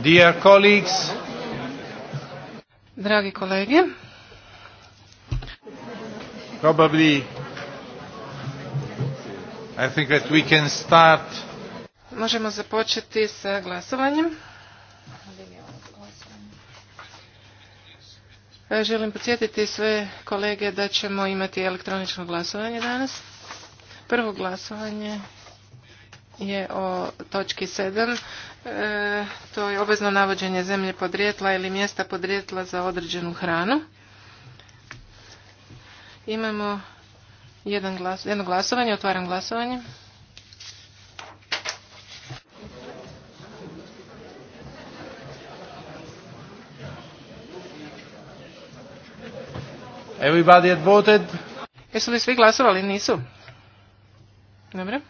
Dear colleagues. Dragi kolege. Probably I think Možemo započeti sa glasovanjem. Želim podsjetiti sve kolege da ćemo imati elektronično glasovanje danas. Prvo glasovanje je o točki 7. E, to je obvezno navođenje zemlje podrijetla ili mjesta podrijetla za određenu hranu. Imamo jedno glasovanje, otvaram glasovanje. Everybody had voted. Jesu li svi glasovali? Nisu. Dobro.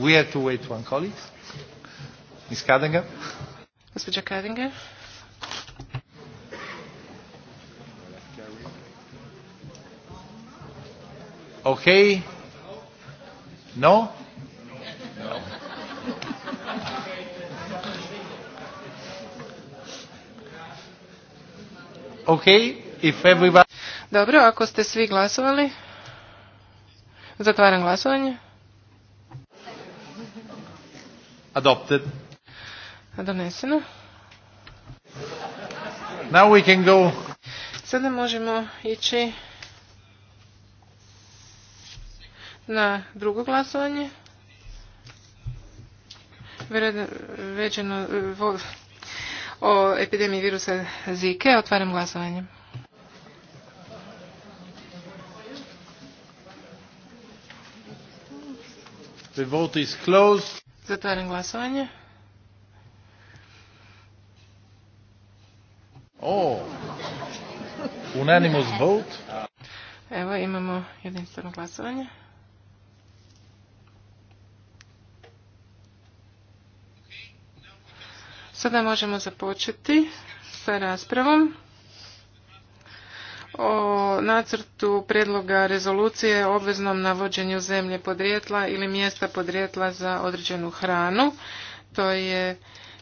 We have to wait one colleague. Ms. Kadinger. Ms. Kadinger. Okay. No? No. Okay, if everybody... Dobro, ako ste svi glasovali, zatvaram glasovanje. Adopted. Doneseno. Now we can go. Sada možemo ići na drugo glasovanje. Veđeno o epidemiji virusa Zike. Otvaram glasovanje. The vote is closed. Zatvaram glasovanje. unanimous vote. Evo imamo jedinstveno glasovanje. Sada možemo započeti sa raspravom o nacrtu predloga rezolucije o obveznom navođenju zemlje podrijetla ili mjesta podrijetla za određenu hranu. To je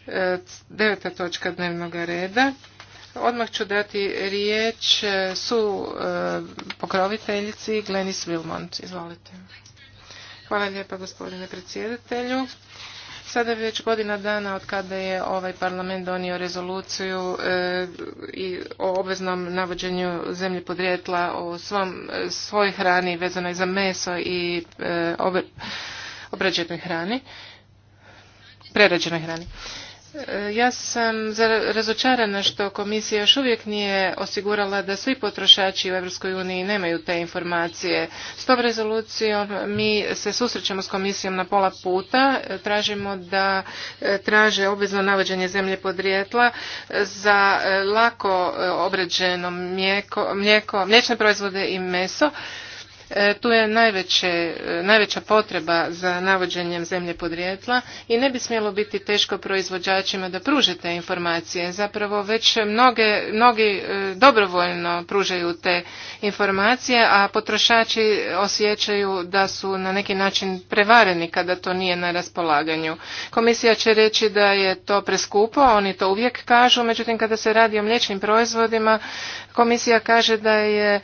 e, deveta točka dnevnog reda. Odmah ću dati riječ e, su e, pokroviteljici Glenis Wilmont. Izvolite. Hvala lijepa gospodine predsjedatelju. Sada je već godina dana od kada je ovaj parlament donio rezoluciju e, i o obveznom navođenju zemlje podrijetla o svom, e, svoj hrani vezanoj za meso i e, obrađenoj hrani, prerađenoj hrani. Ja sam razočarana što komisija još uvijek nije osigurala da svi potrošači u Europskoj uniji nemaju te informacije. S tom rezolucijom mi se susrećemo s komisijom na pola puta. Tražimo da e, traže obvezno navođenje zemlje podrijetla za e, lako e, obređeno mlijeko mliječne proizvode i meso E, tu je najveće, e, najveća potreba za navođenjem zemlje podrijetla i ne bi smjelo biti teško proizvođačima da pruže te informacije. Zapravo već mnoge, mnogi e, dobrovoljno pružaju te informacije, a potrošači osjećaju da su na neki način prevareni kada to nije na raspolaganju. Komisija će reći da je to preskupo, oni to uvijek kažu, međutim kada se radi o mliječnim proizvodima, komisija kaže da je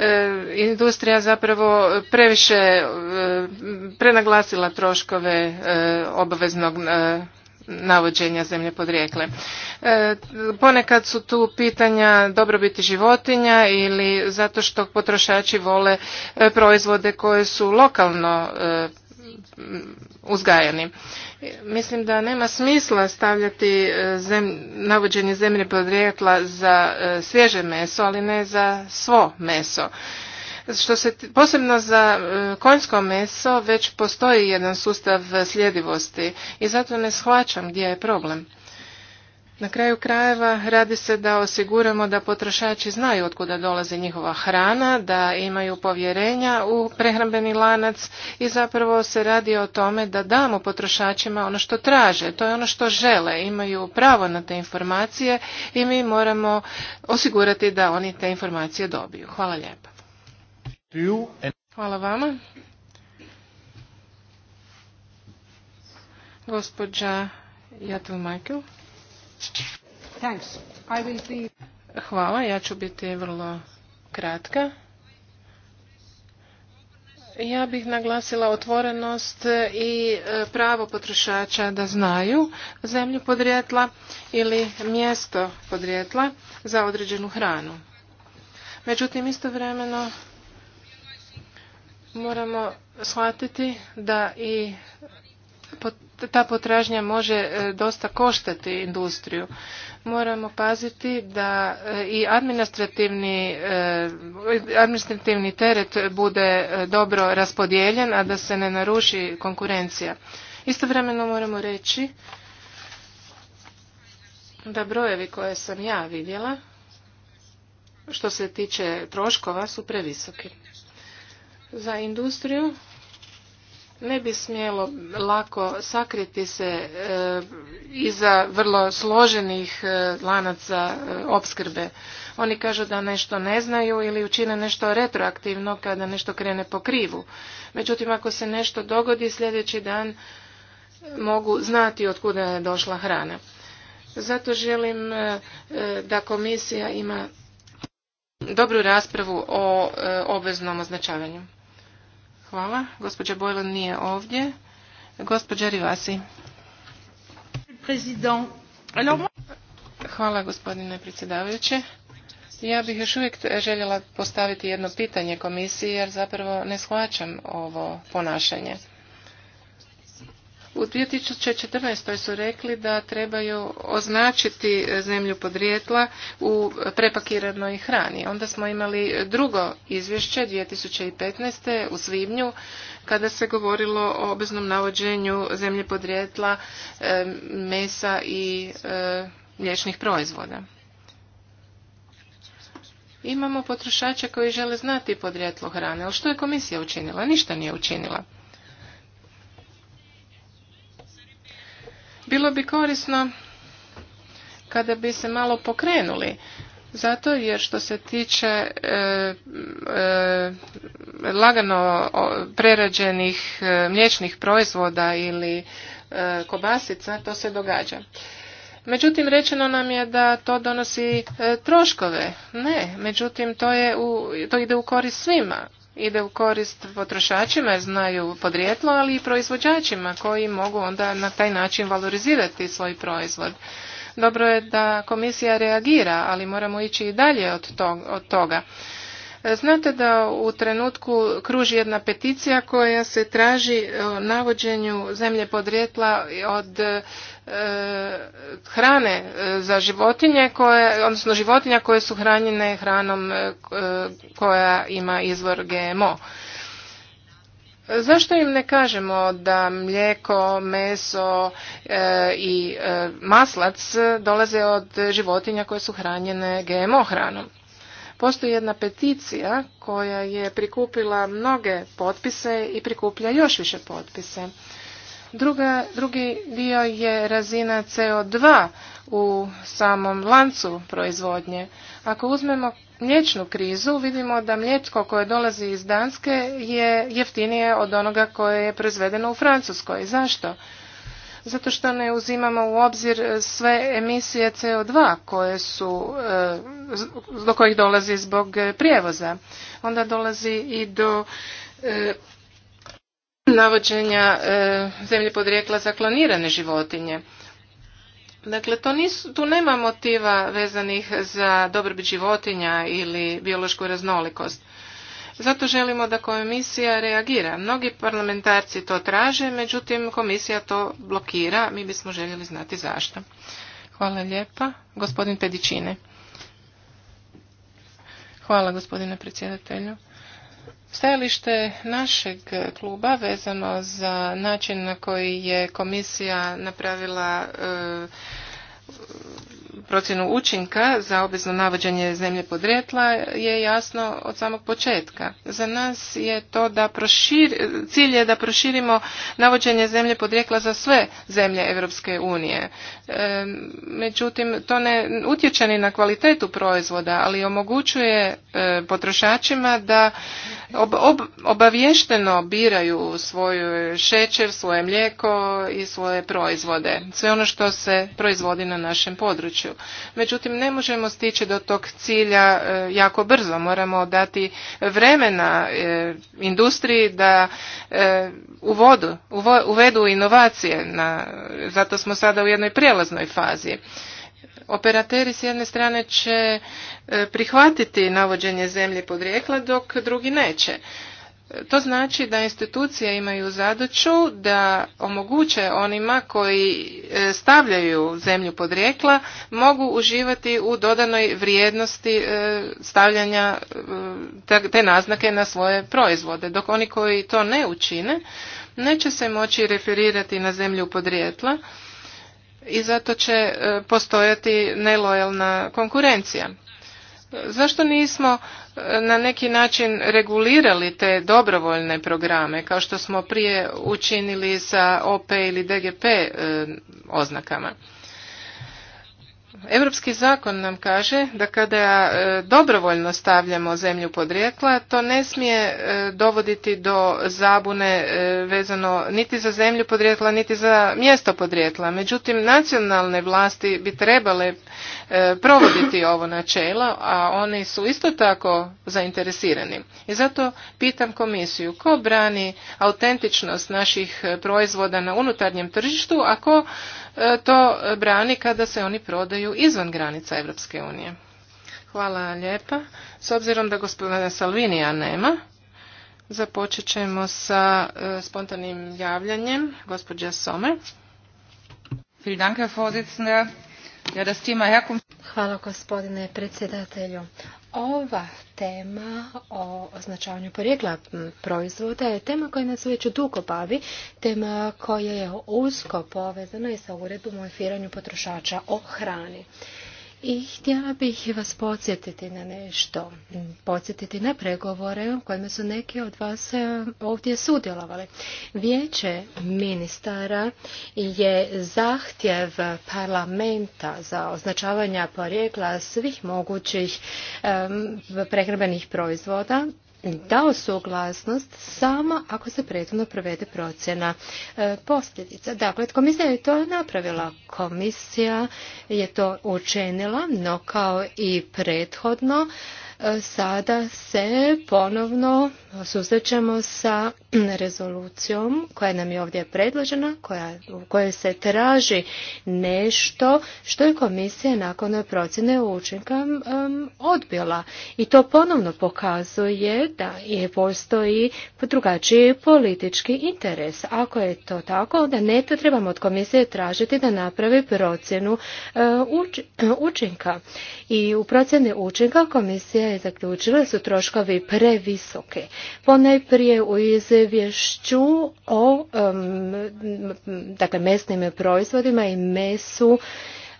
E, industrija zapravo previše e, prenaglasila troškove e, obaveznog navođenja zemlje podrijekle. ponekad su tu pitanja dobrobiti životinja ili zato što potrošači vole proizvode koje su lokalno uzgajani. Mislim da nema smisla stavljati e, navođenje zemlje podrijetla za e, svježe meso, ali ne za svo meso. Što se, posebno za e, konjsko meso već postoji jedan sustav sljedivosti i zato ne shvaćam gdje je problem. Na kraju krajeva radi se da osiguramo da potrošači znaju otkuda dolazi njihova hrana, da imaju povjerenja u prehrambeni lanac i zapravo se radi o tome da damo potrošačima ono što traže, to je ono što žele, imaju pravo na te informacije i mi moramo osigurati da oni te informacije dobiju. Hvala lijepa. Hvala vama. Gospođa Jatel Michael. Hvala, ja ću biti vrlo kratka. Ja bih naglasila otvorenost i e, pravo potrošača da znaju zemlju podrijetla ili mjesto podrijetla za određenu hranu. Međutim, istovremeno moramo shvatiti da i ta potražnja može e, dosta koštati industriju. Moramo paziti da e, i administrativni, e, administrativni teret bude dobro raspodijeljen, a da se ne naruši konkurencija. Istovremeno moramo reći da brojevi koje sam ja vidjela što se tiče troškova su previsoki. Za industriju ne bi smjelo lako sakriti se e, iza vrlo složenih e, lanaca e, opskrbe. Oni kažu da nešto ne znaju ili učine nešto retroaktivno kada nešto krene po krivu. Međutim, ako se nešto dogodi, sljedeći dan mogu znati od kuda je došla hrana. Zato želim da komisija ima dobru raspravu o obveznom označavanju. Hvala. Gospođa Bojlan nije ovdje. Gospođa Rivasi. Hvala gospodine predsjedavajući. Ja bih još uvijek željela postaviti jedno pitanje komisiji jer zapravo ne shvaćam ovo ponašanje. U 2014. su rekli da trebaju označiti zemlju podrijetla u prepakiranoj hrani. Onda smo imali drugo izvješće 2015. u svibnju kada se govorilo o obveznom navođenju zemlje podrijetla e, mesa i e, mliječnih proizvoda. Imamo potrošače koji žele znati podrijetlo hrane, ali što je komisija učinila? Ništa nije učinila. Bilo bi korisno kada bi se malo pokrenuli zato jer što se tiče e, e, lagano prerađenih e, mliječnih proizvoda ili e, kobasica to se događa. Međutim, rečeno nam je da to donosi troškove. Ne, međutim, to, je u, to ide u korist svima ide u korist potrošačima jer znaju podrijetlo, ali i proizvođačima koji mogu onda na taj način valorizirati svoj proizvod. Dobro je da komisija reagira, ali moramo ići i dalje od toga. E, znate da u trenutku kruži jedna peticija koja se traži navođenju zemlje podrijetla od E, hrane e, za životinje koje, odnosno životinja koje su hranjene hranom e, koja ima izvor GMO. Zašto im ne kažemo da mlijeko, meso i maslac dolaze od životinja koje su hranjene GMO hranom? Postoji jedna peticija koja je prikupila mnoge potpise i prikuplja još više potpise. Druga, drugi dio je razina CO2 u samom lancu proizvodnje. Ako uzmemo mliječnu krizu, vidimo da mliječko koje dolazi iz Danske je jeftinije od onoga koje je proizvedeno u Francuskoj. Zašto? Zato što ne uzimamo u obzir sve emisije CO2 koje su, e, do kojih dolazi zbog prijevoza. Onda dolazi i do e, navođenja e, zemlje podrijekla za klonirane životinje. Dakle, to nisu, tu nema motiva vezanih za dobrobit životinja ili biološku raznolikost. Zato želimo da komisija reagira. Mnogi parlamentarci to traže, međutim komisija to blokira. Mi bismo željeli znati zašto. Hvala lijepa. Gospodin Pedičine. Hvala gospodine predsjedatelju. Stajalište našeg kluba vezano za način na koji je komisija napravila e, procjenu učinka za obvezno navođenje zemlje podrijetla je jasno od samog početka. Za nas je to da prošir, cilj je da proširimo navođenje zemlje podrijetla za sve zemlje Europske unije. E, međutim, to ne utječe ni na kvalitetu proizvoda, ali omogućuje e, potrošačima da ob, obavješteno biraju svoju šećer, svoje mlijeko i svoje proizvode. Sve ono što se proizvodi na našem području. Međutim, ne možemo stići do tog cilja e, jako brzo. Moramo dati vremena e, industriji da e, uvedu inovacije. Na, zato smo sada u jednoj prijelaznoj fazi. Operateri s jedne strane će prihvatiti navođenje zemlje rijekla, dok drugi neće. To znači da institucije imaju zadaću da omoguće onima koji e, stavljaju zemlju podrijekla mogu uživati u dodanoj vrijednosti e, stavljanja e, te naznake na svoje proizvode, dok oni koji to ne učine neće se moći referirati na zemlju podrijetla i zato će postojati nelojalna konkurencija. Zašto nismo na neki način regulirali te dobrovoljne programe kao što smo prije učinili sa OP ili DGP eh, oznakama. Europski zakon nam kaže da kada e, dobrovoljno stavljamo zemlju podrijetla, to ne smije e, dovoditi do zabune e, vezano niti za zemlju podrijetla, niti za mjesto podrijetla. Međutim, nacionalne vlasti bi trebale provoditi ovo načelo, a oni su isto tako zainteresirani. I zato pitam komisiju, ko brani autentičnost naših proizvoda na unutarnjem tržištu, a ko E, to brani kada se oni prodaju izvan granica Europske unije. Hvala lijepa. S obzirom da gospodina Salvinija nema, započet ćemo sa e, spontanim javljanjem. Gospođa Somer. Hvala gospodine predsjedatelju. Ova tema o označavanju porijekla proizvoda je tema koja nas već dugo bavi, tema koja je usko povezana i sa uredbom o efiranju potrošača o hrani. I htjela bih vas podsjetiti na nešto, podsjetiti na pregovore u kojima su neki od vas e, ovdje sudjelovali. Vijeće ministara je zahtjev parlamenta za označavanje porijekla svih mogućih prehrambenih proizvoda dao suglasnost samo ako se prethodno provede procjena e, posljedica. Dakle, komisija je to napravila. Komisija je to učinila, no kao i prethodno Sada se ponovno susrećemo sa rezolucijom koja nam je ovdje predložena, u kojoj se traži nešto što je komisija nakon procjene učinka odbila. I to ponovno pokazuje da je postoji drugačiji politički interes. Ako je to tako, onda ne to trebamo od komisije tražiti da napravi procjenu e, učinka. I u procjeni učinka komisija je zaključila su troškovi previsoke. Ponajprije u izvješću o dakle, mesnim proizvodima i mesu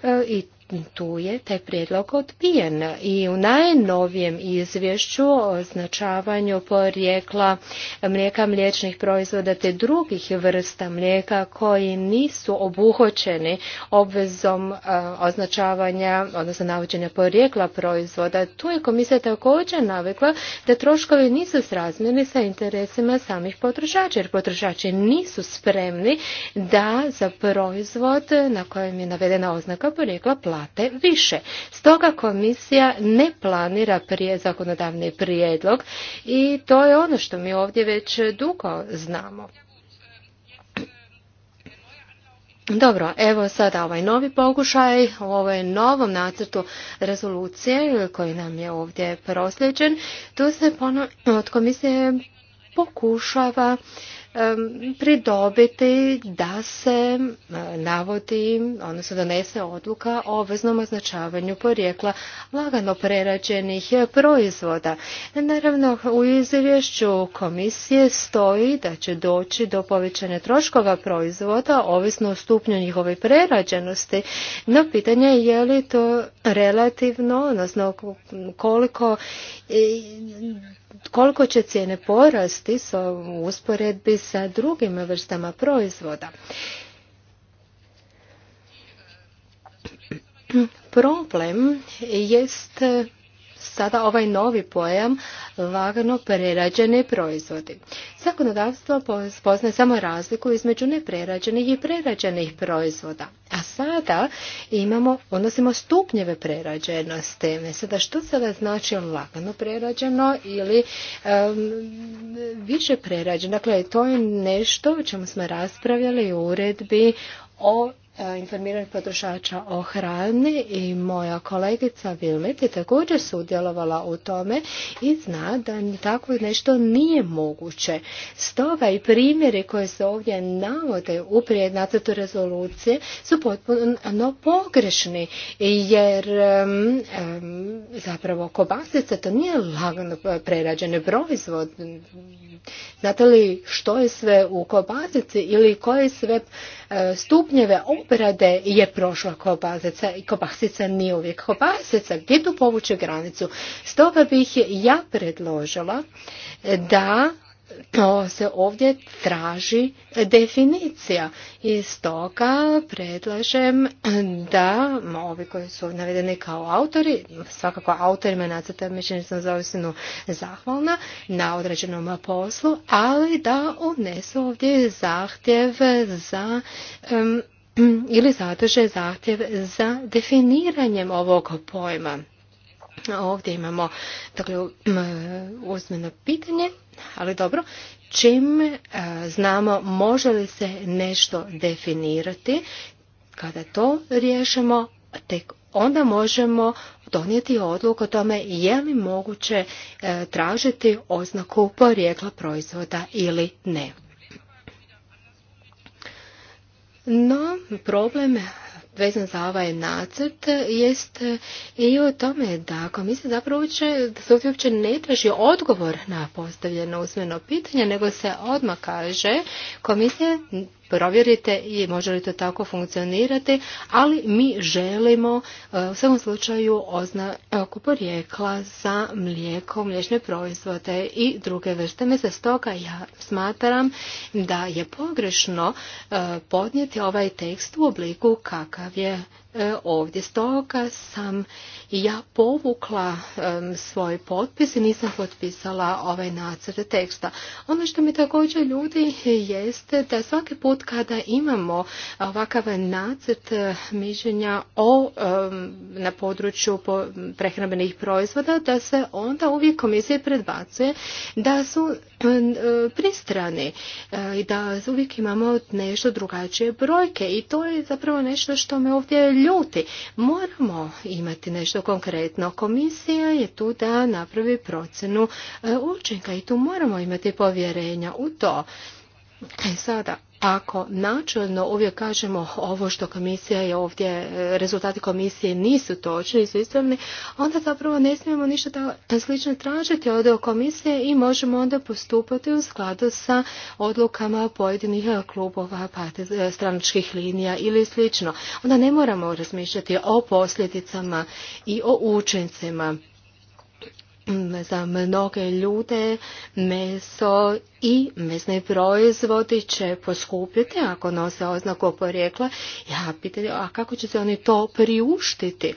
e, i tu je taj prijedlog odbijen i u najnovijem izvješću o označavanju porijekla mlijeka mliječnih proizvoda te drugih vrsta mlijeka koji nisu obuhoćeni obvezom e, označavanja, odnosno navođenja porijekla proizvoda. Tu je komisija također navikla da troškovi nisu srazmjerni sa interesima samih potrošača, jer potrošači nisu spremni da za proizvod na kojem je navedena oznaka porijekla plaća plate više. Stoga komisija ne planira prije zakonodavni prijedlog i to je ono što mi ovdje već dugo znamo. Dobro, evo sada ovaj novi pokušaj u ovom novom nacrtu rezolucije koji nam je ovdje prosljeđen. Tu se ponovno od komisije pokušava pridobiti da se e, navodi, odnosno donese odluka o obveznom označavanju porijekla lagano prerađenih proizvoda. Naravno, u izvješću komisije stoji da će doći do povećanja troškova proizvoda, ovisno o stupnju njihove prerađenosti, no pitanje je je li to relativno, odnosno koliko koliko će cijene porasti u usporedbi sa drugim vrstama proizvoda. Problem jest sada ovaj novi pojam lagano prerađeni proizvodi. Zakonodavstvo poznaje samo razliku između neprerađenih i prerađenih proizvoda. A sada imamo, odnosimo stupnjeve prerađenosti. Sada što sada znači lagano prerađeno ili više prerađeno? Dakle, to je nešto o čemu smo raspravljali u uredbi o E, informiranje potrošača o hrani i moja kolegica Vilmet je također sudjelovala u tome i zna da takvo nešto nije moguće. Stoga i primjeri koje se ovdje navode u nacrtu rezolucije su potpuno pogrešni jer zapravo kobasica to nije lagano prerađene proizvod. Znate li što je sve u kobasici ili koje sve stupnjeve obrade je prošla kobasica i kobasica nije uvijek kobasica. Gdje tu povući granicu? Stoga bih ja predložila da to se ovdje traži definicija i stoga predlažem da ovi koji su navedeni kao autori, svakako autorima nacrta mišljenja sam zavisno zahvalna na određenom poslu, ali da unesu ovdje zahtjev za ili zadrže zahtjev za definiranjem ovog pojma. Ovdje imamo dakle, uzmeno pitanje ali dobro, čim e, znamo može li se nešto definirati, kada to riješimo, tek onda možemo donijeti odluku o tome je li moguće e, tražiti oznaku porijekla proizvoda ili ne. No, problem vezan za ovaj nacrt jest i o tome da komisija zapravo uče da se uopće ne traži odgovor na postavljeno usmeno pitanje, nego se odmah kaže komisija provjerite i može li to tako funkcionirati, ali mi želimo e, u svakom slučaju oznaku e, porijekla za mlijeko, mliječne proizvode i druge vrste mesa. Stoga ja smatram da je pogrešno e, podnijeti ovaj tekst u obliku kakav je ovdje. Stoga sam ja povukla svoj potpis i nisam potpisala ovaj nacrt teksta. Ono što mi također ljudi jeste da svaki put kada imamo ovakav nacrt eh, mišljenja o, na području prehrambenih proizvoda, da se onda uvijek komisije predbacuje da su eh, pristrani eh, i da uvijek imamo nešto drugačije brojke i to je zapravo nešto što me ovdje ljuti. Moramo imati nešto konkretno. Komisija je tu da napravi procenu e, učinka i tu moramo imati povjerenja u to. E sada, ako načelno uvijek kažemo ovo što komisija je ovdje, rezultati komisije nisu točni, nisu ispravni, onda zapravo ne smijemo ništa da slično tražiti od komisije i možemo onda postupati u skladu sa odlukama pojedinih klubova, e, stranačkih linija ili slično. Onda ne moramo razmišljati o posljedicama i o učincima. Mm, za mnoge ljude meso i mesne proizvodi će poskupiti ako nose oznaku porijekla. Ja pitam, a kako će se oni to priuštiti?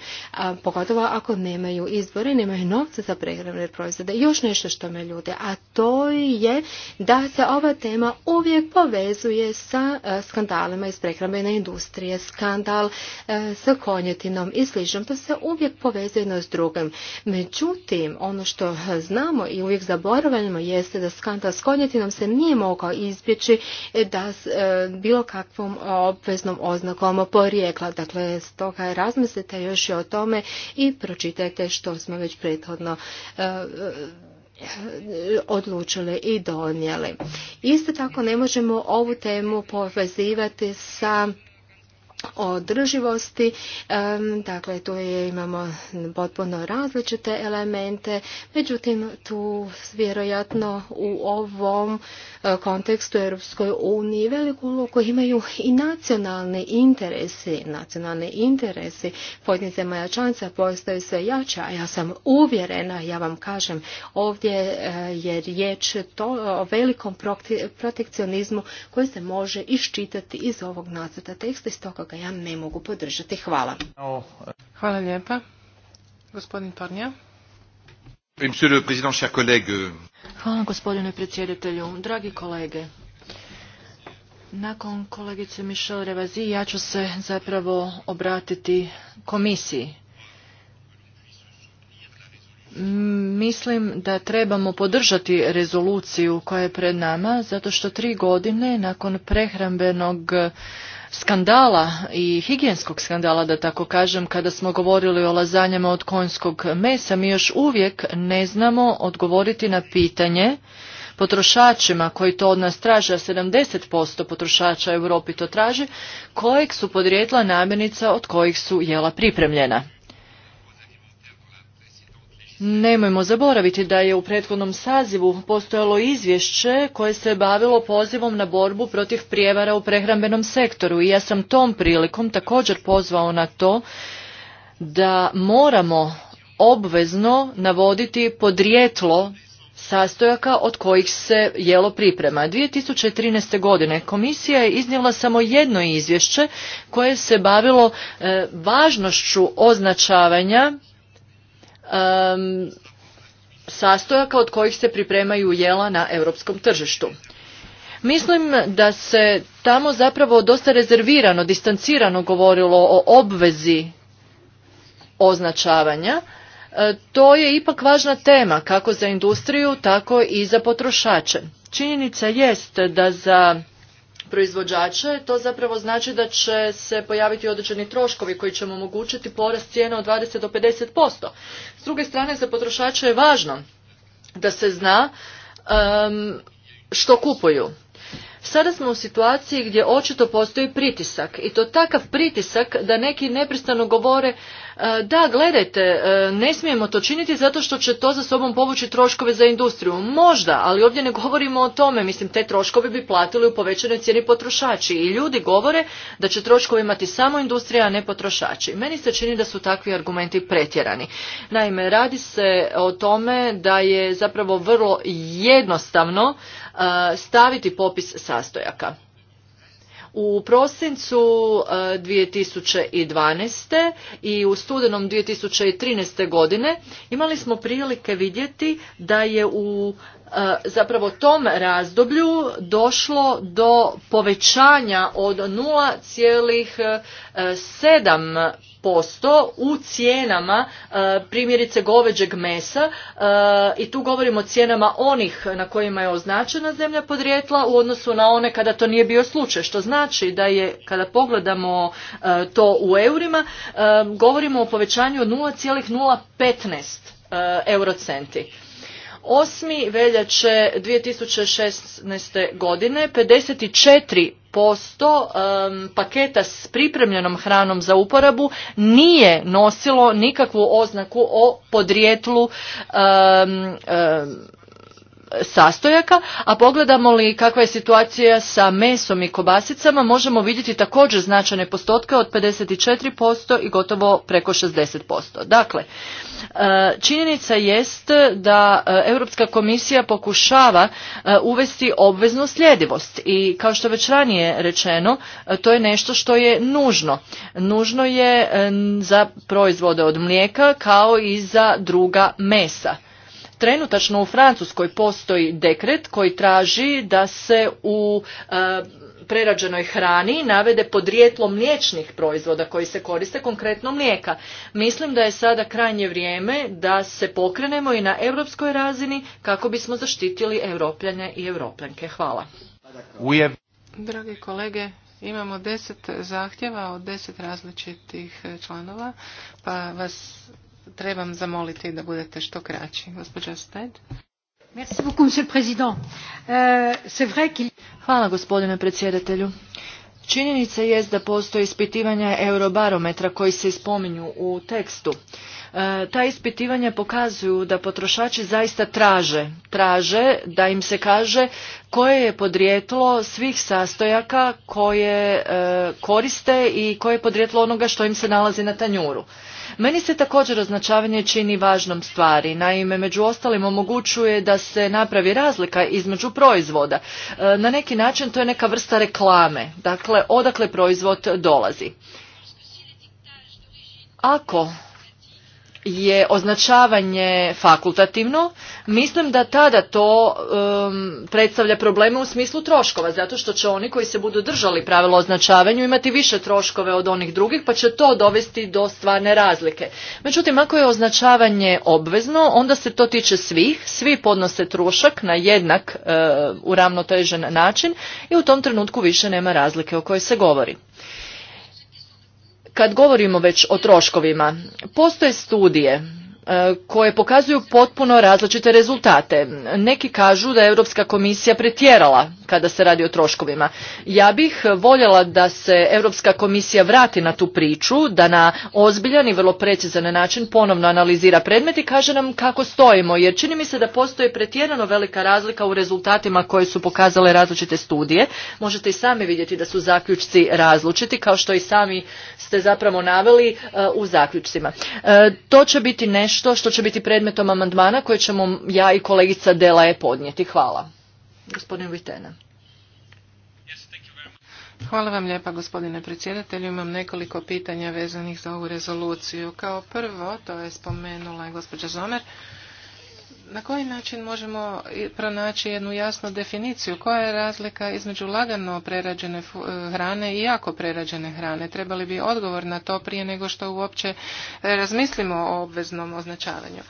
pogotovo ako nemaju izbore, nemaju novca za prehrambene proizvode. Još nešto što me ljude, a to je da se ova tema uvijek povezuje sa e, skandalima iz prehrambene industrije, skandal e, sa konjetinom i slično. To se uvijek povezuje jedno s drugim. Međutim, ono ono što znamo i uvijek zaboravljamo jeste da skanta s konjetinom se nije mogao izbjeći e, da e, bilo kakvom obveznom oznakom porijekla. Dakle, stoga razmislite još i o tome i pročitajte što smo već prethodno e, odlučili i donijeli. Isto tako ne možemo ovu temu povezivati sa održivosti. Dakle, tu imamo potpuno različite elemente, međutim, tu vjerojatno u ovom e, kontekstu Europskoj uniji veliku ulogu imaju i nacionalni interesi. Nacionalni interesi pojedinih zemalja članica postaju sve jača, a ja sam uvjerena, ja vam kažem, ovdje e, je riječ o velikom protekcionizmu koji se može iščitati iz ovog nacrta teksta iz toga toga ja ne mogu podržati. Hvala. Hvala lijepa. Gospodin Parnija. Eh, euh, Hvala gospodine predsjedatelju. Dragi kolege, nakon kolegice Michel Revazi ja ću se zapravo obratiti komisiji. Mislim da trebamo podržati rezoluciju koja je pred nama, zato što tri godine nakon prehrambenog skandala i higijenskog skandala, da tako kažem, kada smo govorili o lazanjama od konjskog mesa, mi još uvijek ne znamo odgovoriti na pitanje potrošačima koji to od nas traže, a 70% potrošača u Europi to traži, kojeg su podrijetla namirnica od kojih su jela pripremljena. Nemojmo zaboraviti da je u prethodnom sazivu postojalo izvješće koje se bavilo pozivom na borbu protiv prijevara u prehrambenom sektoru i ja sam tom prilikom također pozvao na to da moramo obvezno navoditi podrijetlo sastojaka od kojih se jelo priprema. 2013. godine komisija je iznijela samo jedno izvješće koje se bavilo e, važnošću označavanja sastojaka od kojih se pripremaju jela na europskom tržištu. Mislim da se tamo zapravo dosta rezervirano, distancirano govorilo o obvezi označavanja. E, to je ipak važna tema kako za industriju, tako i za potrošače. Činjenica jest da za proizvođače, to zapravo znači da će se pojaviti određeni troškovi koji će omogućiti porast cijena od 20 do 50%. S druge strane, za potrošače je važno da se zna što kupuju. Sada smo u situaciji gdje očito postoji pritisak i to takav pritisak da neki nepristano govore E, da, gledajte, e, ne smijemo to činiti zato što će to za sobom povući troškove za industriju. Možda, ali ovdje ne govorimo o tome. Mislim, te troškove bi platili u povećanoj cijeni potrošači. I ljudi govore da će troškove imati samo industrija, a ne potrošači. Meni se čini da su takvi argumenti pretjerani. Naime, radi se o tome da je zapravo vrlo jednostavno e, staviti popis sastojaka. U prosincu 2012. E, i u studenom 2013. godine imali smo prilike vidjeti da je u E, zapravo tom razdoblju došlo do povećanja od 0,7% posto u cijenama e, primjerice goveđeg mesa e, i tu govorimo o cijenama onih na kojima je označena zemlja podrijetla u odnosu na one kada to nije bio slučaj što znači da je kada pogledamo to u eurima govorimo o povećanju od 0,015 eurocenti 8. veljače 2016. godine 54% paketa s pripremljenom hranom za uporabu nije nosilo nikakvu oznaku o podrijetlu sastojaka, a pogledamo li kakva je situacija sa mesom i kobasicama, možemo vidjeti također značajne postotke od 54% i gotovo preko 60%. Dakle, e, činjenica jest da e, Europska komisija pokušava e, uvesti obveznu sljedivost i kao što već ranije rečeno, to je nešto što je nužno. Nužno je za proizvode od mlijeka kao i za druga mesa. Trenutačno u Francuskoj postoji dekret koji traži da se u e, prerađenoj hrani navede podrijetlo mliječnih proizvoda koji se koriste konkretno mlijeka. Mislim da je sada krajnje vrijeme da se pokrenemo i na europskoj razini kako bismo zaštitili europljane i europljanke. Hvala. Dragi kolege, imamo deset zahtjeva od deset različitih članova, pa vas trebam zamoliti da budete što kraći. Gospođa Sted. Euh, Hvala gospodine predsjedatelju. Činjenica je da postoje ispitivanja eurobarometra koji se spominju u tekstu. E, ta ispitivanja pokazuju da potrošači zaista traže, traže da im se kaže koje je podrijetlo svih sastojaka koje e, koriste i koje je podrijetlo onoga što im se nalazi na tanjuru. Meni se također označavanje čini važnom stvari. Naime, među ostalim omogućuje da se napravi razlika između proizvoda. E, na neki način to je neka vrsta reklame, dakle odakle proizvod dolazi. Ako je označavanje fakultativno, mislim da tada to um, predstavlja probleme u smislu troškova, zato što će oni koji se budu držali pravilo označavanju imati više troškove od onih drugih, pa će to dovesti do stvarne razlike. Međutim, ako je označavanje obvezno, onda se to tiče svih, svi podnose trošak na jednak uh, uravnotežen način i u tom trenutku više nema razlike o kojoj se govori. Kad govorimo već o troškovima, postoje studije E, koje pokazuju potpuno različite rezultate. Neki kažu da je Europska komisija pretjerala kada se radi o troškovima. Ja bih voljela da se Europska komisija vrati na tu priču, da na ozbiljan i vrlo precizan način ponovno analizira predmet i kaže nam kako stojimo, jer čini mi se da postoji pretjerano velika razlika u rezultatima koje su pokazale različite studije. Možete i sami vidjeti da su zaključci različiti, kao što i sami ste zapravo naveli e, u zaključcima. E, to će biti nešto nešto što će biti predmetom amandmana koje ćemo ja i kolegica Dela je podnijeti. Hvala. Gospodin Vitena. Hvala vam lijepa gospodine predsjedatelju. Imam nekoliko pitanja vezanih za ovu rezoluciju. Kao prvo, to je spomenula i gospođa Zomer, na koji način možemo pronaći jednu jasnu definiciju? Koja je razlika između lagano prerađene e, hrane i jako prerađene hrane? Trebali bi odgovor na to prije nego što uopće e, razmislimo o obveznom označavanju.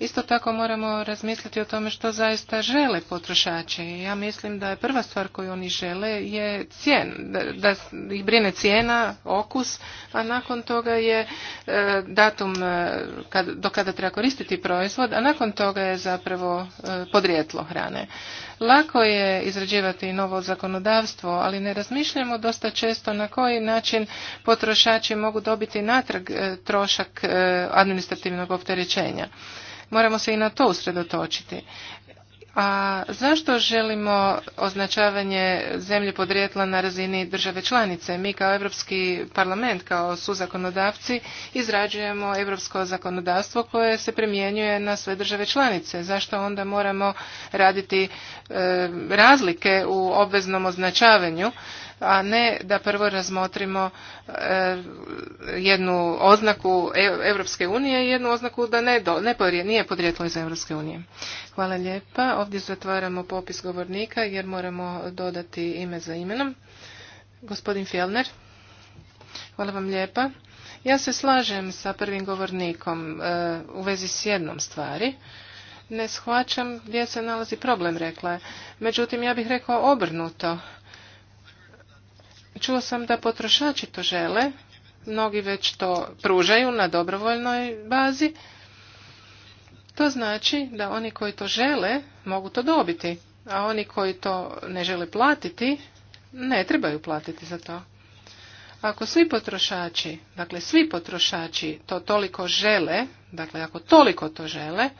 Isto tako moramo razmisliti o tome što zaista žele potrošači. Ja mislim da je prva stvar koju oni žele je cijen, da, ih brine cijena, okus, a nakon toga je e, datum e, do kada treba koristiti proizvod, a nakon toga je zapravo e, podrijetlo hrane. Lako je izrađivati novo zakonodavstvo, ali ne razmišljamo dosta često na koji način potrošači mogu dobiti natrag trošak administrativnog opterećenja. Moramo se i na to usredotočiti. A zašto želimo označavanje zemlje podrijetla na razini države članice? Mi kao Europski parlament, kao suzakonodavci, izrađujemo europsko zakonodavstvo koje se primjenjuje na sve države članice. Zašto onda moramo raditi e, razlike u obveznom označavanju a ne da prvo razmotrimo eh, jednu oznaku Europske unije i jednu oznaku da ne, ne nije podrijetlo iz Europske unije. Hvala lijepa. Ovdje zatvaramo popis govornika jer moramo dodati ime za imenom. Gospodin Fjellner. Hvala vam lijepa. Ja se slažem sa prvim govornikom eh, u vezi s jednom stvari. Ne shvaćam gdje se nalazi problem, rekla je. Međutim, ja bih rekao obrnuto. Čuo sam da potrošači to žele, mnogi već to pružaju na dobrovoljnoj bazi. To znači da oni koji to žele mogu to dobiti, a oni koji to ne žele platiti ne trebaju platiti za to. Ako svi potrošači, dakle svi potrošači to toliko žele, dakle ako toliko to žele,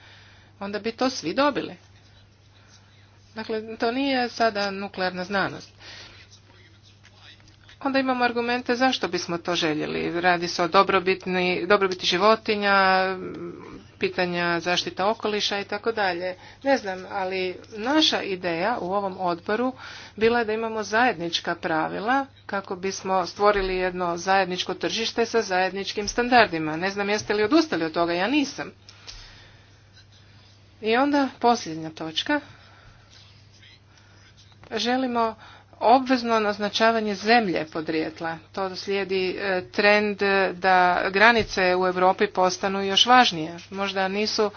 onda bi to svi dobili. Dakle, to nije sada nuklearna znanost onda imamo argumente zašto bismo to željeli. Radi se o dobrobiti životinja, pitanja zaštita okoliša i tako dalje. Ne znam, ali naša ideja u ovom odboru bila je da imamo zajednička pravila kako bismo stvorili jedno zajedničko tržište sa zajedničkim standardima. Ne znam jeste li odustali od toga, ja nisam. I onda posljednja točka. Želimo obvezno naznačavanje zemlje podrijetla. To slijedi e, trend da granice u Europi postanu još važnije. Možda nisu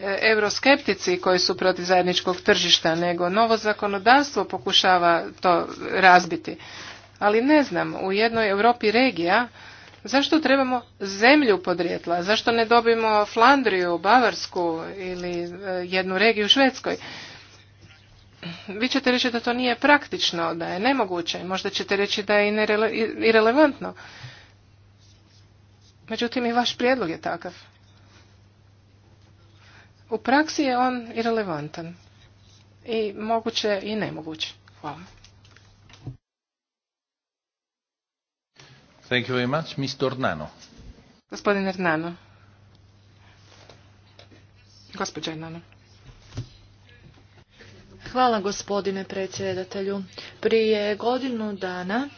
e, euroskeptici koji su protiv zajedničkog tržišta, nego novo zakonodavstvo pokušava to razbiti. Ali ne znam, u jednoj Europi regija zašto trebamo zemlju podrijetla? Zašto ne dobimo Flandriju, Bavarsku ili e, jednu regiju u Švedskoj? vi ćete reći da to nije praktično, da je nemoguće, možda ćete reći da je irelevantno. Međutim, i vaš prijedlog je takav. U praksi je on irelevantan. I moguće i nemoguće. Hvala. Thank you very much, Mr. Nano. Gospodin Gospodin Hvala gospodine predsjedatelju. Prije godinu dana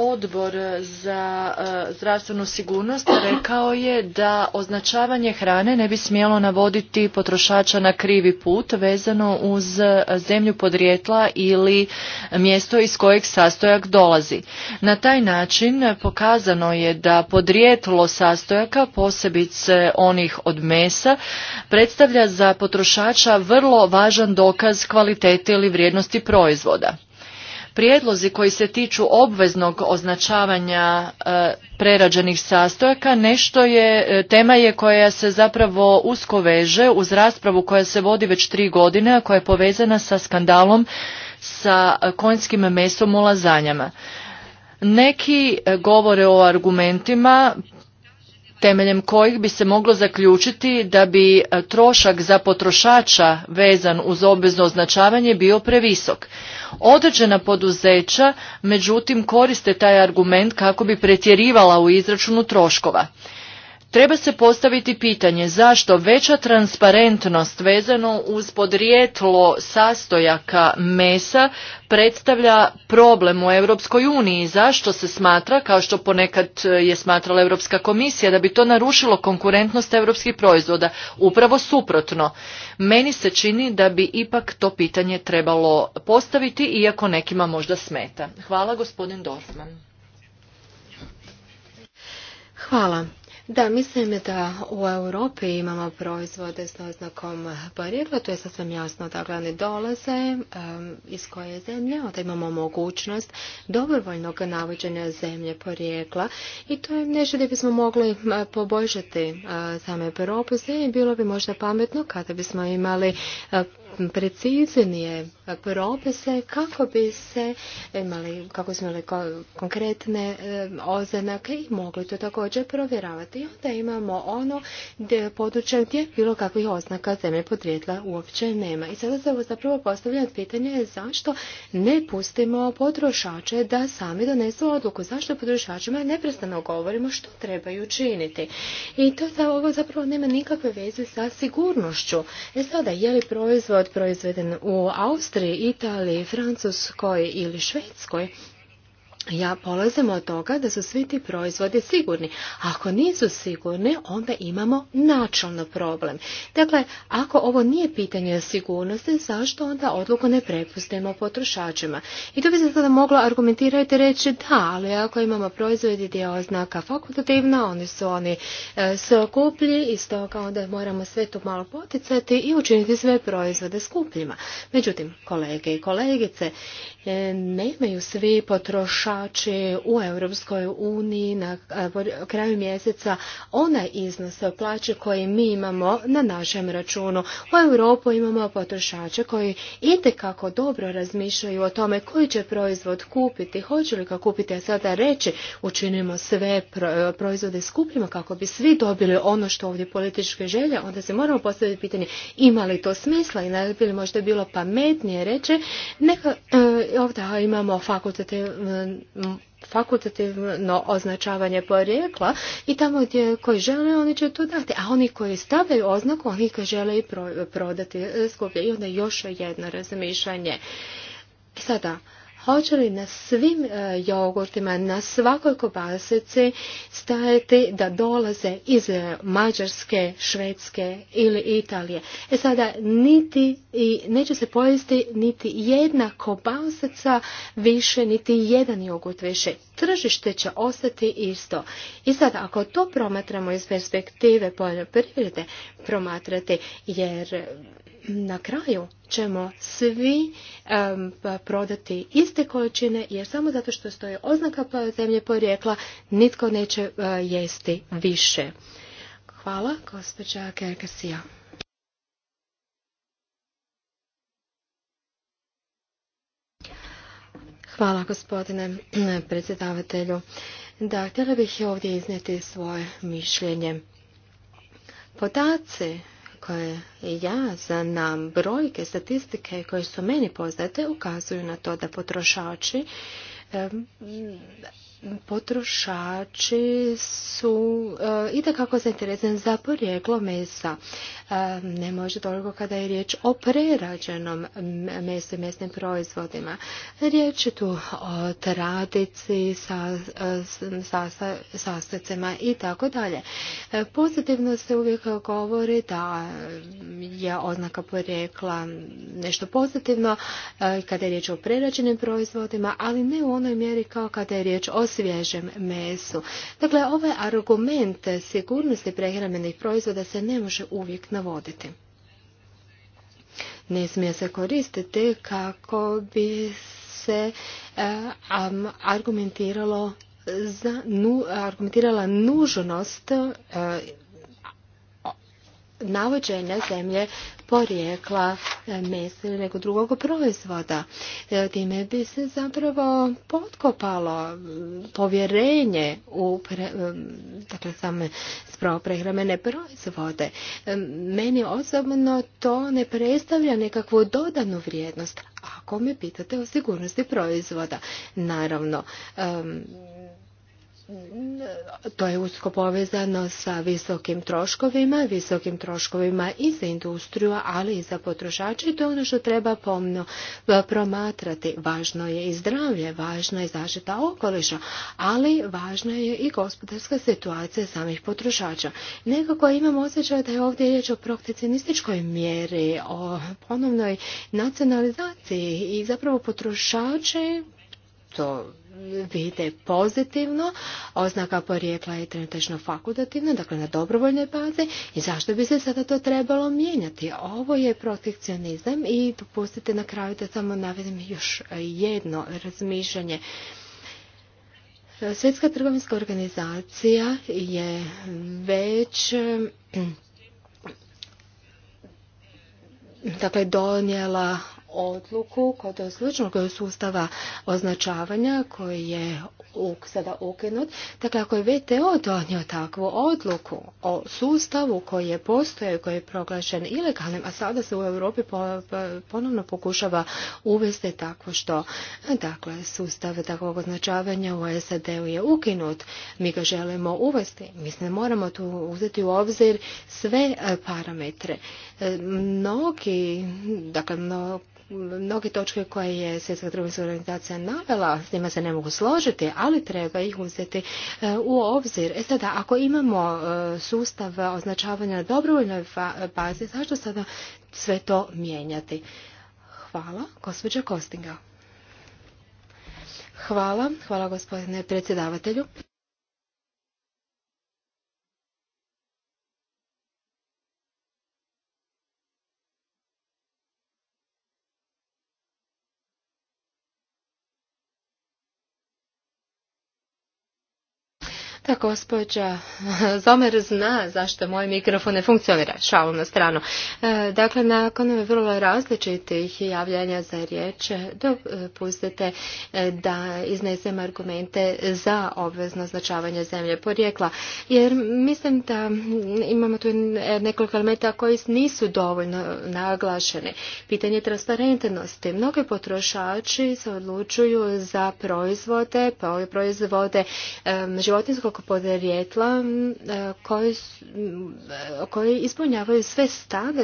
Odbor za e, zdravstvenu sigurnost rekao je da označavanje hrane ne bi smjelo navoditi potrošača na krivi put vezano uz zemlju podrijetla ili mjesto iz kojeg sastojak dolazi. Na taj način pokazano je da podrijetlo sastojaka, posebice onih od mesa, predstavlja za potrošača vrlo važan dokaz kvalitete ili vrijednosti proizvoda. Prijedlozi koji se tiču obveznog označavanja e, prerađenih sastojaka nešto je, e, tema je koja se zapravo usko veže uz raspravu koja se vodi već tri godine, a koja je povezana sa skandalom sa konjskim mesom u lazanjama. Neki e, govore o argumentima temeljem kojih bi se moglo zaključiti da bi e, trošak za potrošača vezan uz obvezno označavanje bio previsok. Određena poduzeća međutim koriste taj argument kako bi pretjerivala u izračunu troškova. Treba se postaviti pitanje zašto veća transparentnost vezano uz podrijetlo sastojaka mesa predstavlja problem u Europskoj uniji. Zašto se smatra, kao što ponekad e, je smatrala Europska komisija, da bi to narušilo konkurentnost europskih proizvoda? Upravo suprotno. Meni se čini da bi ipak to pitanje trebalo postaviti, iako nekima možda smeta. Hvala gospodin Dorfman. Hvala. Da, mislim da u Europi imamo proizvode s oznakom porijekla, to je sasvim jasno, da oni dolaze iz koje zemlje, onda imamo mogućnost dobrovoljnog navođenja zemlje porijekla i to je nešto gdje bismo mogli poboljšati same propuse i bilo bi možda pametno kada bismo imali preciznije propise kako bi se imali, kako smo imali konkretne eh, oznake i mogli to također provjeravati. I onda imamo ono gdje područje gdje bilo kakvih oznaka zemlje podrijetla uopće nema. I sada se zapravo postavlja pitanje zašto ne pustimo potrošače da sami donesu odluku. Zašto potrošačima neprestano govorimo što trebaju činiti. I to ovo zapravo nema nikakve veze sa sigurnošću. E sada, je li proizvod proizveden u Austriji, Italiji, Francuskoj ili Švedskoj ja polazim od toga da su svi ti proizvodi sigurni. Ako nisu sigurni, onda imamo načalno problem. Dakle, ako ovo nije pitanje sigurnosti, zašto onda odluku ne prepustimo potrošačima? I to bi se sada moglo argumentirati i reći da, ali ako imamo proizvodi gdje je oznaka fakultativna, oni su oni e, okuplji i stoga onda moramo sve to malo poticati i učiniti sve proizvode skupljima. Međutim, kolege i kolegice, E, nemaju svi potrošači u Europskoj uniji na e, kraju mjeseca onaj iznos plaće koji mi imamo na našem računu. U Europu imamo potrošače koji itekako dobro razmišljaju o tome koji će proizvod kupiti, hoće li ga kupiti, a sada reći učinimo sve proizvode skupljima kako bi svi dobili ono što ovdje političke želje, onda se moramo postaviti pitanje ima li to smisla i ne bi li možda bilo pametnije reći neka e, Ovdje imamo fakultativno označavanje porijekla i tamo gdje koji žele oni će to dati, a oni koji stavljaju oznaku oni žele i prodati e, skupje. I onda još jedno razmišljanje. Sada, hoće li na svim e, jogurtima, na svakoj kobasici stajati da dolaze iz e, Mađarske, Švedske ili Italije. E sada, niti, i neće se pojesti niti jedna kobasica više, niti jedan jogurt više. Tržište će ostati isto. I sada, ako to promatramo iz perspektive poljoprivrede, promatrati, jer na kraju ćemo svi prodati iste količine jer samo zato što stoji oznaka zemlje porijekla nitko neće e, jesti više. Hvala, gospođa Kerkasija. Hvala gospodine e, predsjedavatelju. Da, htjela bih ovdje iznijeti svoje mišljenje. Podaci koje ja znam, brojke, statistike koje su meni poznate ukazuju na to da potrošači potrošači su i e, itekako zainteresirani za porijeklo mesa. E, ne može toliko kada je riječ o prerađenom mesu i mesnim proizvodima. Riječ je tu o tradici, e, sa, sa, i tako dalje. Pozitivno se uvijek govori da je oznaka porijekla nešto pozitivno kada je riječ o prerađenim proizvodima, ali ne u onoj mjeri kao kada je riječ o svježem mesu. Dakle, ovaj argument sigurnosti prehramenih proizvoda se ne može uvijek navoditi. Ne smije se koristiti kako bi se e, argumentiralo za, argumentirala nužnost e, navođenja zemlje porijekla e, mesa ili nekog drugog proizvoda. E, time bi se zapravo potkopalo povjerenje u dakle, same spravo prehrambene proizvode. E, meni osobno to ne predstavlja nekakvu dodanu vrijednost, ako me pitate o sigurnosti proizvoda. Naravno, to je usko povezano sa visokim troškovima, visokim troškovima i za industriju, ali i za potrošače i to je ono što treba pomno e, promatrati. Važno je i zdravlje, važna je zaštita okoliša, ali važna je i gospodarska situacija samih potrošača. Nekako imam osjećaj da je ovdje riječ o protekcionističkoj mjeri, o ponovnoj nacionalizaciji i zapravo potrošače to vide pozitivno, oznaka porijekla je trenutno fakultativna, dakle na dobrovoljnoj bazi i zašto bi se sada to trebalo mijenjati? Ovo je protekcionizam i dopustite na kraju da samo navedem još jedno razmišljanje. Svjetska trgovinska organizacija je već dakle donijela odluku kod slučnog sustava označavanja koji je sada ukinut. Dakle, ako je VTO donio takvu odluku o sustavu koji je postoje, koji je proglašen ilegalnim, a sada se u Europi ponovno pokušava uvesti tako što. Dakle, sustav takvog označavanja u SAD-u je ukinut. Mi ga želimo uvesti. Mislim, moramo tu uzeti u obzir sve e, parametre. Mnogi, dakle, mnoge točke koje je Svjetska trgovinska organizacija navela, s njima se ne mogu složiti, ali treba ih uzeti e, u obzir. E sada, ako imamo e, sustav označavanja na dobrovoljnoj bazi, zašto sada sve to mijenjati? Hvala, gospođa Kostinga. Hvala, hvala gospodine predsjedavatelju. Da, pa, gospođa Zomer zna zašto moj mikrofon ne funkcionira, šalu na stranu. E, dakle, nakon vrlo različitih javljanja za riječ, dopustite e, da iznesem argumente za obvezno označavanje zemlje porijekla. Jer mislim da imamo tu nekoliko elementa koji nisu dovoljno naglašeni. Pitanje transparentnosti. Mnogi potrošači se odlučuju za proizvode, proizvode životinskog podrijetla e, e, koji, ispunjavaju sve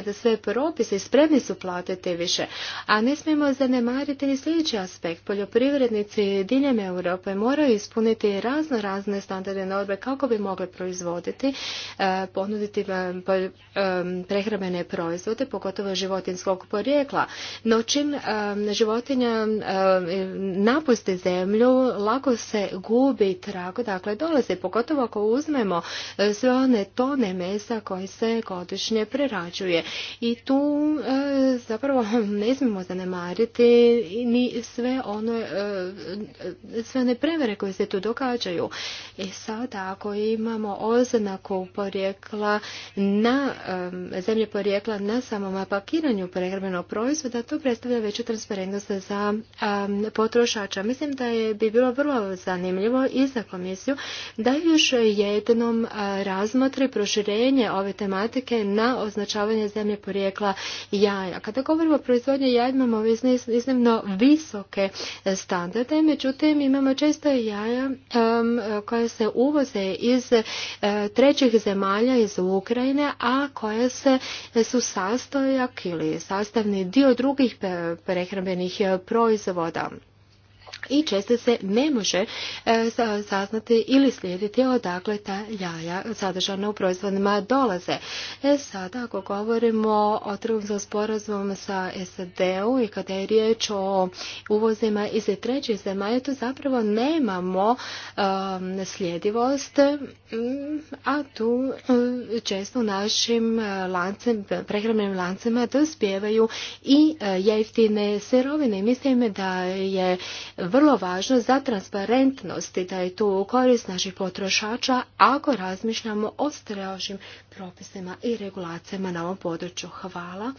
da sve propise i spremni su platiti više. A ne smijemo zanemariti i sljedeći aspekt. Poljoprivrednici diljem Europe moraju ispuniti razno razne standarde norme kako bi mogli proizvoditi, e, ponuditi prehrambene proizvode, pogotovo životinskog porijekla. No čim životinja napusti zemlju, lako se gubi trag, dakle dolazi pogotovo ako uzmemo e, sve one tone mesa koje se godišnje prerađuje. I tu e, zapravo ne smijemo zanemariti ni sve one, e, sve one prevere koje se tu događaju. I sada ako imamo oznaku porijekla na zemlje porijekla na samom pakiranju prehrambenog proizvoda, to predstavlja veću transparentnost za potrošača. Mislim da bi bilo vrlo zanimljivo i za komisiju da još jednom razmotri proširenje ove tematike na označavanje zemlje porijekla jaja. Kada govorimo o proizvodnji jaja imamo iznimno visoke e, standarde, međutim imamo često jaja e, koje se uvoze iz e, trećih zemalja, iz Ukrajine, a koja se su sastojak ili sastavni dio drugih prehrambenih proizvoda i često se ne može e, saznati ili slijediti odakle ta jaja sadržana u proizvodima dolaze. E sada, ako govorimo o za sporazum sa SAD-u i kada je riječ o uvozima iz trećih zemalja, tu zapravo nemamo um, slijedivost, mm, a tu mm, često često našim e, lancem, prehrambenim lancima dospijevaju i e, jeftine sirovine. Mislim da je vrlo važno za transparentnost i da je tu korist naših potrošača ako razmišljamo o strožim propisima i regulacijama na ovom području. Hvala.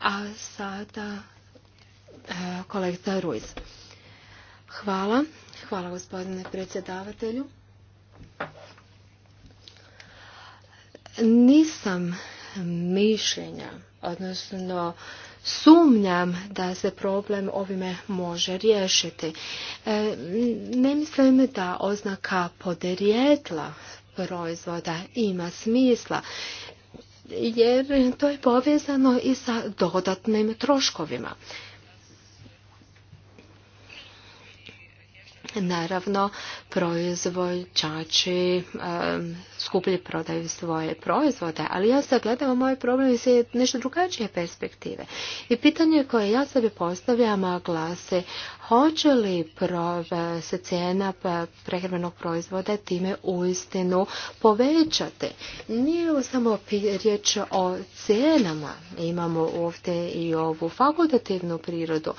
A sada e, kolegica Ruiz. Hvala. Hvala gospodine predsjedavatelju. Nisam mišljenja, odnosno sumnjam da se problem ovime može riješiti. E, ne mislim da oznaka podrijetla proizvoda ima smisla jer to je povezano i sa dodatnim troškovima. Naravno, proizvođači skuplje prodaju svoje proizvode, ali ja sad gledam moj problem iz nešto drugačije perspektive. I pitanje koje ja sebi postavljam glase, hoće li se cijena prehrambenog proizvoda time uistinu povećati? Nije samo riječ o cijenama, imamo ovdje i ovu fakultativnu prirodu,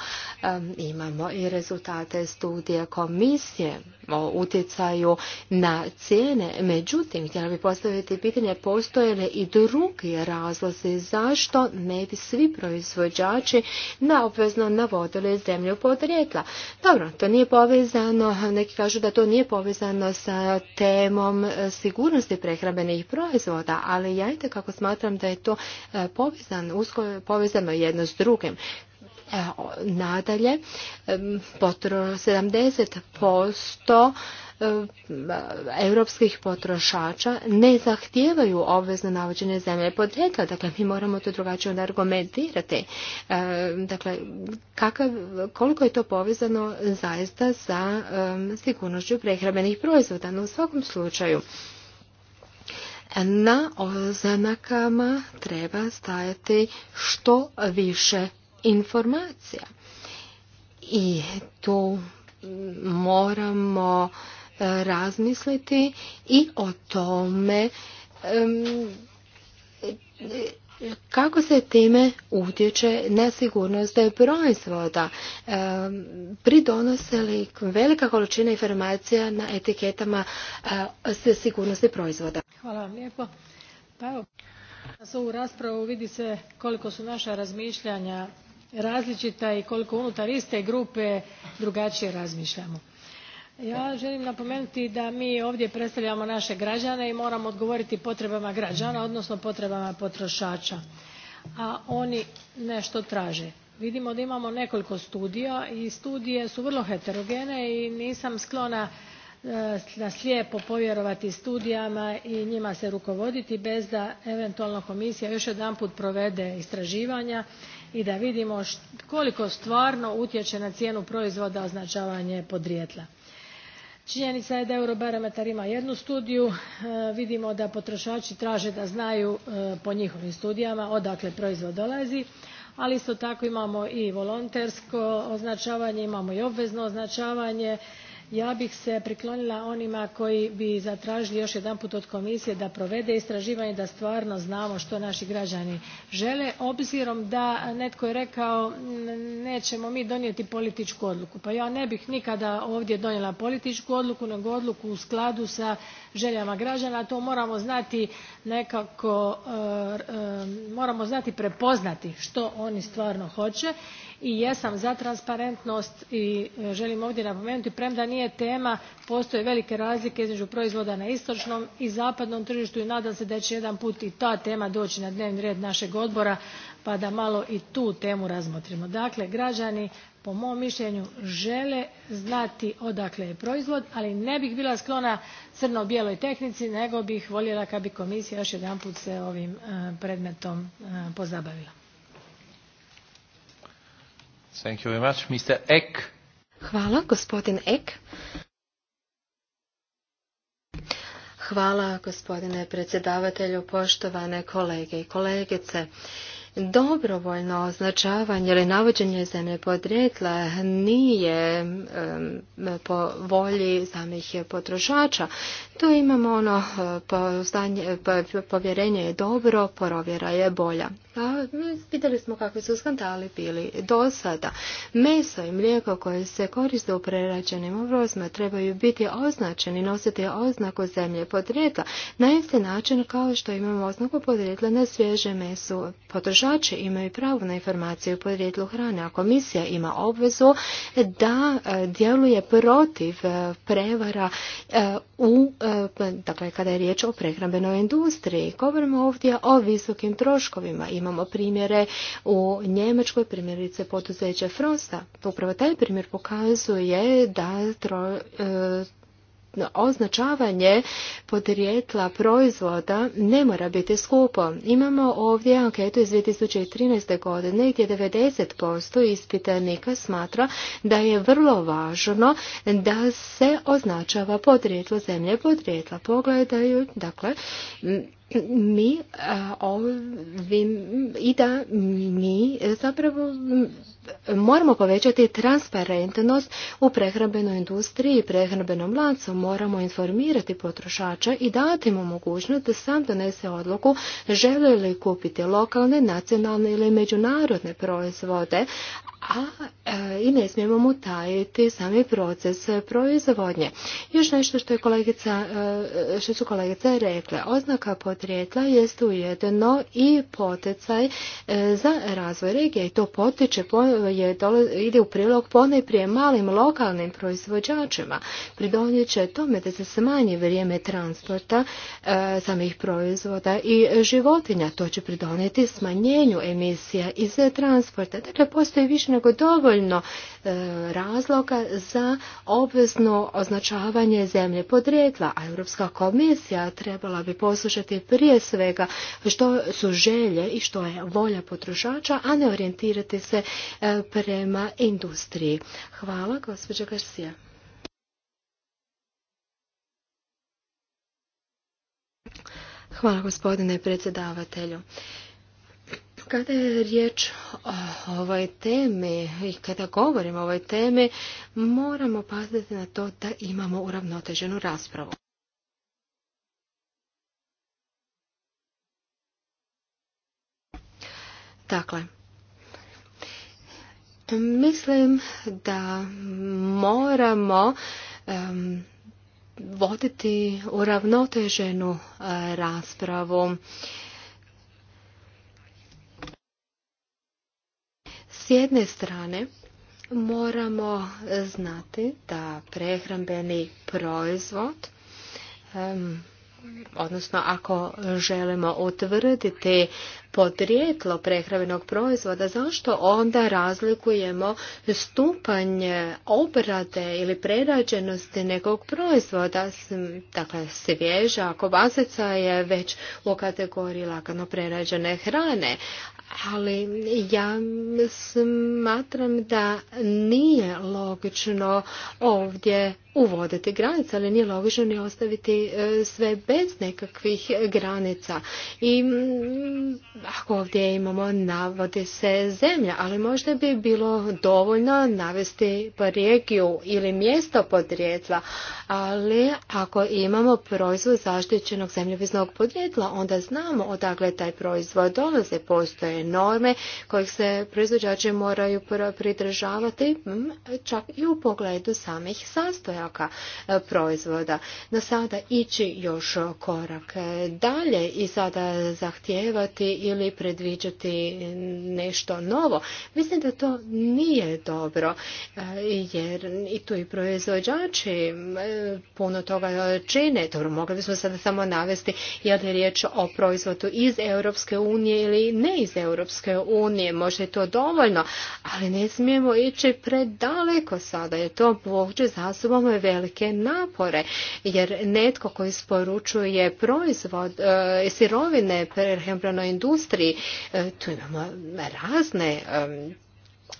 imamo i rezultate studija komisije, Misije o utjecaju na cijene. Međutim, htjela bi postaviti pitanje postoje li i drugi razlozi zašto ne bi svi proizvođači naopvezno navodili zemlju podrijetla. Dobro, to nije povezano, neki kažu da to nije povezano sa temom e, sigurnosti prehrambenih proizvoda, ali ja i kako smatram da je to e, povezano jedno s drugim. E, nadalje, 70% e, europskih potrošača ne zahtijevaju obvezno navođene zemlje podrijetla. Dakle, mi moramo to drugačije argumentirati. E, dakle, kakav, koliko je to povezano zaista sa sigurnošću prehrambenih proizvoda. No, u svakom slučaju, na oznakama treba stajati što više informacija. I tu moramo e, razmisliti i o tome kako se time utječe na sigurnost proizvoda? pridonose li velika količina informacija na etiketama sve sigurnosti proizvoda? Hvala vam lijepo. Pa evo, ovu raspravu vidi se koliko su naša razmišljanja različita i koliko unutar iste grupe drugačije razmišljamo. Ja želim napomenuti da mi ovdje predstavljamo naše građane i moramo odgovoriti potrebama građana, odnosno potrebama potrošača, a oni nešto traže. Vidimo da imamo nekoliko studija i studije su vrlo heterogene i nisam sklona e, na slijepo povjerovati studijama i njima se rukovoditi bez da eventualno komisija još jedanput provede istraživanja i da vidimo koliko stvarno utječe na cijenu proizvoda označavanje podrijetla. Činjenica je da Eurobarometar ima jednu studiju, e, vidimo da potrošači traže da znaju e, po njihovim studijama odakle proizvod dolazi, ali isto tako imamo i volontersko označavanje, imamo i obvezno označavanje ja bih se priklonila onima koji bi zatražili još jedanput od komisije da provede istraživanje da stvarno znamo što naši građani žele obzirom da netko je rekao nećemo mi donijeti političku odluku. pa ja ne bih nikada ovdje donijela političku odluku nego odluku u skladu sa željama građana a to moramo znati nekako e, e, moramo znati prepoznati što oni stvarno hoće i jesam za transparentnost i e, želim ovdje napomenuti premda nije tema postoje velike razlike između proizvoda na istočnom i zapadnom tržištu i nadam se da će jedanput i ta tema doći na dnevni red našeg odbora pa da malo i tu temu razmotrimo. dakle građani po mom mišljenju žele znati odakle je proizvod ali ne bih bila sklona crno bijeloj tehnici nego bih voljela kad bi komisija još jedanput se ovim e, predmetom e, pozabavila. Thank you very much. Mr. Ek. Hvala, gospodin Ek. Hvala, gospodine predsjedavatelju, poštovane kolege i kolegice. Dobrovoljno označavanje ili navođenje zemlje podrijetla nije po volji samih potrošača. Tu imamo ono povjerenje je dobro, porovjera je bolja. A vidjeli smo kakvi su skandali bili do sada. Meso i mlijeko koje se koriste u prerađenim obrozima trebaju biti označeni, nositi oznaku zemlje podrijetla na isti način kao što imamo oznaku podrijetla na svježe mesu potrošača potrošači imaju pravo na informaciju o podrijetlu hrane, a komisija ima obvezu da e, djeluje protiv e, prevara e, u, dakle, kada je riječ o prehrambenoj industriji. Govorimo ovdje o visokim troškovima. Imamo primjere u Njemačkoj, primjerice poduzeće Frosta. Upravo taj primjer pokazuje da označavanje podrijetla proizvoda ne mora biti skupo. Imamo ovdje anketu iz 2013. godine gdje 90% ispitanika smatra da je vrlo važno da se označava podrijetlo zemlje, podrijetla pogledaju, dakle, mi e, ovim i da mi zapravo moramo povećati transparentnost u prehrambenoj industriji i prehrambenom lancu. Moramo informirati potrošača i dati mu mogućnost da sam donese odluku želi li kupiti lokalne, nacionalne ili međunarodne proizvode, a i ne smijemo mu tajiti sami proces proizvodnje. Još nešto što, je kolegica, e, što su kolegice rekle. Oznaka podrijetla jest ujedno i poticaj e, za razvoj regije i to potiče, je, ide u prilog ponajprije malim lokalnim proizvođačima. Pridonijet će tome da se smanji vrijeme transporta e, samih proizvoda i životinja. To će pridonijeti smanjenju emisija iz transporta. Dakle, postoji više nego dovoljno dovoljno e, razloga za obvezno označavanje zemlje podrijetla, a Europska komisija trebala bi poslušati prije svega što su želje i što je volja potrošača, a ne orijentirati se e, prema industriji. Hvala, gospođa Garcia. Hvala gospodine predsjedavatelju. Kada je riječ o ovoj temi i kada govorimo o ovoj temi, moramo paziti na to da imamo uravnoteženu raspravu. Dakle, mislim da moramo um, voditi uravnoteženu eh, raspravu S jedne strane moramo znati da prehrambeni proizvod odnosno ako želimo utvrditi podrijetlo prehrambenog proizvoda, zašto onda razlikujemo stupanj obrade ili prerađenosti nekog proizvoda? Dakle, svježa, ako je već u kategoriji lakano prerađene hrane, ali ja smatram da nije logično ovdje uvoditi granice, ali nije logično ni ostaviti e, sve bez nekakvih granica. I ako ovdje imamo, navodi se zemlja, ali možda bi bilo dovoljno navesti regiju ili mjesto podrijetla, ali ako imamo proizvod zaštićenog zemljopisnog podrijetla, onda znamo odakle taj proizvod dolaze. Postoje norme kojih se proizvođači moraju pridržavati čak i u pogledu samih sastojaka e, proizvoda. Na sada ići još korak e, dalje i sada zahtijevati ili predviđati nešto novo. Mislim da to nije dobro, e, jer i tu i proizvođači e, puno toga čine. Dobro, mogli bismo sada samo navesti je li riječ o proizvodu iz Europske unije ili ne iz Europske unije. Možda je to dovoljno, ali ne smijemo ići predaleko sada, jer to pođe za sobom velike napore, jer netko koji isporučuje proizvod, e, sirovine prehembranoj industriji, Austriji, e, Tu imamo razne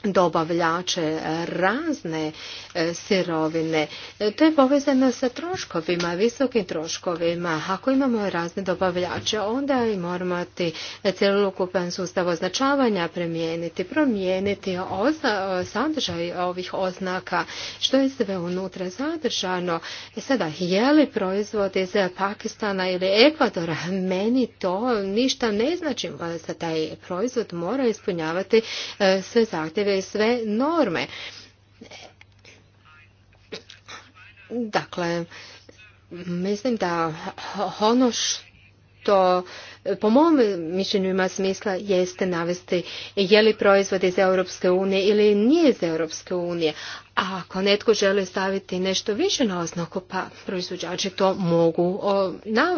dobavljače razne e, sirovine. To je povezano sa troškovima, visokim troškovima. Ako imamo razne dobavljače, onda i moramo ti celokupan sustav označavanja primijeniti, promijeniti sadržaj ovih oznaka, što je sve unutra zadržano. E sada, je li proizvod iz Pakistana ili Ekvadora? Meni to ništa ne znači. Pa taj proizvod mora ispunjavati e, sve zahtjeve sve norme. Dakle, mislim da ono što po mom mišljenju ima smisla jeste navesti je li proizvod iz Europske unije ili nije iz Europske unije, a ako netko želi staviti nešto više na oznaku, pa proizvođači to mogu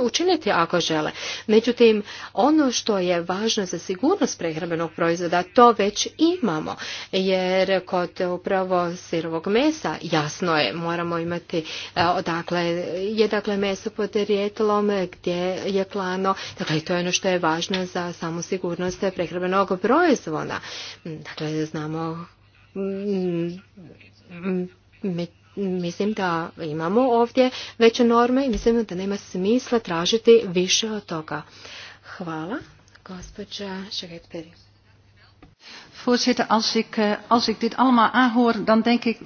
učiniti ako žele. Međutim, ono što je važno za sigurnost prehrambenog proizvoda, to već imamo. Jer kod upravo sirovog mesa, jasno je, moramo imati e, odakle je dakle meso pod rijetlom, gdje je klano. Dakle, to je ono što je važno za samu sigurnost prehrambenog proizvoda. Dakle, znamo Mm, mislim da imamo ovdje veće norme i mislim da nema smisla tražiti više od toga. Hvala, gospođa Šagetperi. Voorzitter, als ik, eh, als ik dit allemaal aanhoor, dan denk ik...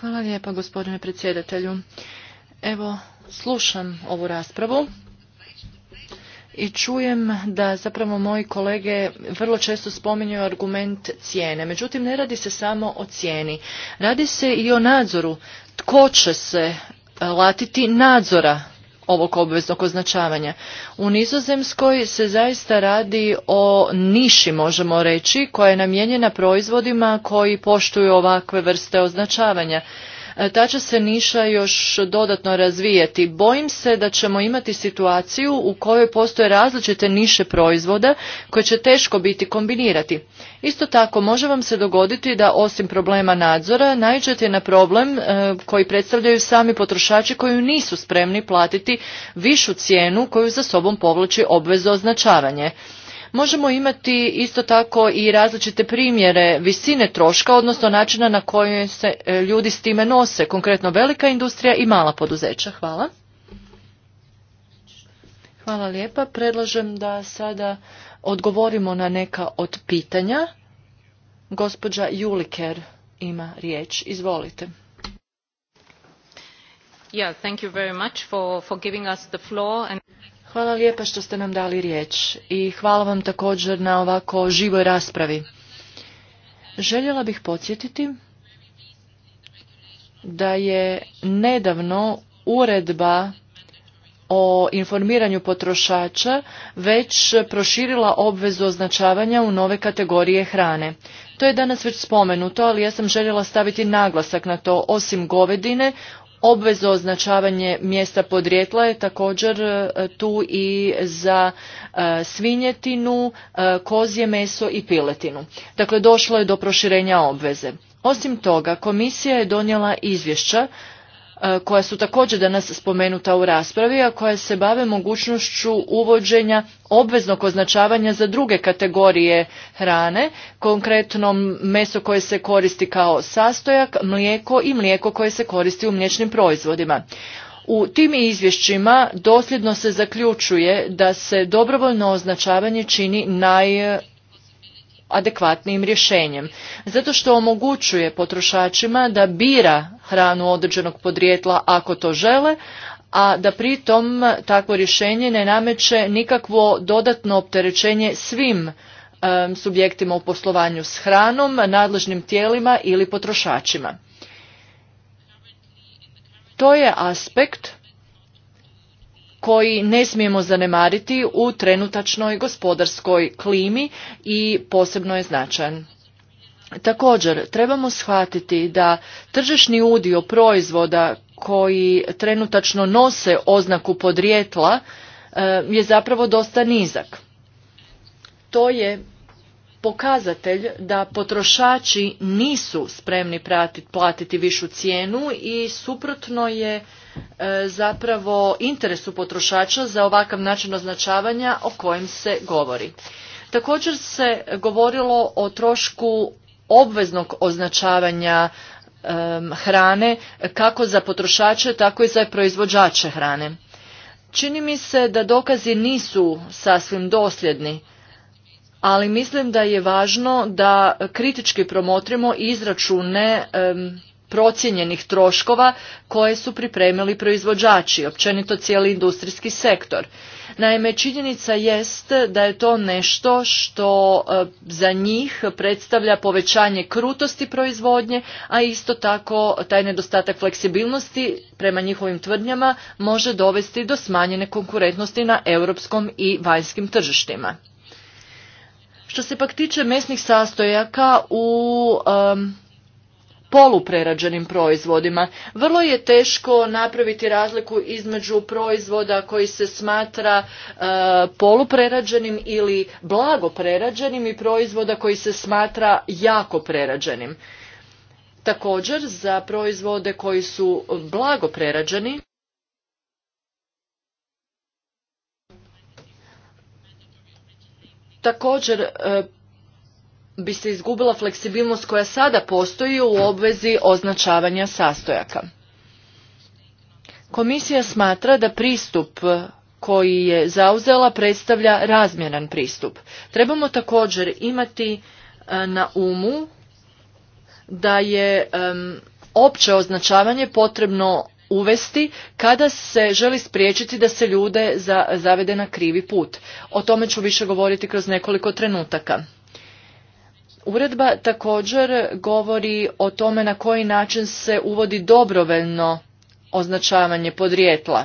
Hvala lijepa, gospodine predsjedatelju. Evo, slušam ovu raspravu i čujem da zapravo moji kolege vrlo često spominju argument cijene. Međutim, ne radi se samo o cijeni. Radi se i o nadzoru. Tko će se e, latiti nadzora ovog obveznog označavanja. U Nizozemskoj se zaista radi o niši, možemo reći, koja je namijenjena proizvodima koji poštuju ovakve vrste označavanja. E, ta će se niša još dodatno razvijeti. Bojim se da ćemo imati situaciju u kojoj postoje različite niše proizvoda koje će teško biti kombinirati. Isto tako može vam se dogoditi da osim problema nadzora naiđete na problem e, koji predstavljaju sami potrošači koji nisu spremni platiti višu cijenu koju za sobom povlači obvezo označavanje. Možemo imati isto tako i različite primjere visine troška, odnosno načina na koje se e, ljudi s time nose, konkretno velika industrija i mala poduzeća. Hvala. Hvala lijepa. Predlažem da sada odgovorimo na neka od pitanja. Gospođa Juliker ima riječ. Izvolite. Yeah, thank you very much for, for us the floor and... Hvala lijepa što ste nam dali riječ i hvala vam također na ovako živoj raspravi. Željela bih podsjetiti da je nedavno uredba o informiranju potrošača već proširila obvezu označavanja u nove kategorije hrane. To je danas već spomenuto, ali ja sam željela staviti naglasak na to. Osim govedine, Obvezo označavanje mjesta podrijetla je također e, tu i za e, svinjetinu, e, kozje meso i piletinu. Dakle, došlo je do proširenja obveze. Osim toga, komisija je donijela izvješća E, koja su također danas spomenuta u raspravi, a koja se bave mogućnošću uvođenja obveznog označavanja za druge kategorije hrane, konkretno meso koje se koristi kao sastojak, mlijeko i mlijeko koje se koristi u mliječnim proizvodima. U tim izvješćima dosljedno se zaključuje da se dobrovoljno označavanje čini naj adekvatnijim rješenjem. Zato što omogućuje potrošačima da bira hranu određenog podrijetla ako to žele, a da pritom takvo rješenje ne nameće nikakvo dodatno opterećenje svim subjektima u poslovanju s hranom, nadležnim tijelima ili potrošačima. To je aspekt koji ne smijemo zanemariti u trenutačnoj gospodarskoj klimi i posebno je značajan. Također, trebamo shvatiti da tržišni udio proizvoda koji trenutačno nose oznaku podrijetla e, je zapravo dosta nizak. To je pokazatelj da potrošači nisu spremni platiti višu cijenu i suprotno je E, zapravo interesu potrošača za ovakav način označavanja o kojem se govori. Također se govorilo o trošku obveznog označavanja hrane kako za potrošače tako i za proizvođače hrane. Čini mi se da dokazi nisu sasvim dosljedni, ali mislim da je važno da kritički promotrimo izračune procijenjenih troškova koje su pripremili proizvođači, općenito cijeli industrijski sektor. Naime, činjenica jest da je to nešto što e, za njih predstavlja povećanje krutosti proizvodnje, a isto tako taj nedostatak fleksibilnosti prema njihovim tvrdnjama može dovesti do smanjene konkurentnosti na europskom i vanjskim tržištima. Što se pak tiče mesnih sastojaka u poluprerađenim proizvodima. Vrlo je teško napraviti razliku između proizvoda koji se smatra e, poluprerađenim ili blago prerađenim i proizvoda koji se smatra jako prerađenim. Također za proizvode koji su blago prerađeni također e, bi se izgubila fleksibilnost koja sada postoji u obvezi označavanja sastojaka. Komisija smatra da pristup koji je zauzela predstavlja razmjeran pristup. Trebamo također imati e, na umu da je opće označavanje potrebno uvesti kada se želi spriječiti da se ljude zavede na krivi put. O tome ću više govoriti kroz nekoliko trenutaka. Uredba također govori o tome na koji način se uvodi dobrovoljno označavanje podrijetla.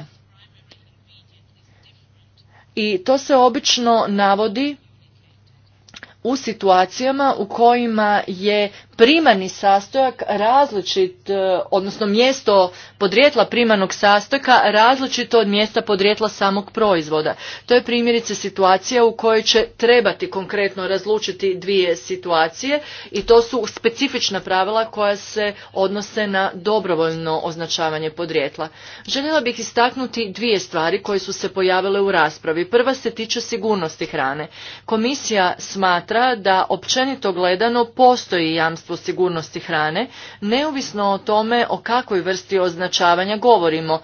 I to se obično navodi u situacijama u kojima je primarni sastojak različit, e, odnosno mjesto podrijetla primarnog sastojka različito od mjesta podrijetla samog proizvoda. To je primjerice situacija u kojoj će trebati konkretno razlučiti dvije situacije i to su specifična pravila koja se odnose na dobrovoljno označavanje podrijetla. Željela bih istaknuti dvije stvari koje su se pojavile u raspravi. Prva se tiče sigurnosti hrane. Komisija smatra da općenito gledano postoji jamstvo o sigurnosti hrane, neovisno o tome o kakvoj vrsti označavanja govorimo.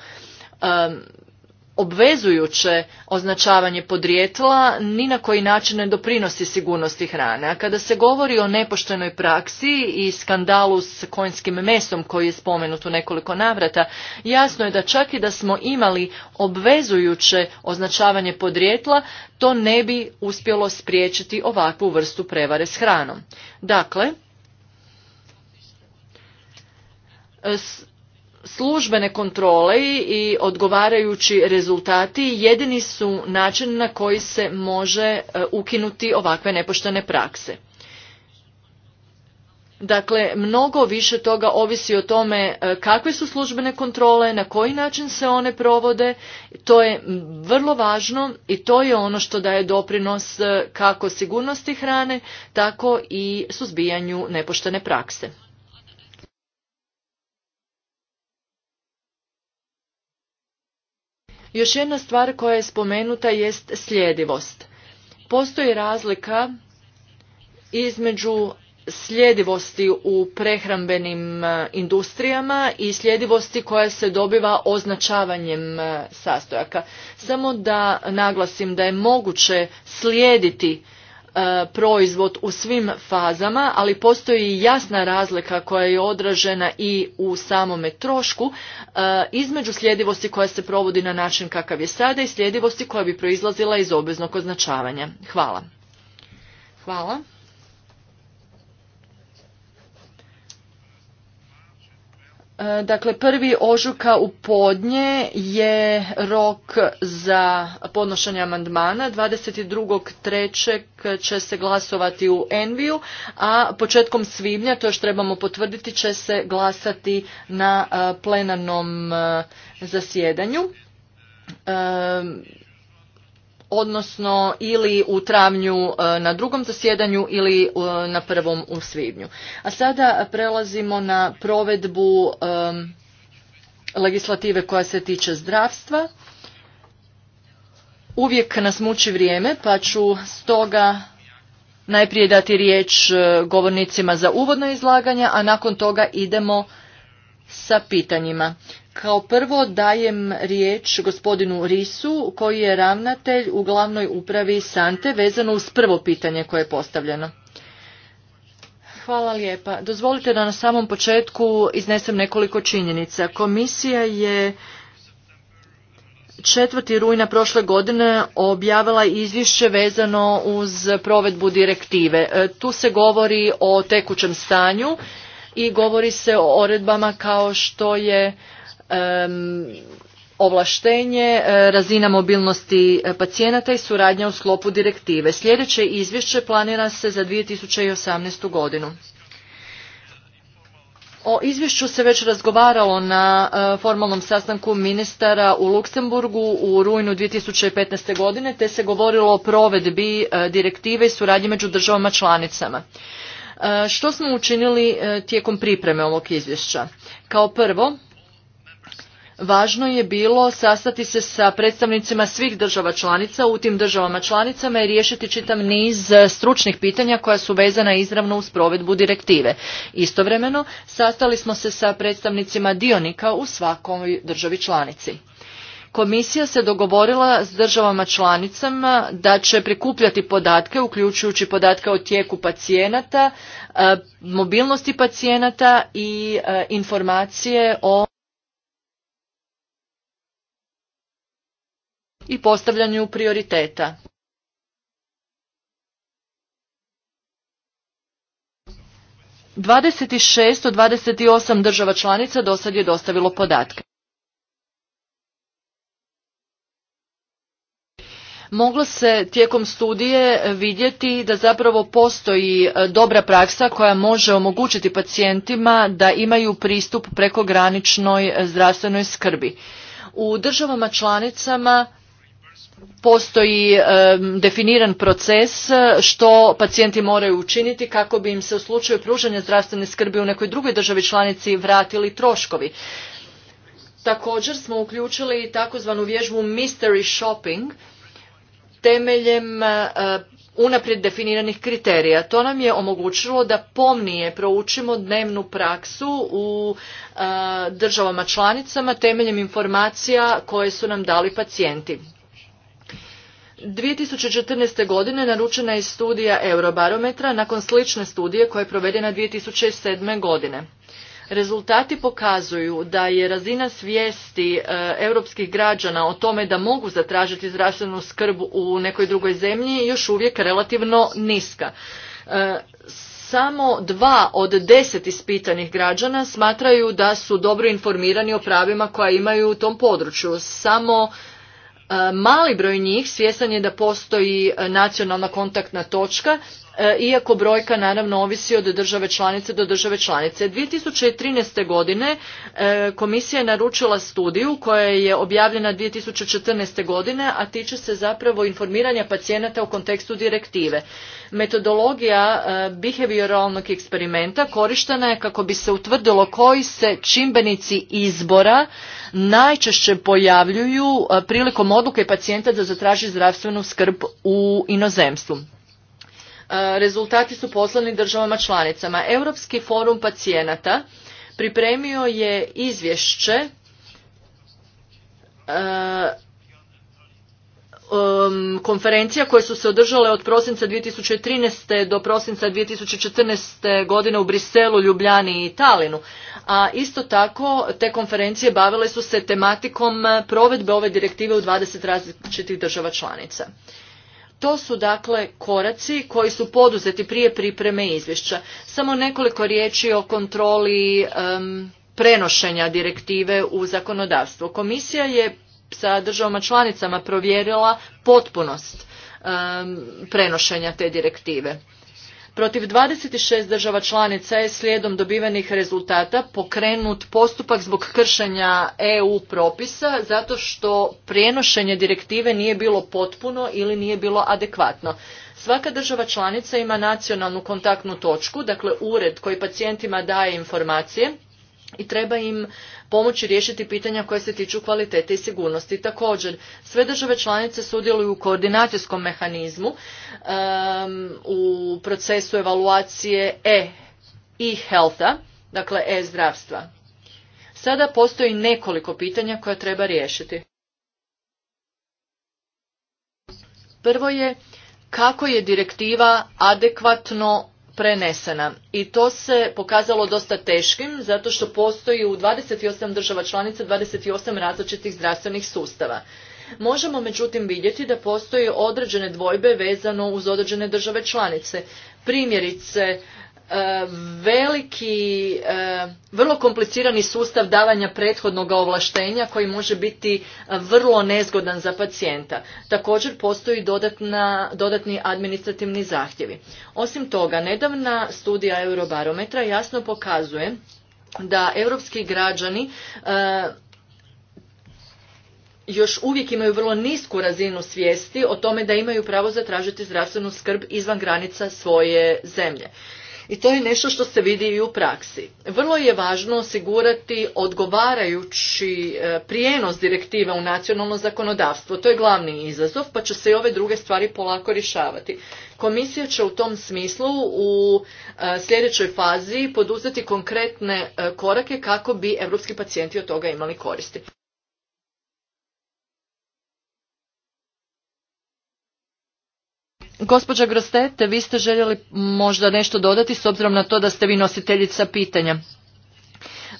obvezujuće označavanje podrijetla ni na koji način ne doprinosi sigurnosti hrane. A kada se govori o nepoštenoj praksi i skandalu s konjskim mesom koji je spomenut u nekoliko navrata, jasno je da čak i da smo imali obvezujuće označavanje podrijetla, to ne bi uspjelo spriječiti ovakvu vrstu prevare s hranom. Dakle, službene kontrole i odgovarajući rezultati jedini su način na koji se može e, ukinuti ovakve nepoštene prakse. Dakle, mnogo više toga ovisi o tome e, kakve su službene kontrole, na koji način se one provode. To je vrlo važno i to je ono što daje doprinos e, kako sigurnosti hrane, tako i suzbijanju nepoštene prakse. Još jedna stvar koja je spomenuta jest sljedivost. Postoji razlika između sljedivosti u prehrambenim e, industrijama i sljedivosti koja se dobiva označavanjem e, sastojaka. Samo da naglasim da je moguće slijediti E, proizvod u svim fazama, ali postoji jasna razlika koja je odražena i u samome trošku e, između sljedivosti koja se provodi na način kakav je sada i sljedivosti koja bi proizlazila iz obveznog označavanja. Hvala. Hvala. E, dakle, prvi ožuka u podnje je rok za podnošenje amandmana. 22.3. će se glasovati u Enviju, a početkom svibnja, to još trebamo potvrditi, će se glasati na e, plenarnom e, zasjedanju odnosno ili u travnju e, na drugom zasjedanju ili e, na prvom u svibnju. A sada prelazimo na provedbu legislative koja se tiče zdravstva. Uvijek nas muči vrijeme, pa ću stoga najprije dati riječ e, govornicima za uvodno izlaganje, a nakon toga idemo sa pitanjima. Kao prvo dajem riječ gospodinu Risu koji je ravnatelj u glavnoj upravi Sante vezano uz prvo pitanje koje je postavljeno. Hvala lijepa. Dozvolite da na samom početku iznesem nekoliko činjenica. Komisija je 4. rujna prošle godine objavila izvješće vezano uz provedbu direktive. E, tu se govori o tekućem stanju i govori se o odredbama kao što je ovlaštenje, e, razina mobilnosti e, pacijenata i suradnja u sklopu direktive. Sljedeće izvješće planira se za 2018. godinu. O izvješću se već razgovaralo na e, formalnom sastanku ministara u Luksemburgu u rujnu 2015. godine, te se govorilo o provedbi direktive i suradnje među državama članicama. Što smo učinili tijekom pripreme ovog izvješća? Kao prvo, Važno je bilo sastati se sa predstavnicima svih država članica u tim državama članicama i riješiti čitav niz stručnih pitanja koja su vezana izravno uz provedbu direktive. Istovremeno, sastali smo se sa predstavnicima dionika u svakoj državi članici. Komisija se dogovorila s državama članicama da će prikupljati podatke, uključujući podatke o tijeku pacijenata, e, mobilnosti pacijenata i e, informacije o i postavljanju prioriteta. Dvadeset šest od dvadeset osam država članica do sad je dostavilo podatke moglo se tijekom studije vidjeti da zapravo postoji e, dobra praksa koja može omogućiti pacijentima da imaju pristup prekograničnoj e, zdravstvenoj skrbi. U državama članicama postoji definiran proces eh, što pacijenti moraju učiniti kako bi im se u slučaju pružanja zdravstvene skrbi u nekoj drugoj državi članici vratili troškovi. Također smo uključili i takozvanu vježbu mystery shopping temeljem e, unaprijed definiranih kriterija. To nam je omogućilo da pomnije proučimo dnevnu praksu u eh, državama članicama temeljem informacija koje su nam dali pacijenti. 2014. godine naručena je studija Eurobarometra nakon slične studije koja je provedena 2007. godine. Rezultati pokazuju da je razina svijesti e, europskih građana o tome da mogu zatražiti zdravstvenu skrb u nekoj drugoj zemlji još uvijek relativno niska. E, samo dva od deset ispitanih građana smatraju da su dobro informirani o pravima koja imaju u tom području. Samo E, mali broj njih svjestan je da postoji e, nacionalna kontaktna točka E, iako brojka naravno ovisi od države članice do države članice. 2013. godine e, komisija je naručila studiju koja je objavljena 2014. godine, a tiče se zapravo informiranja pacijenata u kontekstu direktive. Metodologija e, behavioralnog eksperimenta korištena je kako bi se utvrdilo koji se čimbenici izbora najčešće pojavljuju prilikom odluke pacijenta da zatraži zdravstvenu skrb u inozemstvu. E, rezultati su poslani državama članicama. Europski forum pacijenata pripremio je izvješće e, um, konferencija koje su se održale od prosinca 2013. do prosinca 2014. godine u Briselu, Ljubljani i Talinu. A isto tako te konferencije bavile su se tematikom provedbe ove direktive u 20 različitih država članica. To su dakle koraci koji su poduzeti prije pripreme izvješća. Samo nekoliko riječi o kontroli prenošenja direktive u zakonodavstvo. Komisija je sa državama članicama provjerila potpunost prenošenja te direktive. Protiv 26 država članica je slijedom dobivenih rezultata pokrenut postupak zbog kršenja EU propisa zato što prijenošenje direktive nije bilo potpuno ili nije bilo adekvatno. Svaka država članica ima nacionalnu kontaktnu točku, dakle ured koji pacijentima daje informacije i treba im pomoći riješiti pitanja koje se tiču kvalitete i sigurnosti. Također, sve države članice sudjeluju u koordinacijskom mehanizmu u procesu evaluacije e i healtha, dakle e-zdravstva. Sada postoji nekoliko pitanja koja treba riješiti. Prvo je kako je direktiva adekvatno prenesena. I to se pokazalo dosta teškim zato što postoji u 28 država članica 28 različitih zdravstvenih sustava. Možemo međutim vidjeti da postoji određene dvojbe vezano uz određene države članice. Primjerice, E, veliki, e, vrlo komplicirani sustav davanja prethodnog ovlaštenja koji može biti vrlo nezgodan za pacijenta. Također postoji dodatni administrativni zahtjevi. Osim toga, nedavna studija Eurobarometra jasno pokazuje da europski građani e, još uvijek imaju vrlo nisku razinu svijesti o tome da imaju pravo zatražiti zdravstvenu skrb izvan granica svoje zemlje. I to je nešto što se vidi i u praksi. Vrlo je važno osigurati odgovarajući e, prijenos direktiva u nacionalno zakonodavstvo. To je glavni izazov, pa će se i ove druge stvari polako rješavati. Komisija će u tom smislu u e, sljedećoj fazi poduzeti konkretne e, korake kako bi evropski pacijenti od toga imali koristi. Gospođa Grostete, vi ste željeli možda nešto dodati s obzirom na to da ste vi nositeljica pitanja.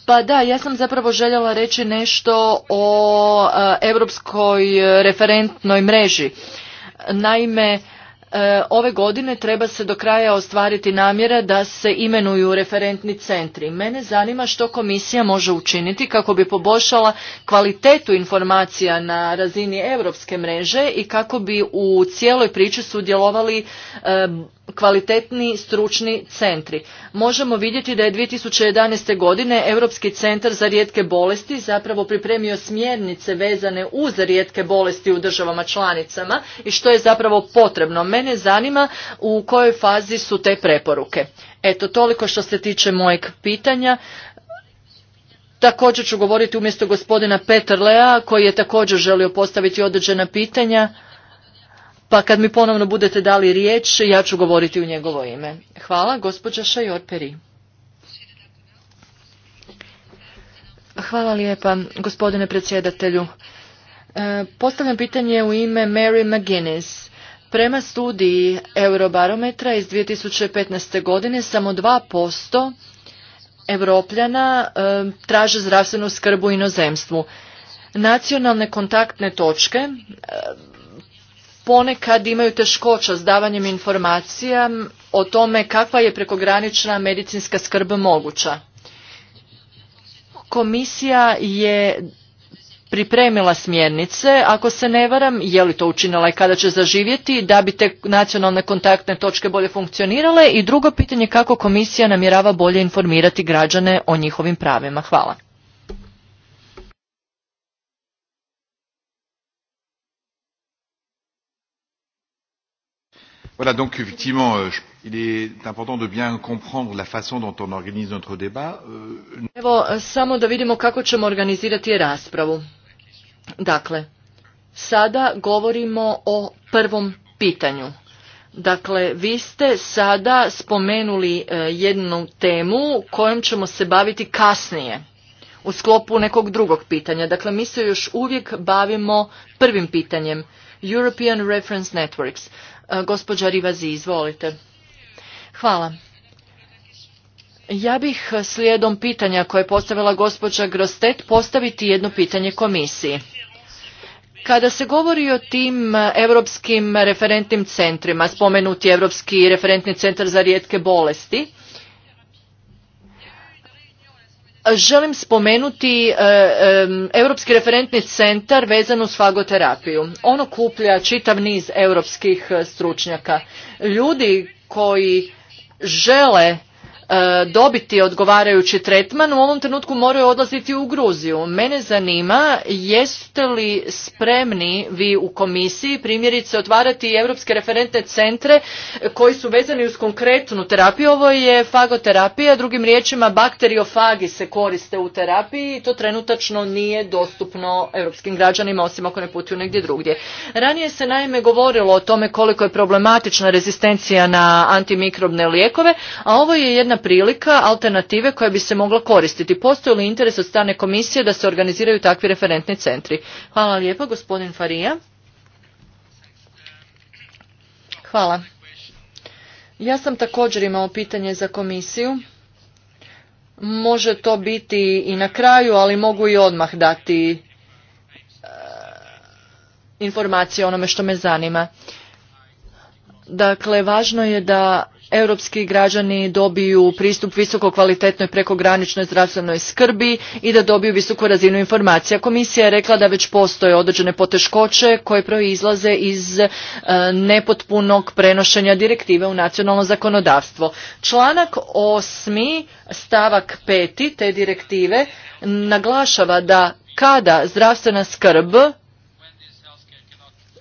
Pa da, ja sam zapravo željela reći nešto o e, europskoj referentnoj mreži. Naime, E, ove godine treba se do kraja ostvariti namjera da se imenuju referentni centri. Mene zanima što komisija može učiniti kako bi poboljšala kvalitetu informacija na razini europske mreže i kako bi u cijeloj priči sudjelovali e, kvalitetni stručni centri. Možemo vidjeti da je 2011. godine Europski centar za rijetke bolesti zapravo pripremio smjernice vezane uz rijetke bolesti u državama članicama i što je zapravo potrebno mene zanima u kojoj fazi su te preporuke. Eto, toliko što se tiče mojeg pitanja. Također ću govoriti umjesto gospodina Lea, koji je također želio postaviti određena pitanja. Pa kad mi ponovno budete dali riječ, ja ću govoriti u njegovo ime. Hvala, gospođa Šajor Peri. Hvala lijepa, gospodine predsjedatelju. E, postavljam pitanje u ime Mary McGuinness. Prema studiji Eurobarometra iz 2015. godine samo 2% Evropljana europljana traže zdravstvenu skrb u inozemstvu. Nacionalne kontaktne točke ponekad imaju teškoća s davanjem informacija o tome kakva je prekogranična medicinska skrb moguća. Komisija je pripremila smjernice, ako se ne varam, je li to učinila i kada će zaživjeti, da bi te nacionalne kontaktne točke bolje funkcionirale i drugo pitanje kako komisija namjerava bolje informirati građane o njihovim pravima. Hvala. Voilà, donc effectivement, euh, il est important de bien comprendre la façon dont on organise notre débat. Euh, Evo, samo da vidimo kako ćemo organizirati raspravu. Dakle, sada govorimo o prvom pitanju. Dakle, vi ste sada spomenuli e, jednu temu kojom ćemo se baviti kasnije u sklopu nekog drugog pitanja. Dakle, mi se još uvijek bavimo prvim pitanjem. European Reference Networks. E, gospođa Rivazi, izvolite. Hvala. Ja bih slijedom pitanja koje je postavila gospođa Grostet postaviti jedno pitanje komisiji. Kada se govori o tim europskim referentnim centrima, spomenuti Europski referentni centar za rijetke bolesti, želim spomenuti Europski e, referentni centar vezan uz fagoterapiju. Ono kuplja čitav niz europskih e, stručnjaka. Ljudi koji žele E, dobiti odgovarajući tretman u ovom trenutku moraju odlaziti u Gruziju. Mene zanima jeste li spremni vi u komisiji primjerice otvarati europske referentne centre koji su vezani uz konkretnu terapiju. Ovo je fagoterapija, drugim riječima bakteriofagi se koriste u terapiji i to trenutačno nije dostupno europskim građanima osim ako ne putuju negdje drugdje. Ranije se naime govorilo o tome koliko je problematična rezistencija na antimikrobne lijekove, a ovo je jedna prilika alternative koja bi se mogla koristiti. Postoji li interes od strane komisije da se organiziraju takvi referentni centri? Hvala lijepo, gospodin Farija. Hvala. Ja sam također imao pitanje za komisiju. Može to biti i na kraju, ali mogu i odmah dati e, informacije o onome što me zanima. Dakle, važno je da europski građani dobiju pristup visokokvalitetnoj prekograničnoj zdravstvenoj skrbi i da dobiju visoku razinu informacija. Komisija je rekla da već postoje određene poteškoće koje proizlaze iz e, nepotpunog prenošenja direktive u nacionalno zakonodavstvo. Članak 8. stavak 5. te direktive naglašava da kada zdravstvena skrb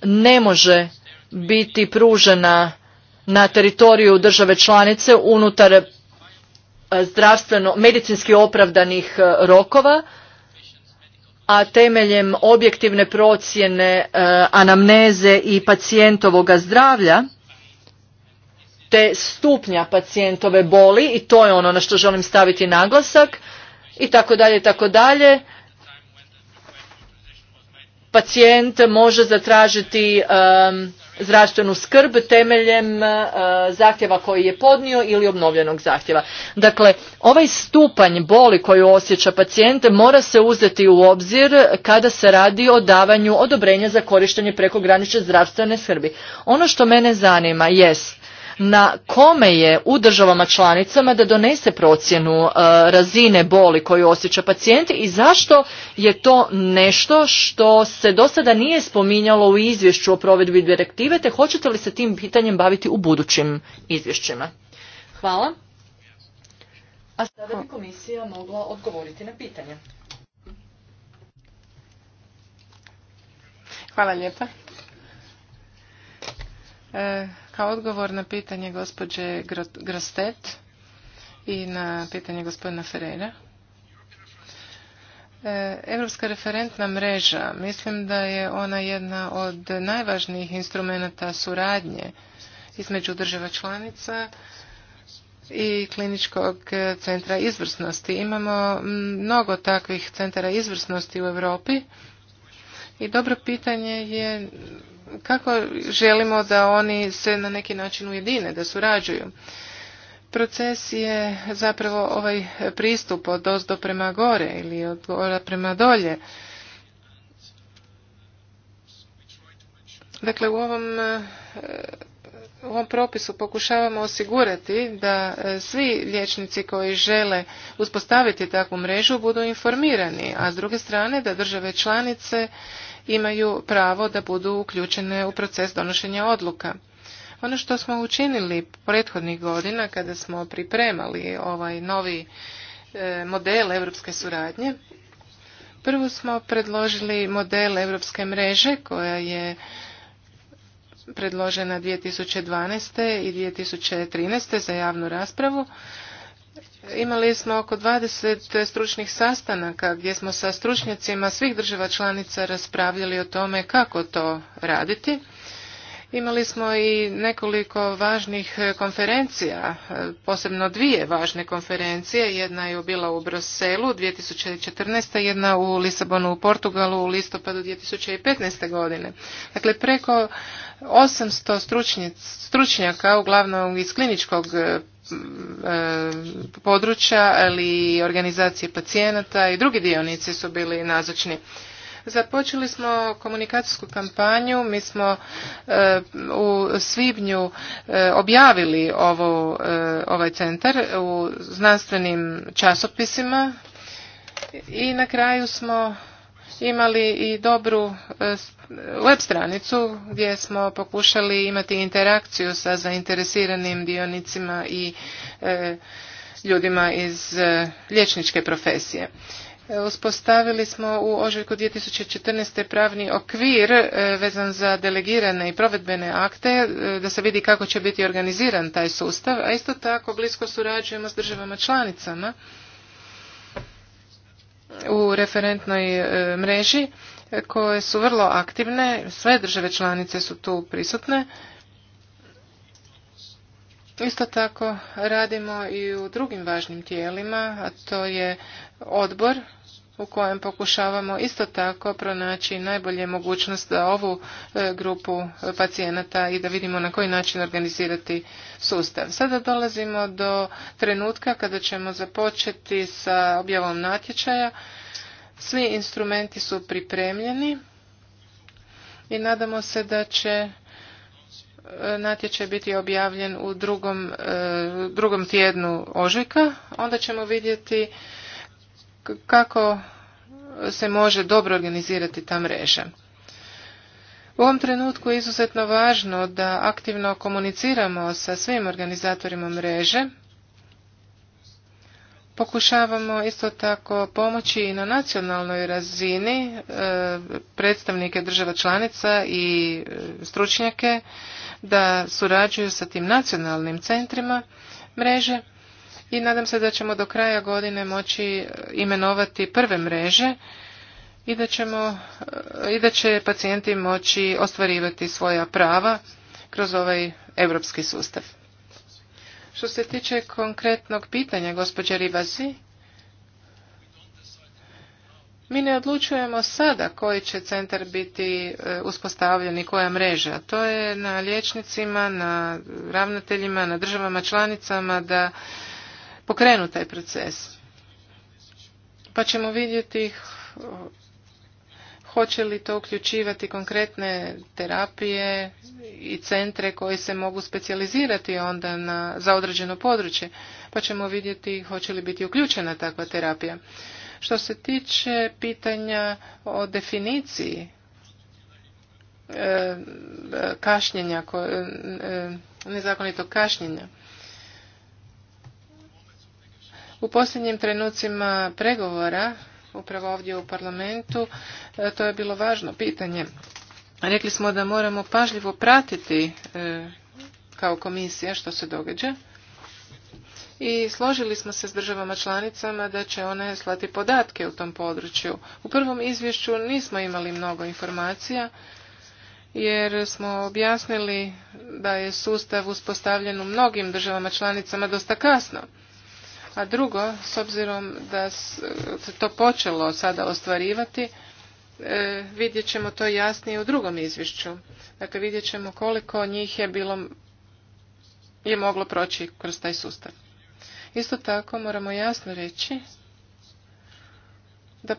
ne može biti pružena na teritoriju države članice unutar e, zdravstveno medicinski opravdanih e, rokova a temeljem objektivne procjene e, anamneze i pacijentovoga zdravlja te stupnja pacijentove boli i to je ono na što želim staviti naglasak i tako dalje i tako dalje pacijent može zatražiti zdravstvenu skrb temeljem e, zahtjeva koji je podnio ili obnovljenog zahtjeva. Dakle, ovaj stupanj boli koju osjeća pacijent mora se uzeti u obzir kada se radi o davanju odobrenja za korištenje prekogranične zdravstvene skrbi. Ono što mene zanima jest na kome je u državama članicama da donese procjenu e, razine boli koju osjeća pacijent i zašto je to nešto što se do sada nije spominjalo u izvješću o provedbi direktive te hoćete li se tim pitanjem baviti u budućim izvješćima? Hvala. A sada bi komisija mogla odgovoriti na pitanje. Hvala lijepa. E, kao odgovor na pitanje gospođe Grostet i na pitanje gospodina Ferreira, Europska referentna mreža, mislim da je ona jedna od najvažnijih instrumenata suradnje između država članica i kliničkog centra izvrsnosti. Imamo mnogo takvih centara izvrsnosti u Europi i dobro pitanje je kako želimo da oni se na neki način ujedine, da surađuju. Proces je zapravo ovaj pristup od ozdo prema gore ili od gora prema dolje. Dakle, u ovom, eh, u ovom propisu pokušavamo osigurati da eh, svi liječnici koji žele uspostaviti takvu mrežu budu informirani, a s druge strane da države članice imaju pravo da budu uključene u proces donošenja odluka. Ono što smo učinili prethodnih godina kada smo pripremali ovaj novi e, model europske suradnje, prvo smo predložili model europske mreže koja je predložena 2012. i 2013. za javnu raspravu Imali smo oko 20 stručnih sastanaka gdje smo sa stručnjacima svih država članica raspravljali o tome kako to raditi. Imali smo i nekoliko važnih konferencija, posebno dvije važne konferencije. Jedna je bila u Broselu 2014. jedna u Lisabonu u Portugalu u listopadu 2015. godine. Dakle, preko 800 stručnjaka, uglavnom iz kliničkog E, područja, ali i organizacije pacijenata i drugi dionici su bili nazočni. Započeli smo komunikacijsku kampanju, mi smo e, u svibnju e, objavili ovo, ovaj centar u znanstvenim časopisima i na kraju smo imali i dobru e, web stranicu gdje smo pokušali imati interakciju sa zainteresiranim dionicima i e, ljudima iz e, liječničke profesije. Uspostavili smo u ožujku 2014. pravni okvir vezan za delegirane i provedbene akte da se vidi kako će biti organiziran taj sustav, a isto tako blisko surađujemo s državama članicama u referentnoj e, mreži koje su vrlo aktivne, sve države članice su tu prisutne. Isto tako radimo i u drugim važnim tijelima, a to je odbor u kojem pokušavamo isto tako pronaći najbolje mogućnost za ovu e, grupu e, pacijenata i da vidimo na koji način organizirati sustav. Sada dolazimo do trenutka kada ćemo započeti sa objavom natječaja. Svi instrumenti su pripremljeni i nadamo se da će e, natječaj biti objavljen u drugom, drugom tjednu ožujka. Onda ćemo vidjeti kako se može dobro organizirati ta mreža. U ovom trenutku je izuzetno važno da aktivno komuniciramo sa svim organizatorima mreže. Pokušavamo isto tako pomoći i na nacionalnoj razini e, predstavnike država članica i e, stručnjake da surađuju sa tim nacionalnim centrima mreže i nadam se da ćemo do kraja godine moći e, imenovati prve mreže i da, ćemo, e, i da će pacijenti moći ostvarivati svoja prava kroz ovaj europski sustav. Što se tiče konkretnog pitanja gospođe Ribasi, mi ne odlučujemo sada koji će centar biti e, uspostavljen i koja mreža. To je na liječnicima, na ravnateljima, na državama članicama da pokrenu taj proces. Pa ćemo vidjeti hoće li to uključivati konkretne terapije i centre koji se mogu specijalizirati onda na, za određeno područje, pa ćemo vidjeti hoće li biti uključena takva terapija. Što se tiče pitanja o definiciji e, e, kašnjenja, e, nezakonitog kašnjenja, u posljednjim trenucima pregovora, upravo ovdje u parlamentu, e, to je bilo važno pitanje. Rekli smo da moramo pažljivo pratiti e, kao komisija što se događa i složili smo se s državama članicama da će one slati podatke u tom području. U prvom izvješću nismo imali mnogo informacija jer smo objasnili da je sustav uspostavljen u mnogim državama članicama dosta kasno. A drugo, s obzirom da se to počelo sada ostvarivati, e, vidjet ćemo to jasnije u drugom izvješću. Dakle, vidjet ćemo koliko njih je bilo je moglo proći kroz taj sustav. Isto tako moramo jasno reći da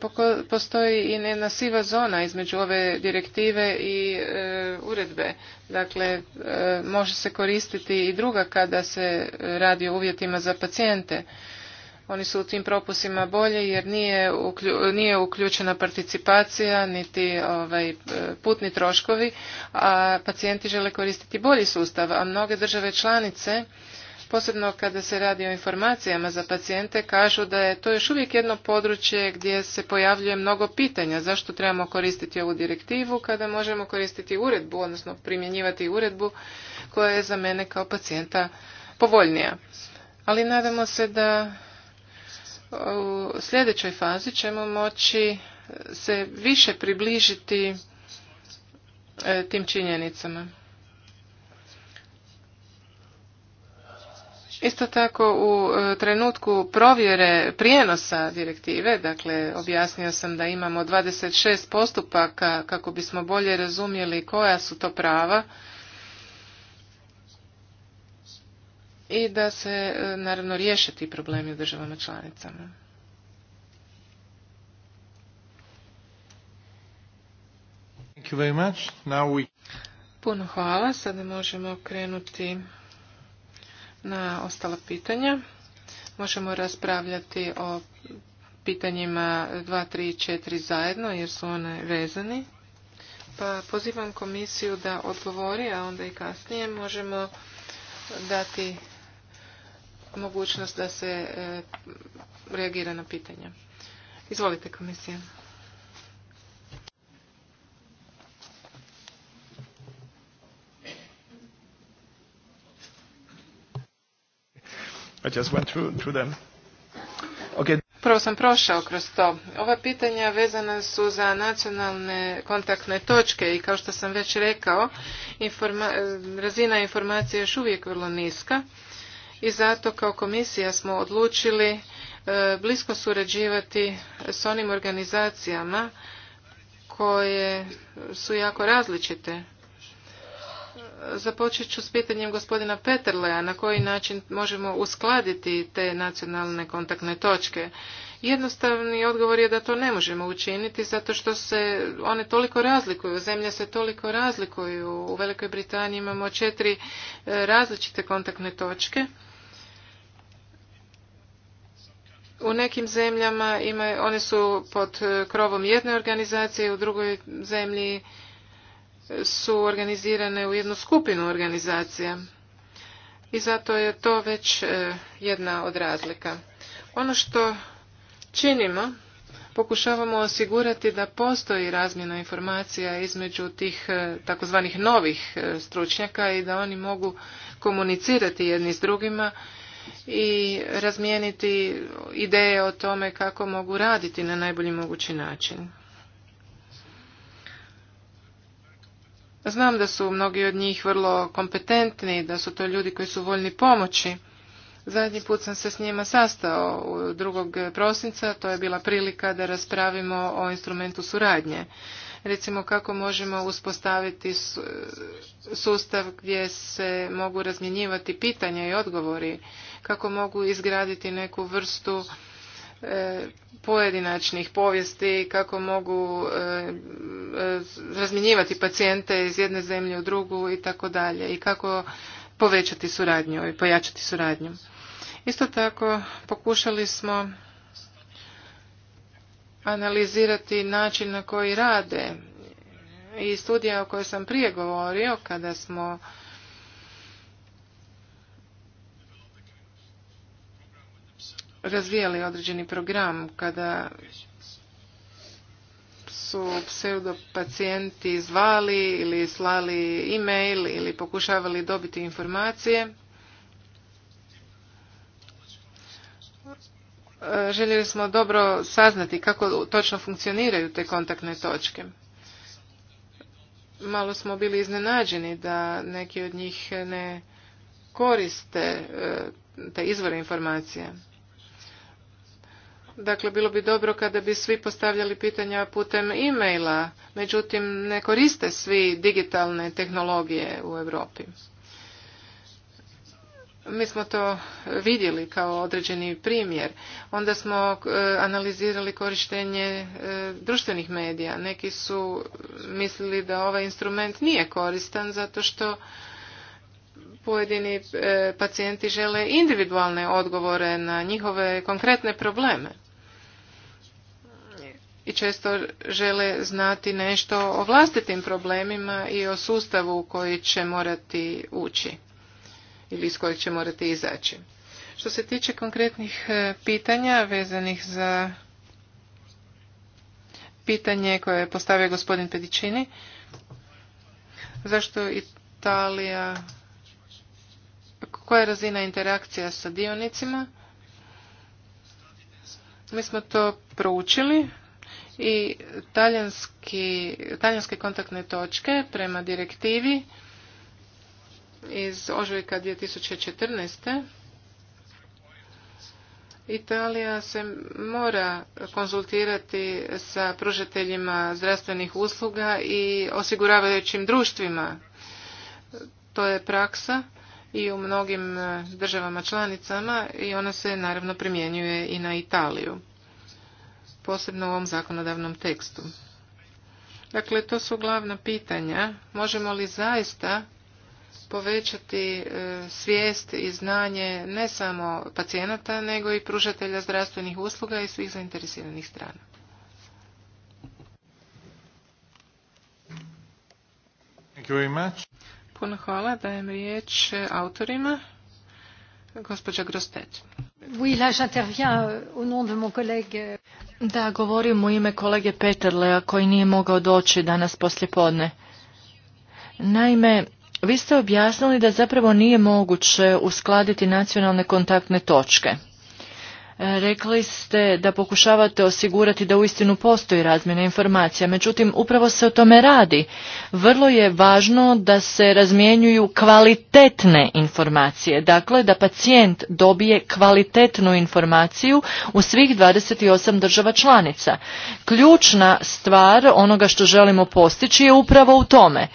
postoji i jedna siva zona između ove direktive i e, uredbe. Dakle, e, može se koristiti i druga kada se radi o uvjetima za pacijente. Oni su u tim propusima bolje jer nije, nije uključena participacija niti ovaj, e, putni troškovi, a pacijenti žele koristiti bolji sustav, a mnoge države članice posebno kada se radi o informacijama za pacijente, kažu da je to još uvijek jedno područje gdje se pojavljuje mnogo pitanja zašto trebamo koristiti ovu direktivu kada možemo koristiti uredbu, odnosno primjenjivati uredbu koja je za mene kao pacijenta povoljnija. Ali nadamo se da u sljedećoj fazi ćemo moći se više približiti e, tim činjenicama. Isto tako u e, trenutku provjere prijenosa direktive, dakle objasnio sam da imamo 26 postupaka kako bismo bolje razumjeli koja su to prava i da se e, naravno riješe ti problemi u državama članicama. Puno hvala, sada možemo krenuti na ostala pitanja. Možemo raspravljati o pitanjima 2, 3 4 zajedno jer su one vezani. Pa pozivam komisiju da odgovori, a onda i kasnije možemo dati mogućnost da se e, reagira na pitanja. Izvolite komisija. I just went through, them. Okay. Prvo sam prošao kroz to. Ova pitanja vezana su za nacionalne kontaktne točke i kao što sam već rekao, razina informacije je još uvijek vrlo niska i zato kao komisija smo odlučili e, blisko surađivati s onim organizacijama koje su jako različite započet ću s pitanjem gospodina Peterleja na koji način možemo uskladiti te nacionalne kontaktne točke. Jednostavni odgovor je da to ne možemo učiniti zato što se one toliko razlikuju, zemlje se toliko razlikuju. U Velikoj Britaniji imamo četiri e, različite kontaktne točke. U nekim zemljama ima, one su pod krovom jedne organizacije, u drugoj zemlji su organizirane u jednu skupinu organizacija i zato je to već e, jedna od razlika. Ono što činimo, pokušavamo osigurati da postoji razmjena informacija između tih e, takozvanih novih e, stručnjaka i da oni mogu komunicirati jedni s drugima i razmijeniti ideje o tome kako mogu raditi na najbolji mogući način. Znam da su mnogi od njih vrlo kompetentni, da su to ljudi koji su voljni pomoći. Zadnji put sam se s njima sastao drugog prosinca, to je bila prilika da raspravimo o instrumentu suradnje. Recimo kako možemo uspostaviti sustav gdje se mogu razmjenjivati pitanja i odgovori, kako mogu izgraditi neku vrstu E, pojedinačnih povijesti kako mogu e, e, razminjivati pacijente iz jedne zemlje u drugu i tako dalje i kako povećati suradnju i pojačati suradnju. Isto tako pokušali smo analizirati način na koji rade i studija o kojoj sam prije govorio kada smo razvijali određeni program kada su pseudopacijenti zvali ili slali e-mail ili pokušavali dobiti informacije. Željeli smo dobro saznati kako točno funkcioniraju te kontaktne točke. Malo smo bili iznenađeni da neki od njih ne koriste e, te izvore informacije. Dakle, bilo bi dobro kada bi svi postavljali pitanja putem e-maila, međutim ne koriste svi digitalne tehnologije u Europi. Mi smo to vidjeli kao određeni primjer. Onda smo e, analizirali korištenje e, društvenih medija. Neki su mislili da ovaj instrument nije koristan zato što pojedini e, pacijenti žele individualne odgovore na njihove konkretne probleme i često žele znati nešto o vlastitim problemima i o sustavu u koji će morati ući ili iz kojeg će morati izaći. Što se tiče konkretnih e, pitanja vezanih za pitanje koje je postavio gospodin Pedičini, zašto Italija, koja je razina interakcija sa dionicima, mi smo to proučili, i taljanske talijanske kontaktne točke prema direktivi iz ožujka 2014. Italija se mora konzultirati sa pružateljima zdravstvenih usluga i osiguravajućim društvima. To je praksa i u mnogim državama članicama i ona se naravno primjenjuje i na Italiju posebno u ovom zakonodavnom tekstu. Dakle, to su glavna pitanja. Možemo li zaista povećati e, svijest i znanje ne samo pacijenata, nego i pružatelja zdravstvenih usluga i svih zainteresiranih strana? Puno hvala, dajem riječ autorima. Euh, euh, da, govorim u ime kolege Peterlea koji nije mogao doći danas poslijepodne. Naime, vi ste objasnili da zapravo nije moguće uskladiti nacionalne kontaktne točke. Rekli ste da pokušavate osigurati da uistinu postoji razmjena informacija, međutim upravo se o tome radi. Vrlo je važno da se razmjenjuju kvalitetne informacije, dakle da pacijent dobije kvalitetnu informaciju u svih 28 država članica. Ključna stvar onoga što želimo postići je upravo u tome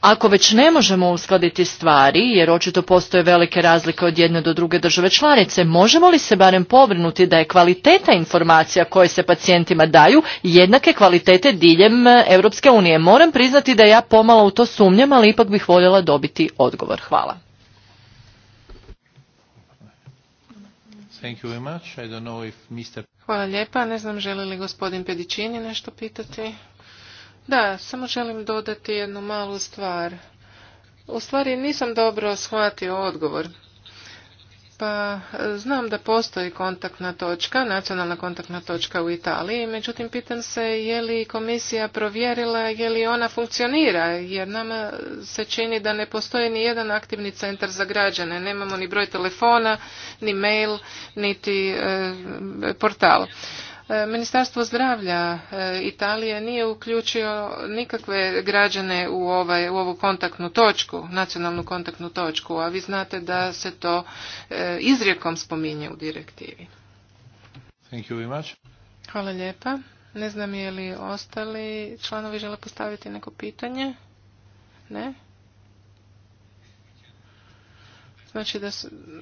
ako već ne možemo uskladiti stvari, jer očito postoje velike razlike od jedne do druge države članice, možemo li se barem povrnuti da je kvaliteta informacija koje se pacijentima daju jednake kvalitete diljem e, EU? unije? Moram priznati da ja pomalo u to sumnjam, ali ipak bih voljela dobiti odgovor. Hvala. Hvala lijepa. Ne znam želi li gospodin Pedičini nešto pitati. Da, samo želim dodati jednu malu stvar. U stvari nisam dobro shvatio odgovor. Pa znam da postoji kontaktna točka, nacionalna kontaktna točka u Italiji, međutim pitam se je li komisija provjerila, je li ona funkcionira, jer nama se čini da ne postoji ni jedan aktivni centar za građane, nemamo ni broj telefona, ni mail, niti e, portal. E, Ministarstvo zdravlja e, Italije nije uključio nikakve građane u, ovaj, u ovu kontaktnu točku, nacionalnu kontaktnu točku, a vi znate da se to e, izrijekom spominje u direktivi. Thank you very much. Hvala lijepa. Ne znam je li ostali članovi žele postaviti neko pitanje? Ne? Znači da,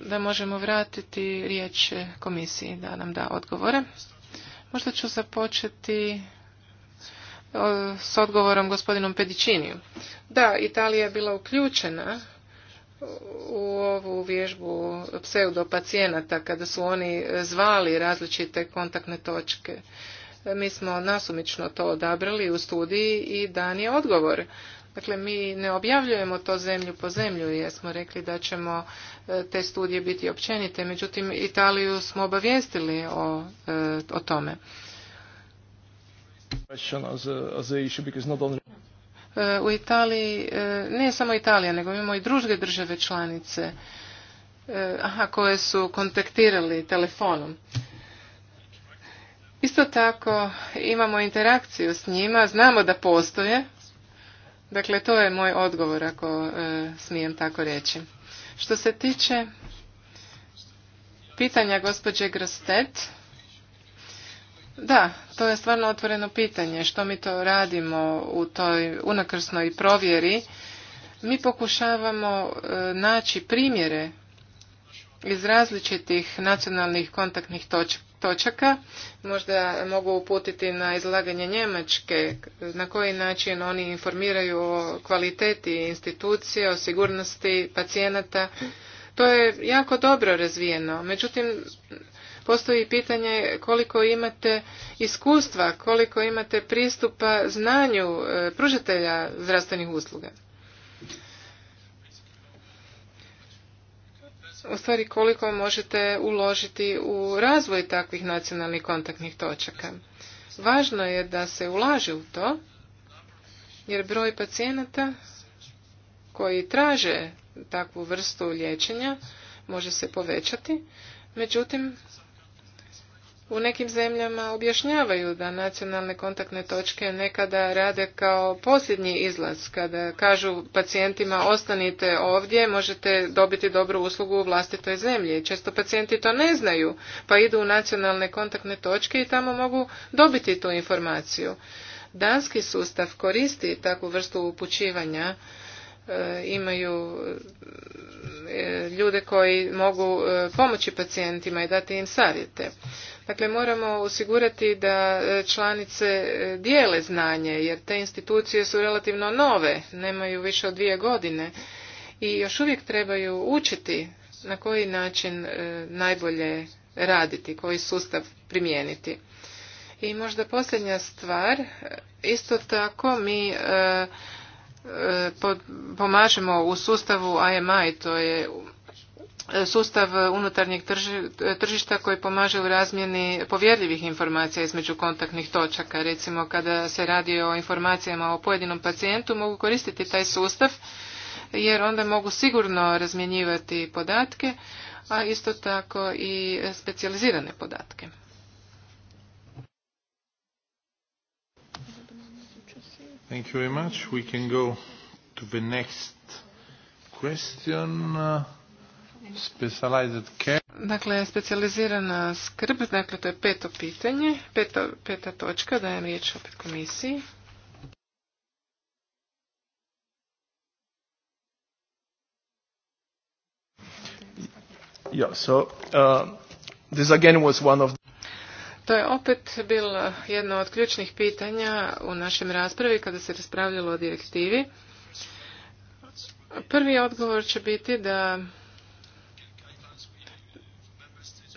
da možemo vratiti riječ komisiji da nam da odgovore. Možda ću započeti s odgovorom gospodinom Pediciniju. Da, Italija je bila uključena u ovu vježbu pseudopacijenata kada su oni zvali različite kontaktne točke. Mi smo nasumično to odabrali u studiji i dan je odgovor. Dakle, mi ne objavljujemo to zemlju po zemlju jer smo rekli da ćemo e, te studije biti općenite. Međutim, Italiju smo obavijestili o, e, o tome. E, u Italiji, ne samo Italija, nego imamo i druge države članice aha, koje su kontaktirali telefonom. Isto tako imamo interakciju s njima, znamo da postoje, Dakle, to je moj odgovor, ako e, smijem tako reći. Što se tiče pitanja gospođe Grostet, da, to je stvarno otvoreno pitanje. Što mi to radimo u toj unakrsnoj provjeri? Mi pokušavamo e, naći primjere iz različitih nacionalnih kontaktnih točka točaka. Možda mogu uputiti na izlaganje Njemačke, na koji način oni informiraju o kvaliteti institucije, o sigurnosti pacijenata. To je jako dobro razvijeno. Međutim, postoji pitanje koliko imate iskustva, koliko imate pristupa znanju e, pružatelja zdravstvenih usluga. u stvari koliko možete uložiti u razvoj takvih nacionalnih kontaktnih točaka. Važno je da se ulaže u to, jer broj pacijenata koji traže takvu vrstu liječenja može se povećati, međutim u nekim zemljama objašnjavaju da nacionalne kontaktne točke nekada rade kao posljednji izlaz kada kažu pacijentima ostanite ovdje možete dobiti dobru uslugu u vlastitoj zemlji često pacijenti to ne znaju pa idu u nacionalne kontaktne točke i tamo mogu dobiti tu informaciju danski sustav koristi takvu vrstu upućivanja E, imaju e, ljude koji mogu e, pomoći pacijentima i dati im savjete. Dakle, moramo osigurati da članice dijele znanje, jer te institucije su relativno nove, nemaju više od dvije godine i još uvijek trebaju učiti na koji način najbolje raditi, koji sustav primijeniti. I možda posljednja stvar, isto tako mi pomažemo u sustavu IMI, to je sustav unutarnjeg tržišta koji pomaže u razmjeni povjerljivih informacija između kontaktnih točaka. Recimo kada se radi o informacijama o pojedinom pacijentu mogu koristiti taj sustav jer onda mogu sigurno razmjenjivati podatke, a isto tako i specijalizirane podatke. Thank you very much. We can go to the next question. Specialized care. Dakle, specijalizirana skrb, dakle to je peto pitanje, peto, peta točka, dajem riječ opet komisiji. Yeah, so uh, this again was one of to je opet bilo jedno od ključnih pitanja u našem raspravi kada se raspravljalo o direktivi. Prvi odgovor će biti da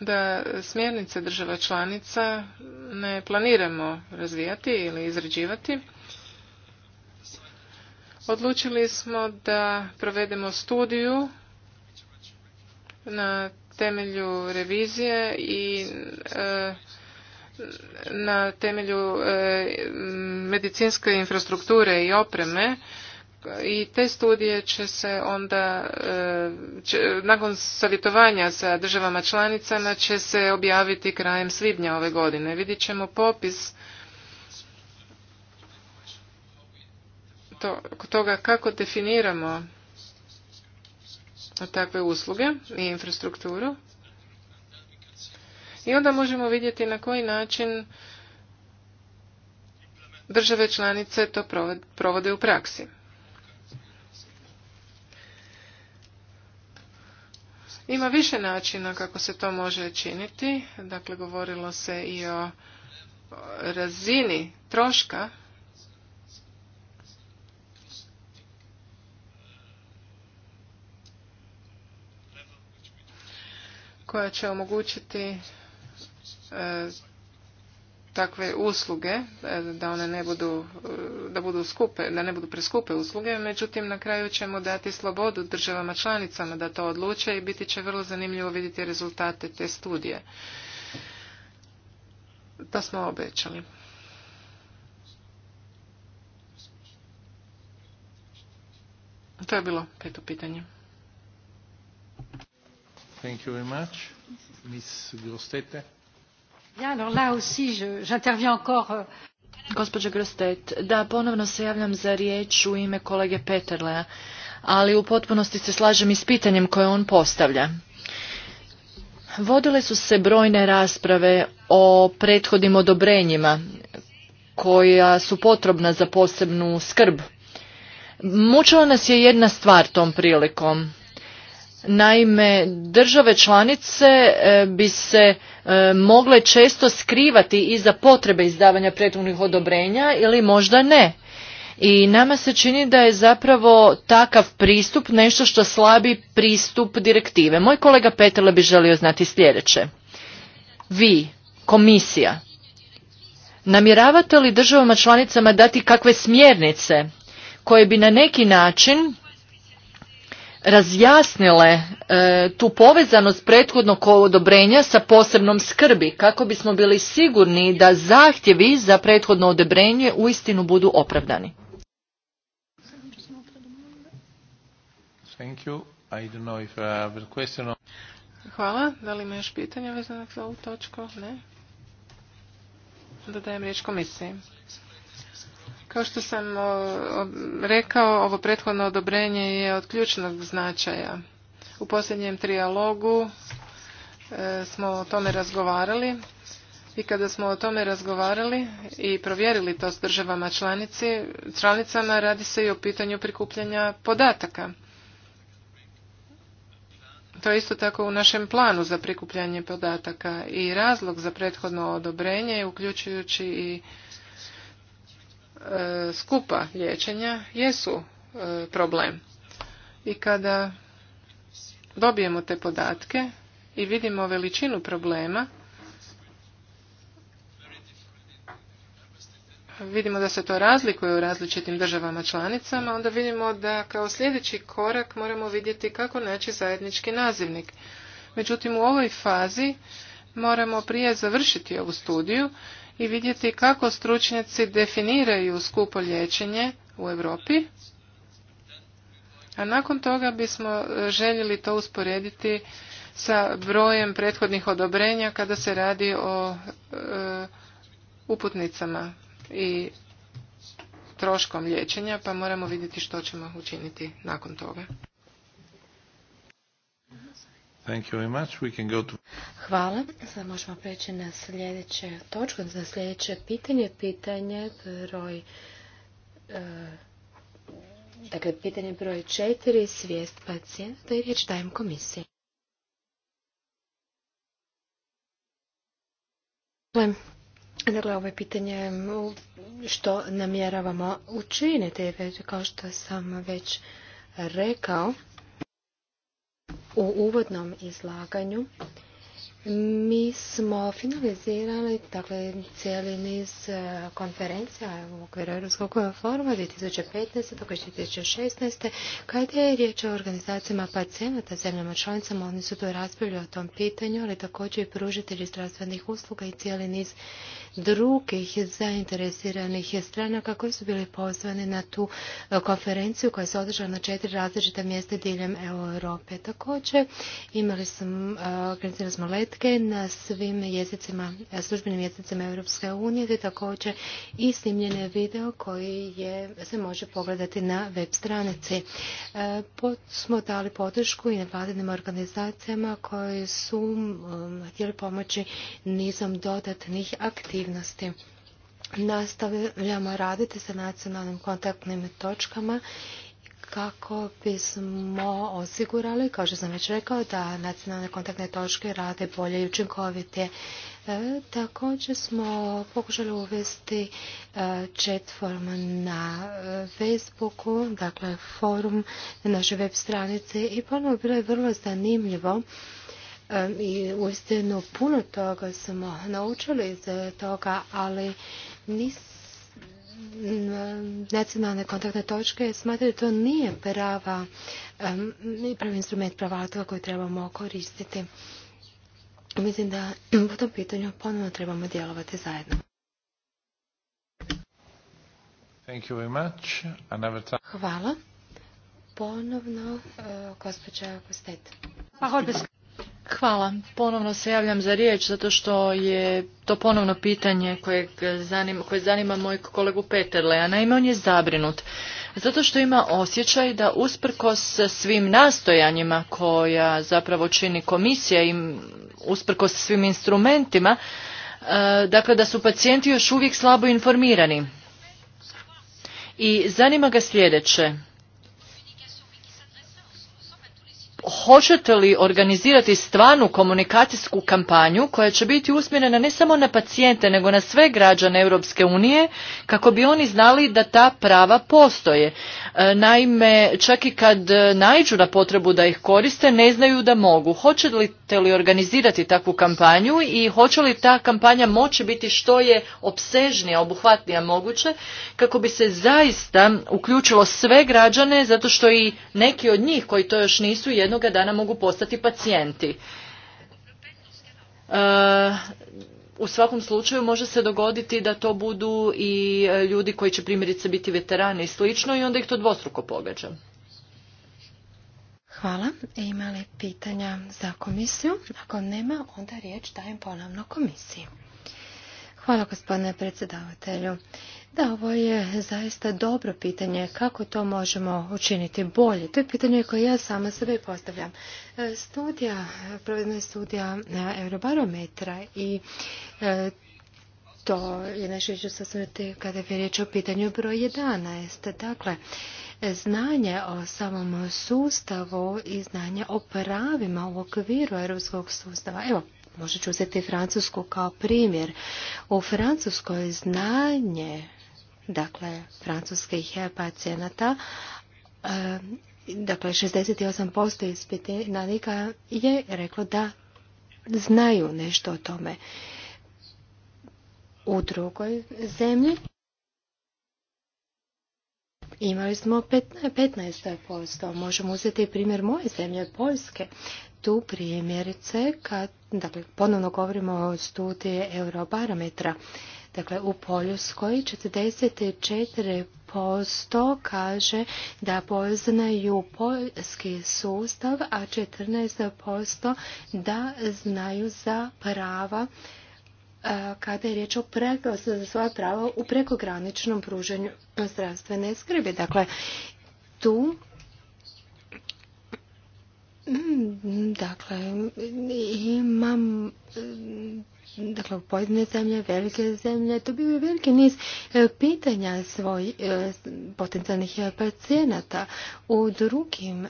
da smjernice država članica ne planiramo razvijati ili izrađivati. Odlučili smo da provedemo studiju na temelju revizije i e, na temelju e, medicinske infrastrukture i opreme i te studije će se onda e, nakon savjetovanja sa državama članicama će se objaviti krajem svibnja ove godine. Vidjet ćemo popis to, toga kako definiramo takve usluge i infrastrukturu i onda možemo vidjeti na koji način države članice to provode u praksi. Ima više načina kako se to može činiti. Dakle, govorilo se i o razini troška. koja će omogućiti E, takve usluge, e, da one ne budu, e, da budu skupe, da ne budu preskupe usluge, međutim na kraju ćemo dati slobodu državama članicama da to odluče i biti će vrlo zanimljivo vidjeti rezultate te studije. To smo obećali. To je bilo peto pitanje. Thank you very much. Miss Grostete. Euh. Grostet, da, ponovno se javljam za riječ u ime kolege Peterleja, ali u potpunosti se slažem i s pitanjem koje on postavlja. Vodile su se brojne rasprave o prethodnim odobrenjima koja su potrebna za posebnu skrb. Mučila nas je jedna stvar tom prilikom. Naime, države članice e, bi se e, mogle često skrivati iza potrebe izdavanja prethodnih odobrenja ili možda ne. I nama se čini da je zapravo takav pristup nešto što slabi pristup direktive. Moj kolega Petrle bi želio znati sljedeće. Vi, komisija, namjeravate li državama članicama dati kakve smjernice koje bi na neki način razjasnile e, tu povezanost prethodnog odobrenja sa posebnom skrbi kako bismo bili sigurni da zahtjevi za prethodno odobrenje uistinu budu opravdani. Thank you. I don't know if uh, question Hvala. Da li ima još pitanja vezanog za ovu točku? Ne. Dodajem riječ komisiji. Kao što sam rekao, ovo prethodno odobrenje je od ključnog značaja. U posljednjem trijalogu e, smo o tome razgovarali i kada smo o tome razgovarali i provjerili to s državama članici, članicama, radi se i o pitanju prikupljanja podataka. To je isto tako u našem planu za prikupljanje podataka i razlog za prethodno odobrenje, uključujući i E, skupa liječenja jesu e, problem. I kada dobijemo te podatke i vidimo veličinu problema, vidimo da se to razlikuje u različitim državama članicama, onda vidimo da kao sljedeći korak moramo vidjeti kako naći zajednički nazivnik. Međutim, u ovoj fazi moramo prije završiti ovu studiju i vidjeti kako stručnjaci definiraju skupo liječenje u Europi. A nakon toga bismo e, željeli to usporediti sa brojem prethodnih odobrenja kada se radi o e, uputnicama i troškom liječenja, pa moramo vidjeti što ćemo učiniti nakon toga. Hvala. Sada možemo preći na sljedeće točko. na sljedeće pitanje. Pitanje broj... Eh, dakle, pitanje broj četiri, svijest pacijenta i riječ dajem komisiji. Dakle, dakle ovo je pitanje mm, što namjeravamo učiniti, već kao što sam već rekao u uvodnom izlaganju mi smo finalizirali dakle, cijeli niz e, konferencija u okviru Europskog foruma 2015. do 2016. Kada je riječ o organizacijama pacijenata zemljama članicama, oni su to raspravljali o tom pitanju, ali također i pružitelji zdravstvenih usluga i cijeli niz drugih zainteresiranih stranaka koji su bili pozvani na tu e, konferenciju koja se održala na četiri različita mjesta diljem Europe. Također imali sam, e, organizirali smo letke na svim jezicima, e, službenim jezicima Europske unije, te također i snimljene video koji je, se može pogledati na web stranici. smo dali podršku i nevladinim organizacijama koje su um, htjeli pomoći nizom dodatnih aktivnosti aktivnosti. Nastavljamo raditi sa nacionalnim kontaktnim točkama kako bismo osigurali, kao što sam već rekao, da nacionalne kontaktne točke rade bolje i učinkovite. E, također smo pokušali uvesti chat e, na Facebooku, dakle forum na našoj web stranici i ponovno bilo je vrlo zanimljivo i uistinu puno toga smo naučili iz eh, toga, ali nacionalne kontaktne točke smatraju da to nije prava, pravi instrument pravatora koji trebamo koristiti. Mislim da po tom pitanju ponovno trebamo djelovati zajedno. Hvala. Ponovno, uh, gospođa Kostet. Pa, Hvala. Ponovno se javljam za riječ zato što je to ponovno pitanje zanima, koje zanima moj kolegu a Naime, on je zabrinut. Zato što ima osjećaj da usprkos svim nastojanjima koja zapravo čini komisija i usprkos svim instrumentima, e, dakle da su pacijenti još uvijek slabo informirani. I zanima ga sljedeće. hoćete li organizirati stvarnu komunikacijsku kampanju koja će biti usmjerena ne samo na pacijente nego na sve građane Europske unije kako bi oni znali da ta prava postoje. E, naime, čak i kad e, naiđu na potrebu da ih koriste, ne znaju da mogu. Hoćete li organizirati takvu kampanju i hoće li ta kampanja moći biti što je opsežnija, obuhvatnija moguće kako bi se zaista uključilo sve građane zato što i neki od njih koji to još nisu jednog jednoga dana mogu postati pacijenti. E, u svakom slučaju može se dogoditi da to budu i e, ljudi koji će primjerice biti veterani i slično i onda ih to dvostruko pogađa. Hvala. Ima li pitanja za komisiju? Ako nema, onda riječ dajem ponovno komisiji. Hvala gospodine predsjedavatelju. Da, ovo je zaista dobro pitanje. Kako to možemo učiniti bolje? To je pitanje koje ja sama sebe postavljam. E, studija, provedena je studija e, Eurobarometra i e, to je nešto se kada je riječ o pitanju broj 11. Dakle, znanje o samom sustavu i znanje o pravima u okviru europskog sustava. Evo, možda ću uzeti Francusku kao primjer. U Francuskoj znanje dakle, francuskih eh, pacijenata, eh, dakle, 68% ispitanika je reklo da znaju nešto o tome. U drugoj zemlji imali smo 15%. Možemo uzeti primjer moje zemlje, Poljske. Tu primjerice, kad, dakle, ponovno govorimo o studiji Eurobarometra. Dakle, u Poljskoj 44% kaže da poznaju poljski sustav, a 14% da znaju za prava kada je riječ o za svoja prava u prekograničnom pruženju zdravstvene skrbi. Dakle, tu Dakle, imam dakle, pojedine zemlje, velike zemlje, to bio veliki niz e, pitanja svoj e, potencijalnih e, pacijenata. U drugim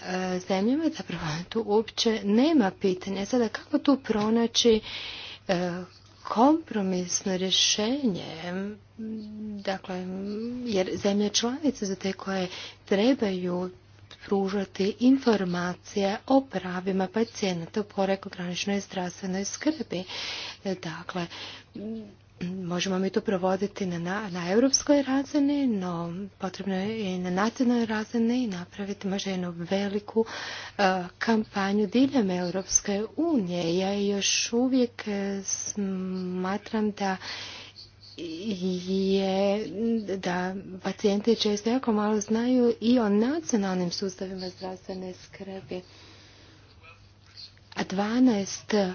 zemljama zapravo tu uopće nema pitanja. Sada kako tu pronaći kompromisno rješenje, dakle, jer zemlje članice za te koje trebaju pružati informacije o pravima pacijenata u prekograničnoj zdravstvenoj skrbi. E, dakle, možemo mi to provoditi na, na, europskoj razini, no potrebno je i na nacionalnoj razini i napraviti možda jednu veliku e, kampanju diljem Europske unije. Ja još uvijek e, smatram da je da pacijenti često jako malo znaju i o nacionalnim sustavima zdravstvene skrbi. A 12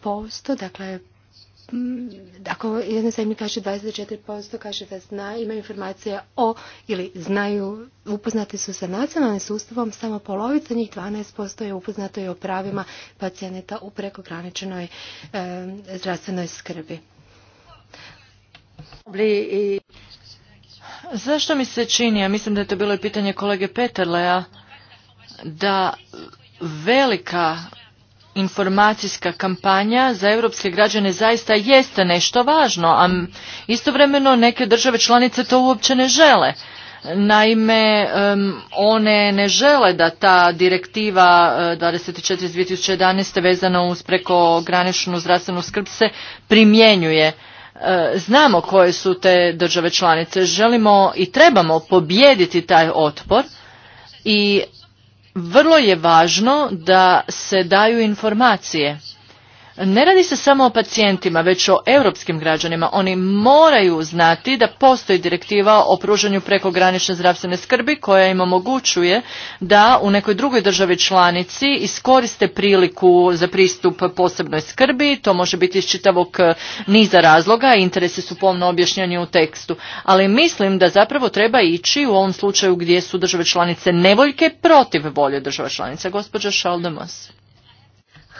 posto, dakle, mm, ako jedna zemlja kaže 24%, kaže da zna, ima informacije o ili znaju, upoznati su sa nacionalnim sustavom, samo polovica njih 12% je upoznato i o pravima pacijenata u prekograničenoj zdravstvenoj skrbi. Zašto mi se čini, a mislim da je to bilo i pitanje kolege Peterleja, da velika informacijska kampanja za europske građane zaista jeste nešto važno, a istovremeno neke države članice to uopće ne žele. Naime, one ne žele da ta direktiva 24 2011. vezana uz preko zdravstvenu skrb se primjenjuje E, znamo koje su te države članice. Želimo i trebamo pobijediti taj otpor i vrlo je važno da se daju informacije ne radi se samo o pacijentima, već o europskim građanima. Oni moraju znati da postoji direktiva o pružanju prekogranične zdravstvene skrbi koja im omogućuje da u nekoj drugoj državi članici iskoriste priliku za pristup posebnoj skrbi. To može biti iz čitavog eh, niza razloga. Interesi su pomno objašnjeni u tekstu. Ali mislim da zapravo treba ići u ovom slučaju gdje su države članice nevoljke protiv volje države članica. Gospođa Šaldemos.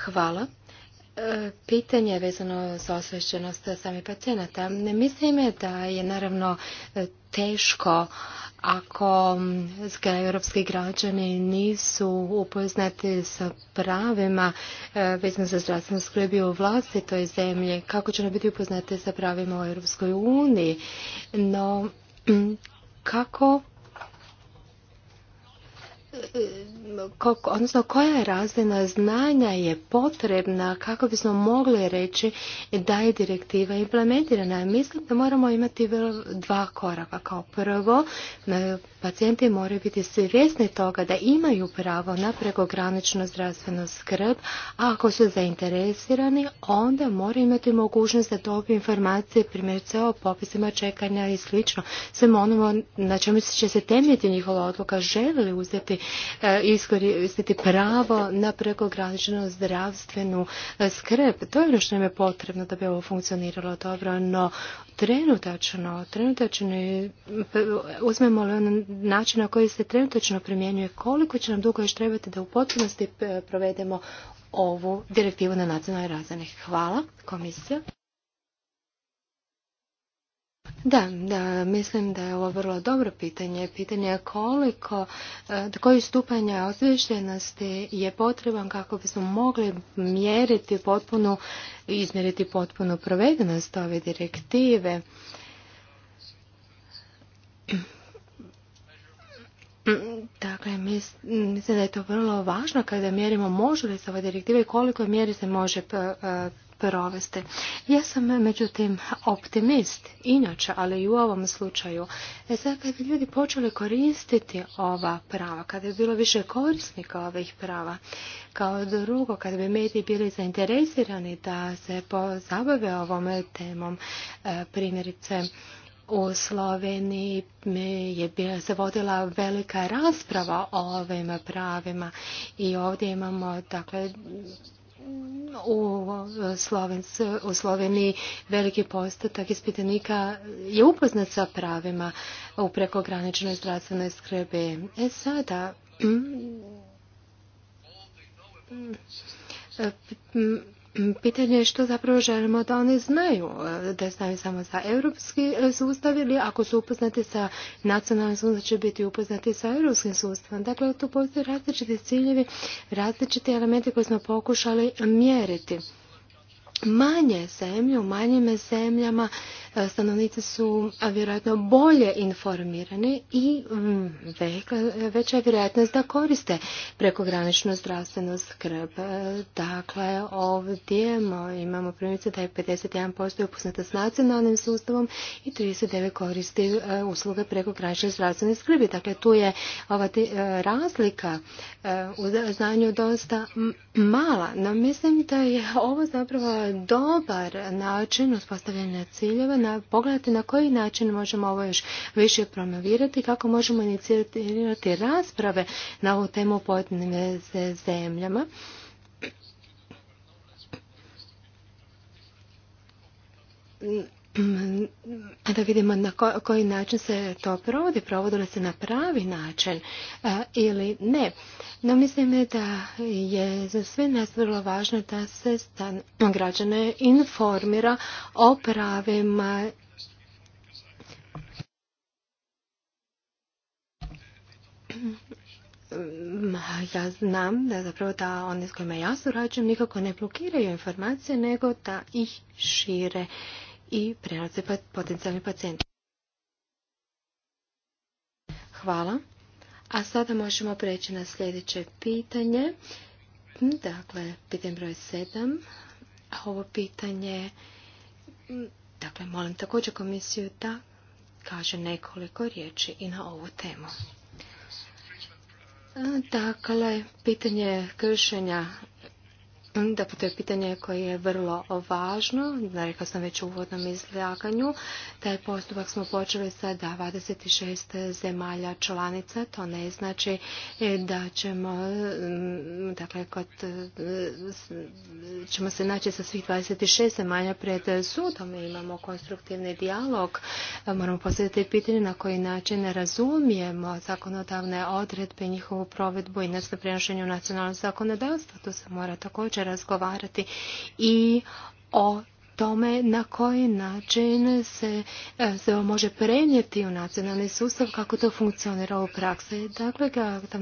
Hvala. E, pitanje vezano za osvješćenost samih pacijenata. Mislim da je naravno e, teško ako europski građani nisu upoznati sa pravima e, vezano za zdravstvenu skrb u vlastitoj zemlji, kako će biti upoznati sa pravima u Europskoj uniji. No, kako odnosno koja razina znanja je potrebna kako bismo mogli reći da je direktiva implementirana. Mislim da moramo imati dva koraka. Kao prvo, Pacijenti moraju biti svjesni toga da imaju pravo na prekograničnu zdravstvenu skrb, a ako su zainteresirani, onda moraju imati mogućnost da dobiju informacije primjerice o popisima čekanja i slično. Sve onome na čemu će se temeljiti njihova odluka, žele li uzeti, eh, iskoristiti pravo na prekograničnu zdravstvenu eh, skrb. To je ono što nam je potrebno da bi ovo funkcioniralo dobro, no trenutačno, trenutačno eh, uzmemo li ono način na koji se trenutačno primjenjuje, koliko će nam dugo još trebati da u potpunosti e, provedemo ovu direktivu na nacionalnoj razini. Hvala, komisija. Da, da, mislim da je ovo vrlo dobro pitanje. Pitanje je koliko, e, koji stupanja osvješljenosti je potreban kako bismo mogli mjeriti potpunu, izmjeriti potpunu provedenost ove direktive. Mm, dakle, mislim da je to vrlo važno kada mjerimo može li se ova direktiva i koliko mjeri se može e, provesti. Ja sam međutim optimist, inače, ali i u ovom slučaju. E sad kad bi ljudi počeli koristiti ova prava, kada je bilo više korisnika ovih prava, kao drugo, kada bi mediji bili zainteresirani da se pozabave ovom temom, e, primjerice, u Sloveniji je se vodila velika rasprava o ovim pravima i ovdje imamo dakle u, u Sloveniji veliki postotak ispitanika je upoznat sa pravima u prekograničnoj zdravstvenoj skrbi. E sada, Pitanje je što zapravo želimo da oni znaju, e, da znaju samo za europski e, sustav ili ako su upoznati sa nacionalnim sustavom će biti upoznati sa europskim sustavom. Dakle, tu postoje različiti ciljevi, različiti elementi koje smo pokušali mjeriti manje zemlje, u manjim zemljama e, stanovnici su vjerojatno bolje informirani i mm, veća je vjerojatnost da koriste prekograničnu zdravstvenu skrb. E, dakle, ovdje imamo primjerice da je 51% upusnata s nacionalnim sustavom i 39 koristi e, usluge prekogranične zdravstvene skrbi. Dakle, tu je ova razlika u znanju dosta mala, no mislim da je ovo zapravo dobar način uspostavljanja ciljeva, na, pogledati na koji način možemo ovo još više promovirati, kako možemo inicirati rasprave na ovu temu u pojedinim zemljama. Mm, da vidimo na koji način se to provodi, li se na pravi način ili ne. No mislim da je za sve nas vrlo važno da se građane informira o pravima ja znam da zapravo da one s kojima ja surađujem nikako ne blokiraju informacije, nego da ih šire i pa- potencijalni Hvala. A sada možemo preći na sljedeće pitanje. Dakle, pitanje broj sedam. A ovo pitanje, dakle, molim također komisiju da kaže nekoliko riječi i na ovu temu. Dakle, pitanje kršenja da, to je pitanje koje je vrlo važno. Rekla sam već u uvodnom izlaganju. Taj postupak smo počeli sa 26 zemalja članica. To ne znači e, da ćemo, mm, dakle, kod, e, ćemo se naći sa svih 26 zemalja pred sudom. Imamo konstruktivni dijalog. E, moramo postaviti pitanje na koji način razumijemo zakonodavne odredbe, njihovu provedbu i prenošenju nacionalnog zakonodavstva. To se mora također razgovarati i o tome na koji način se, e, se može prenijeti u nacionalni sustav kako to funkcionira u praksi. Dakle,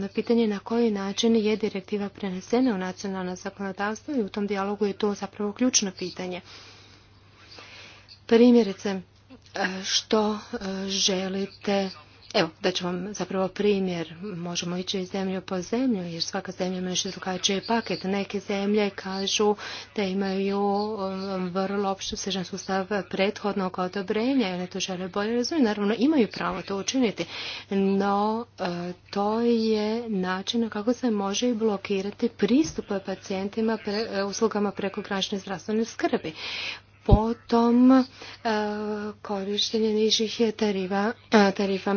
je pitanje na koji način je direktiva prenesena u nacionalno zakonodavstvo i u tom dijalogu je to zapravo ključno pitanje. Primjerice, e, što e, želite Evo, da ću vam zapravo primjer, možemo ići zemlju po zemlju, jer svaka zemlja ima nešto drugačiji paket. Neke zemlje kažu da imaju um, vrlo sežan sustav prethodnog odobrenja, ne to žele bolje razumjeti. Naravno, imaju pravo to učiniti, no uh, to je način kako se može i blokirati pristup pacijentima uh, uslugama preko zdravstvene skrbi potom e, korištenje nižih tarifa, e, tarifa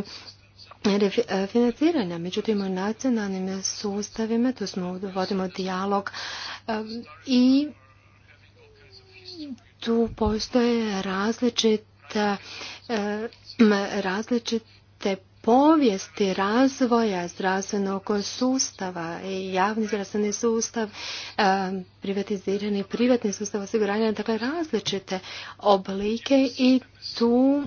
e, financiranja. Međutim, u nacionalnim sustavima, tu smo uvodimo dijalog i tu postoje različite različite povijesti razvoja zdravstvenog sustava i javni zdravstveni sustav, e, privatizirani privatni sustav osiguranja, dakle različite oblike i tu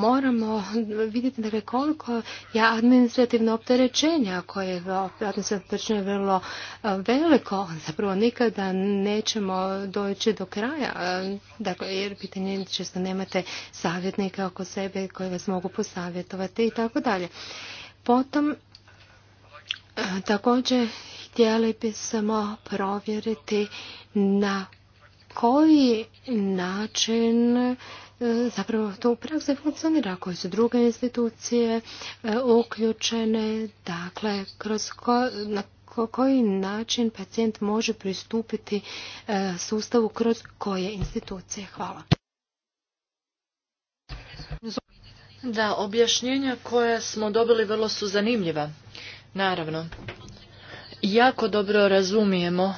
moramo vidjeti dakle, koliko je administrativno opterećenja koje je administrativno vrlo e, veliko, zapravo nikada nećemo doći do kraja, e, dakle, jer pitanje je često nemate savjetnika oko sebe koji vas mogu posavjetovati i tako dalje. Potom e, također htjeli samo provjeriti na koji način E, zapravo to u praksi funkcionira, koje su druge institucije e, uključene, dakle, kroz na koji način pacijent može pristupiti e, sustavu kroz koje institucije. Hvala. Da, objašnjenja koje smo dobili vrlo su zanimljiva. Naravno, jako dobro razumijemo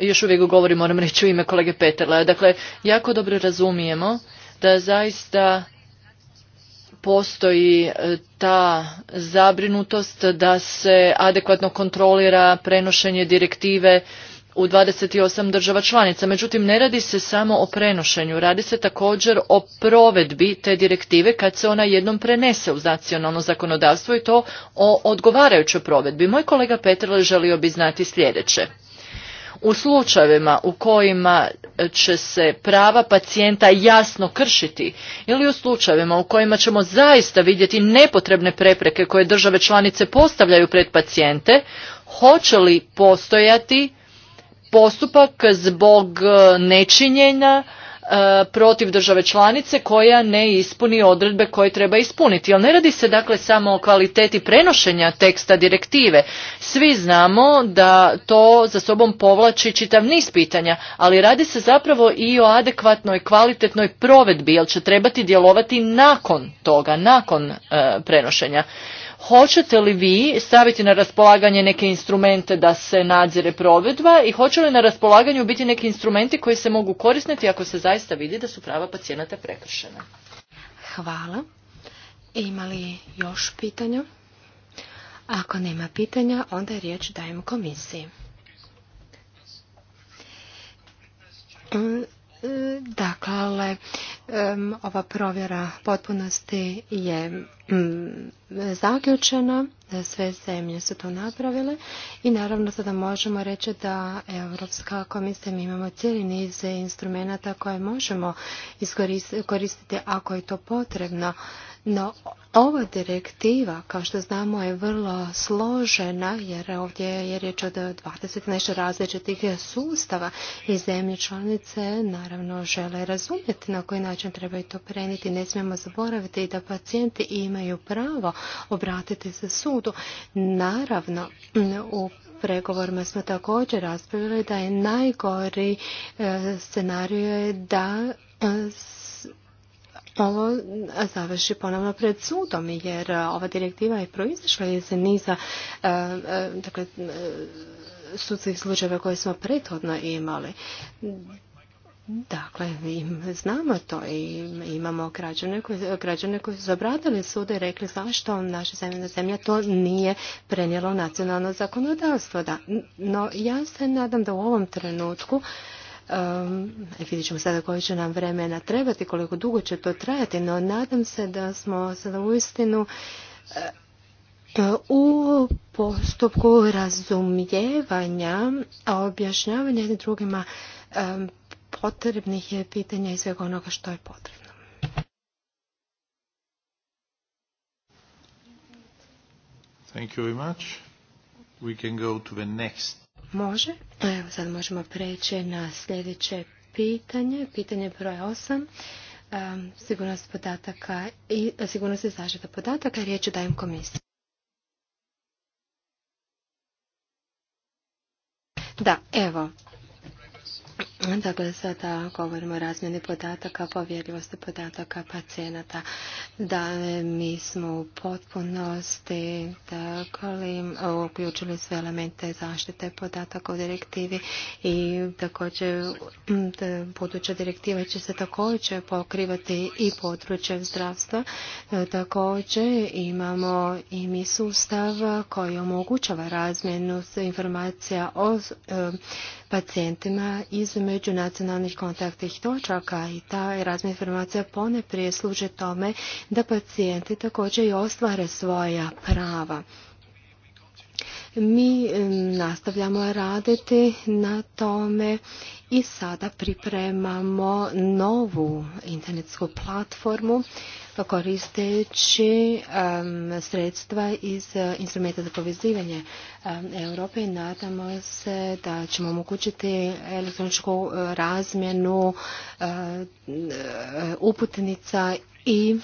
još uvijek govorim, moram reći u ime kolege Peterla. Dakle, jako dobro razumijemo da zaista postoji e, ta zabrinutost da se adekvatno kontrolira prenošenje direktive u 28 država članica. Međutim, ne radi se samo o prenošenju, radi se također o provedbi te direktive kad se ona jednom prenese u nacionalno zakonodavstvo i to o odgovarajućoj provedbi. Moj kolega Petrle želio bi znati sljedeće u slučajevima u kojima će se prava pacijenta jasno kršiti ili u slučajevima u kojima ćemo zaista vidjeti nepotrebne prepreke koje države članice postavljaju pred pacijente, hoće li postojati postupak zbog e, nečinjenja E, protiv države članice koja ne ispuni odredbe koje treba ispuniti. Jer ne radi se dakle samo o kvaliteti prenošenja teksta direktive. Svi znamo da to za sobom povlači čitav niz pitanja, ali radi se zapravo i o adekvatnoj kvalitetnoj provedbi, jer će trebati djelovati nakon toga, nakon e, prenošenja. Hoćete li vi staviti na raspolaganje neke instrumente da se nadzire provedba i hoće li na raspolaganju biti neki instrumenti koji se mogu korisniti ako se zaista vidi da su prava pacijenata prekršena? Hvala. Ima li još pitanja? Ako nema pitanja, onda riječ dajem komisiji. Mm, Dakle, ova provjera potpunosti je mm, zaključena, sve zemlje su to napravile i naravno sada možemo reći da Europska komisija, mi imamo cijeli niz instrumenta koje možemo koristiti ako je to potrebno. No, ova direktiva, kao što znamo, je vrlo složena, jer ovdje je riječ od 20 nešto različitih sustava i zemlje članice naravno žele razumjeti na koji način trebaju to preniti. Ne smijemo zaboraviti da pacijenti imaju pravo obratiti se sudu. Naravno, u pregovorima smo također raspravili da je najgori e, scenarij da ovo e, završi ponovno pred sudom, jer e, ova direktiva je proizašla iz niza e, dakle, sudskih slučajeva koje smo prethodno imali. Dakle, im znamo to i imamo građane koji, su zabradili sude i rekli zašto naša zemlja, zemlja to nije prenijelo nacionalno zakonodavstvo. Da. No ja se nadam da u ovom trenutku vidjet ćemo sada koje će nam vremena trebati, koliko dugo će to trajati, no nadam se da smo sada u istinu e, u postupku razumijevanja, objašnjavanja jednim drugima potrebnih je pitanja i svega onoga što je potrebno. Thank you very much. We can go to the next Može. Evo sad možemo preći na sljedeće pitanje. Pitanje broj 8. sigurnost podataka i sigurnost zaštita podataka. Riječ dajem komisiji. Da, evo, Dakle, sada govorimo o razmjeni podataka, povjerljivosti podataka pacijenata. Da mi smo u potpunosti dakle, uključili sve elemente zaštite podataka u direktivi i također buduća direktiva će se također pokrivati i područje zdravstva. E, također imamo i mi sustav koji omogućava razmjenu informacija o e, pacijentima iz nacionalnih međunacionalnih kontaktih točaka i ta razna informacija pone prije služe tome da pacijenti također i ostvare svoja prava. Mi nastavljamo raditi na tome i sada pripremamo novu internetsku platformu koristeći sredstva iz eh, instrumenta za povezivanje Europe. Nadamo se da ćemo omogućiti elektroničku eh, razmjenu eh, uputnica i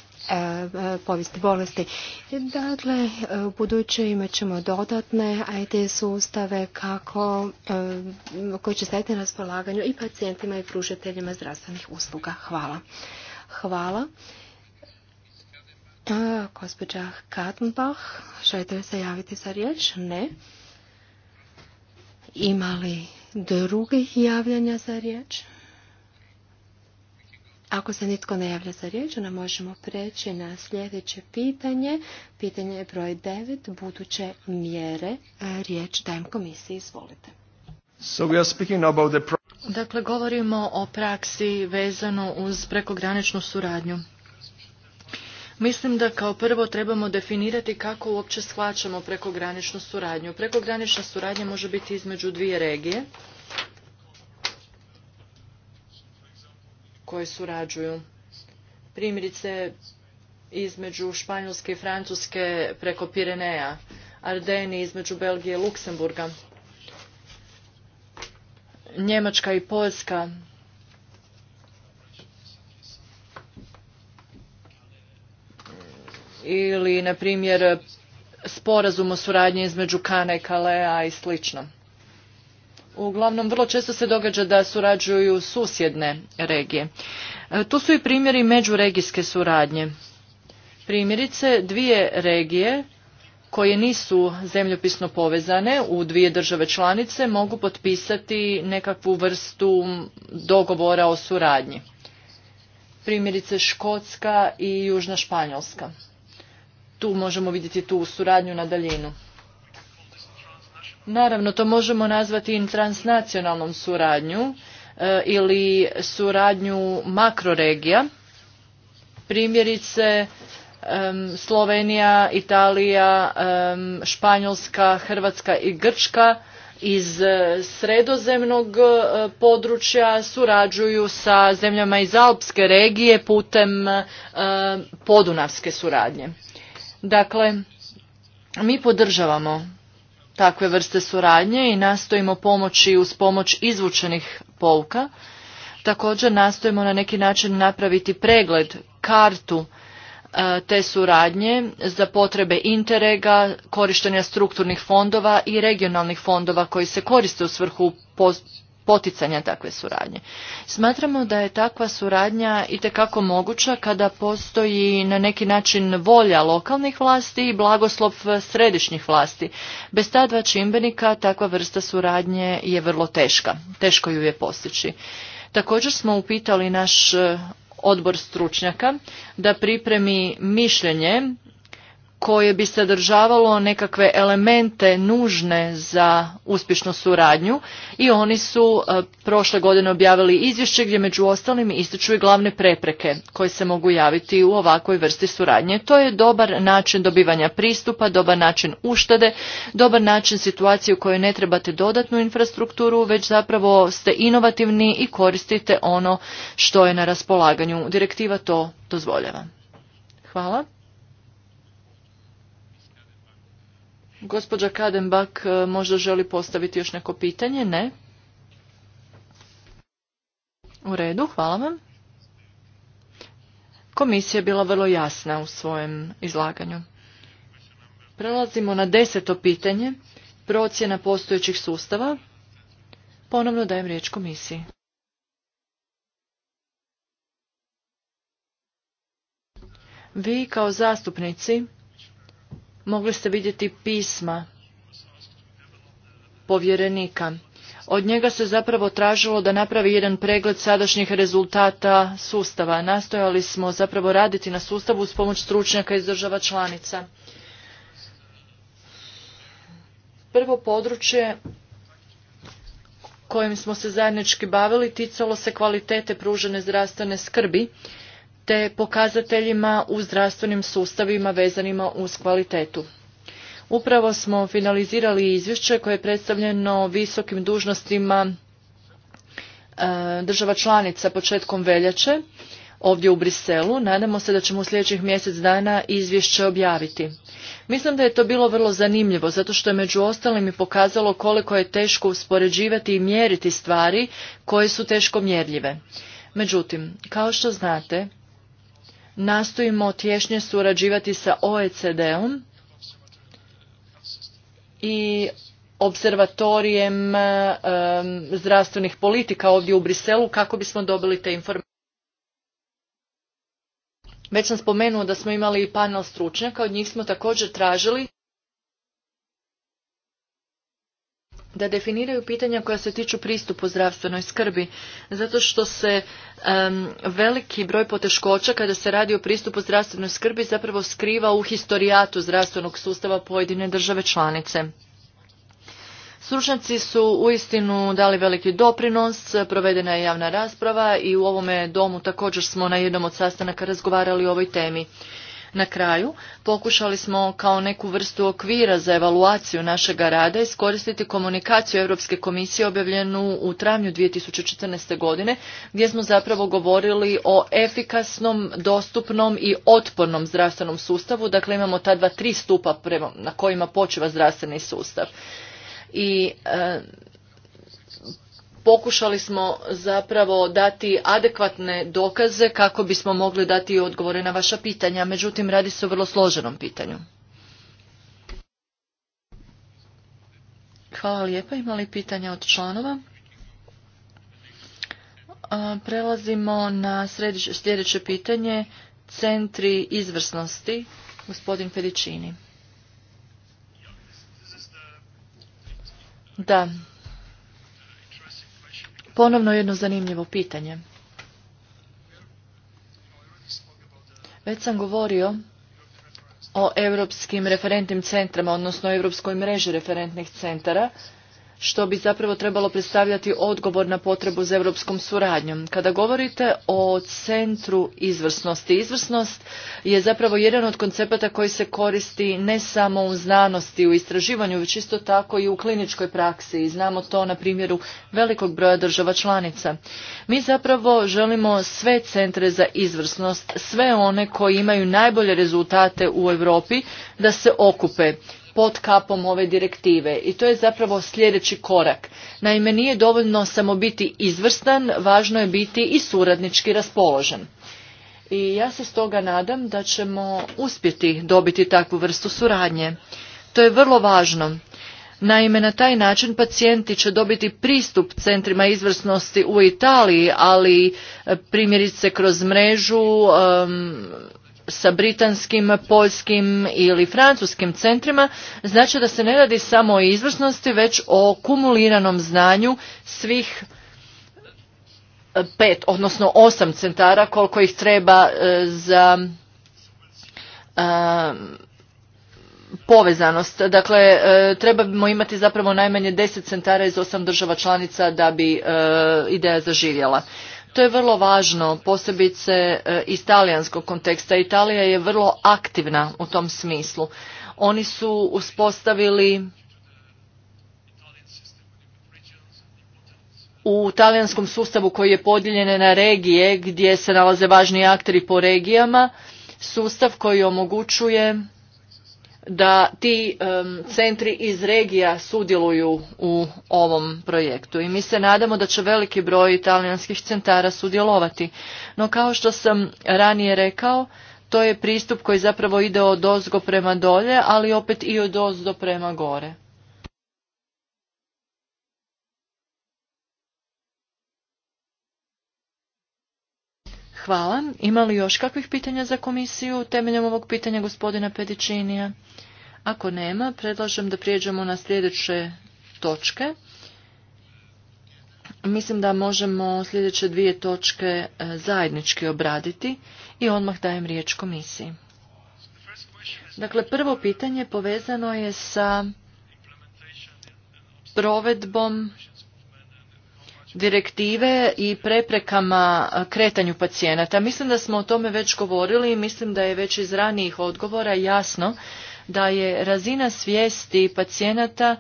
povijesti bolesti. Dakle, u buduće imat ćemo dodatne IT sustave kako, koji će stajati na raspolaganju i pacijentima i pružateljima zdravstvenih usluga. Hvala. Hvala. Gospođa Katenbach, želite li se javiti za riječ? Ne. Ima li drugih javljanja za riječ? Ako se nitko ne javlja za riječ, onda možemo preći na sljedeće pitanje. Pitanje je broj 9, buduće mjere. E, riječ dajem komisiji, izvolite. Dakle, govorimo o praksi vezano uz prekograničnu suradnju. Mislim da kao prvo trebamo definirati kako uopće shvaćamo prekograničnu suradnju. Prekogranična suradnja može biti između dvije regije koje surađuju. Primjerice između Španjolske i Francuske preko Pireneja, Ardeni između Belgije i Luksemburga, Njemačka i Poljska ili, na primjer, sporazum o suradnji između Kana i Kalea i slično. Uglavnom, vrlo često se događa da surađuju susjedne regije. E, tu su i primjeri međuregijske suradnje. Primjerice, dvije regije koje nisu zemljopisno povezane u dvije države članice mogu potpisati nekakvu vrstu dogovora o suradnji. Primjerice Škotska i Južna Španjolska tu možemo vidjeti tu suradnju na daljinu. Naravno, to možemo nazvati i transnacionalnom suradnju e, ili suradnju makroregija. Primjerice, Slovenija, Italija, Španjolska, Hrvatska i Grčka iz e, sredozemnog e, područja surađuju sa zemljama iz Alpske regije putem podunavske suradnje. Dakle, mi podržavamo takve vrste suradnje i nastojimo pomoći uz pomoć izvučenih pouka. Također nastojimo na neki način napraviti pregled, kartu e, te suradnje za potrebe interega, korištenja strukturnih fondova i regionalnih fondova koji se koriste u svrhu poticanja takve suradnje. Smatramo da je takva suradnja itekako moguća kada postoji na neki način volja lokalnih vlasti i blagoslov središnjih vlasti. Bez ta dva čimbenika takva vrsta suradnje je vrlo teška, teško ju je postići. Također smo upitali naš e, odbor stručnjaka da pripremi mišljenje koje bi sadržavalo nekakve elemente nužne za uspješnu suradnju i oni su e, prošle godine objavili izvješće gdje među ostalim ističu i glavne prepreke koje se mogu javiti u ovakvoj vrsti suradnje. To je dobar način dobivanja pristupa, dobar način uštede, dobar način situacije u kojoj ne trebate dodatnu infrastrukturu, već zapravo ste inovativni i koristite ono što je na raspolaganju. Direktiva to dozvoljava. Hvala. Gospođa Kadenbach e, možda želi postaviti još neko pitanje? Ne? U redu, hvala vam. Komisija je bila vrlo jasna u svojem izlaganju. Prelazimo na deseto pitanje, procjena postojećih sustava. Ponovno dajem riječ komisiji. Vi kao zastupnici mogli ste vidjeti pisma povjerenika. Od njega se zapravo tražilo da napravi jedan pregled sadašnjih rezultata sustava. Nastojali smo zapravo raditi na sustavu s pomoć stručnjaka iz država članica. Prvo područje kojim smo se zajednički bavili ticalo se kvalitete pružene zdravstvene skrbi te pokazateljima u zdravstvenim sustavima vezanima uz kvalitetu. Upravo smo finalizirali izvješće koje je predstavljeno visokim dužnostima e, država članica početkom veljače ovdje u Briselu. Nadamo se da ćemo u sljedećih mjesec dana izvješće objaviti. Mislim da je to bilo vrlo zanimljivo, zato što je među ostalim i pokazalo koliko je teško uspoređivati i mjeriti stvari koje su teško mjerljive. Međutim, kao što znate, nastojimo tješnje surađivati sa OECD-om i observatorijem zdravstvenih politika ovdje u Briselu kako bismo dobili te informacije. Već sam spomenuo da smo imali i panel stručnjaka, od njih smo također tražili da definiraju pitanja koja se tiču pristupu zdravstvenoj skrbi, zato što se veliki broj poteškoća kada se radi o pristupu zdravstvenoj skrbi zapravo skriva u historijatu zdravstvenog sustava pojedine države članice. Stručnjaci su uistinu dali veliki doprinos, provedena je javna rasprava i u ovome domu također smo na jednom od sastanaka razgovarali o ovoj temi. Na kraju, pokušali smo kao neku vrstu okvira za evaluaciju našega rada iskoristiti komunikaciju Europske komisije objavljenu u travnju 2014. godine, gdje smo zapravo govorili o efikasnom, dostupnom i otpornom zdravstvenom sustavu. Dakle, imamo ta dva tri stupa prema, na kojima počiva zdravstveni sustav. I e, pokušali smo zapravo dati adekvatne dokaze kako bismo mogli dati odgovore na vaša pitanja, međutim radi se o vrlo složenom pitanju. Hvala lijepa, imali pitanja od članova? Prelazimo na sljedeće pitanje, centri izvrsnosti, gospodin Pedicini. Da, Ponovno jedno zanimljivo pitanje. Već sam govorio o europskim referentnim centrama, odnosno europskoj mreži referentnih centara što bi zapravo trebalo predstavljati odgovor na potrebu za europskom suradnjom. Kada govorite o centru izvrsnosti, izvrsnost je zapravo jedan od koncepata koji se koristi ne samo u znanosti, u istraživanju, već isto tako i u kliničkoj praksi i znamo to na primjeru velikog broja država članica. Mi zapravo želimo sve centre za izvrsnost, sve one koji imaju najbolje rezultate u Europi da se okupe pod kapom ove direktive i to je zapravo sljedeći korak. Naime, nije dovoljno samo biti izvrstan, važno je biti i suradnički raspoložen. I ja se stoga nadam da ćemo uspjeti dobiti takvu vrstu suradnje. To je vrlo važno. Naime, na taj način pacijenti će dobiti pristup centrima izvrsnosti u Italiji, ali e, primjerice kroz mrežu sa britanskim, poljskim ili francuskim centrima, znači da se ne radi samo o izvrsnosti, već o kumuliranom znanju svih e, pet, odnosno osam centara koliko ih treba e, za e, povezanost. Dakle, trebamo imati zapravo najmanje deset centara iz osam država članica da bi ideja zaživjela. To je vrlo važno, posebice e, iz talijanskog konteksta. Italija je vrlo aktivna u tom smislu. Oni su uspostavili u talijanskom sustavu koji je podijeljen na regije gdje se nalaze važni akteri po regijama, sustav koji omogućuje da ti centri iz regija sudjeluju u ovom projektu i mi se nadamo da će veliki broj italijanskih centara sudjelovati no kao što sam ranije rekao to je pristup koji zapravo ide od ozgo prema dolje ali opet i od ozdo prema gore Hvala. Ima li još kakvih pitanja za komisiju temeljem ovog pitanja gospodina Pedičinija? Ako nema, predlažem da prijeđemo na sljedeće točke. Mislim da možemo sljedeće dvije točke e, zajednički obraditi i odmah dajem riječ komisiji. Dakle, prvo pitanje povezano je sa provedbom direktive i preprekama kretanju pacijenata. Mislim da smo o tome već govorili i mislim da je već iz ranijih odgovora jasno da je razina svijesti pacijenata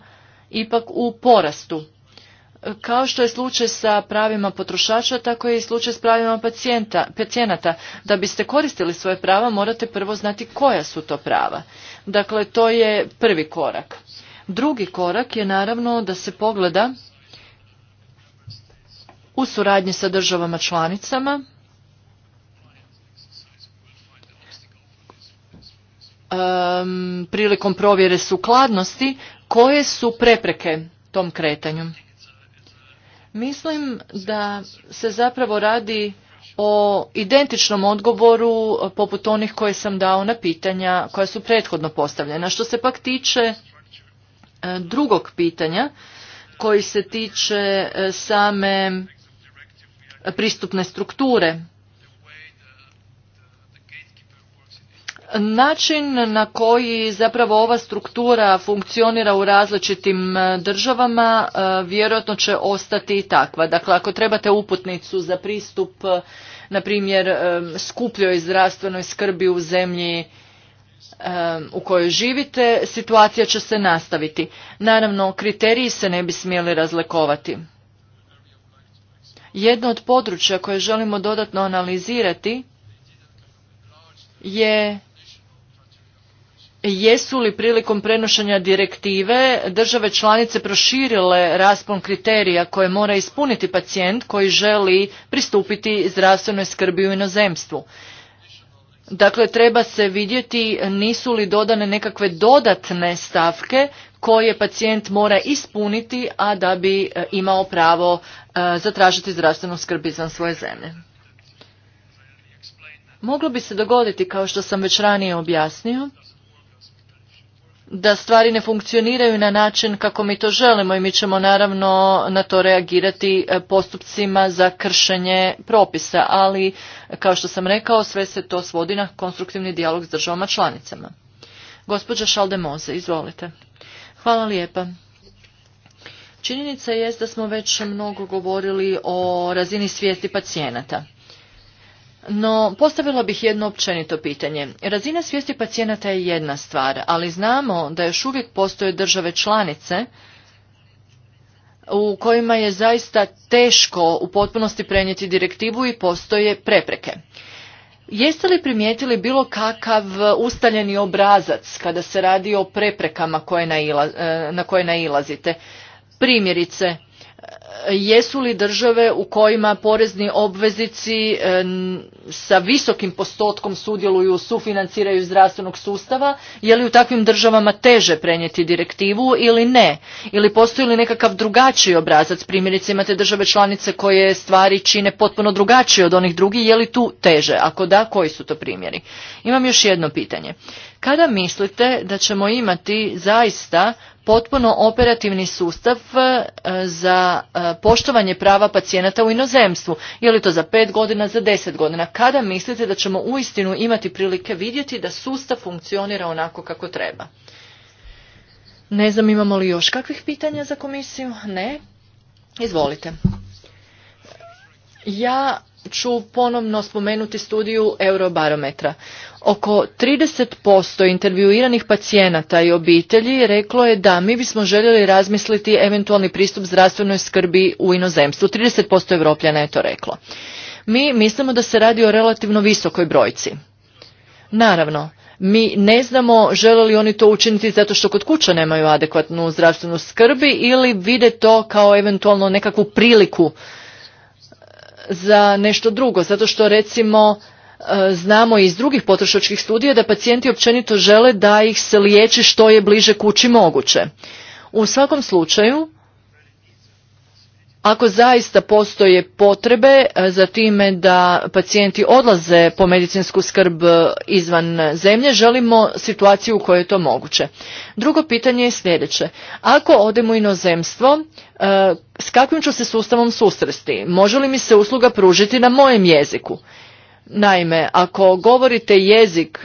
ipak u porastu. Kao što je slučaj sa pravima potrošača, tako je i slučaj s pravima pacijenata. Da biste koristili svoje prava, morate prvo znati koja su to prava. Dakle, to je prvi korak. Drugi korak je naravno da se pogleda u suradnji sa državama članicama prilikom provjere sukladnosti koje su prepreke tom kretanju. Mislim da se zapravo radi o identičnom odgovoru poput onih koje sam dao na pitanja koja su prethodno postavljena. Što se pak tiče e, drugog pitanja koji se tiče e, same pristupne strukture. Način na koji zapravo ova struktura funkcionira u različitim e, državama e, vjerojatno će ostati i takva. Dakle, ako trebate uputnicu za pristup, e, na primjer, skupljoj zdravstvenoj skrbi u zemlji u kojoj živite, situacija će se nastaviti. Naravno, kriteriji se ne bi smjeli razlikovati. Jedno od područja koje želimo dodatno analizirati je jesu li prilikom prenošenja direktive države članice proširile raspon kriterija koje mora ispuniti pacijent koji želi pristupiti zdravstvenoj skrbi u inozemstvu. Dakle, treba se vidjeti nisu li dodane nekakve dodatne stavke koje pacijent mora ispuniti, a da bi e, imao pravo e, zatražiti zdravstvenu skrb izvan svoje zemlje. Moglo bi se dogoditi, kao što sam već ranije objasnio, da stvari ne funkcioniraju na način kako mi to želimo i mi ćemo naravno na to reagirati e, postupcima za kršenje propisa, ali kao što sam rekao sve se to svodi na konstruktivni dijalog s državama članicama. Gospođa Šaldemoze, izvolite. Hvala lijepa. Činjenica je da smo već mnogo govorili o razini svijesti pacijenata. No, postavila bih jedno općenito pitanje. Razina svijesti pacijenata je jedna stvar, ali znamo da još uvijek postoje države članice u kojima je zaista teško u potpunosti prenijeti direktivu i postoje prepreke. Jeste li primijetili bilo kakav e, ustaljeni obrazac kada se radi o preprekama e, na koje nailazite? Primjerice, jesu li države u kojima porezni obveznici e, sa visokim postotkom sudjeluju sufinanciraju zdravstvenog sustava je li u takvim državama teže prenijeti direktivu ili ne ili postoji li nekakav drugačiji obrazac primjerice imate države članice koje stvari čine potpuno drugačije od onih drugih je li tu teže ako da koji su to primjeri imam još jedno pitanje kada mislite da ćemo imati zaista potpuno operativni sustav e, za e, poštovanje prava pacijenata u inozemstvu. Je li to za pet godina, za deset godina? Kada mislite da ćemo uistinu imati prilike vidjeti da sustav funkcionira onako kako treba? Ne znam imamo li još kakvih pitanja za komisiju? Ne? Izvolite. Ja ću ponovno spomenuti studiju Eurobarometra. Oko 30% intervjuiranih pacijenata i obitelji reklo je da mi bismo željeli razmisliti eventualni pristup zdravstvenoj skrbi u inozemstvu. 30% Evropljana je to reklo. Mi mislimo da se radi o relativno visokoj brojci. Naravno, mi ne znamo žele li oni to učiniti zato što kod kuća nemaju adekvatnu zdravstvenu skrbi ili vide to kao eventualno nekakvu priliku za nešto drugo, zato što recimo e, znamo iz drugih potrošačkih studija da pacijenti općenito žele da ih se liječi što je bliže kući moguće. U svakom slučaju ako zaista postoje potrebe e, za time da pacijenti odlaze po medicinsku skrb e, izvan zemlje, želimo situaciju u kojoj je to moguće. Drugo pitanje je sljedeće. Ako odemo u inozemstvo, e, s kakvim ću se sustavom susresti? Može li mi se usluga pružiti na mojem jeziku? Naime, ako govorite jezik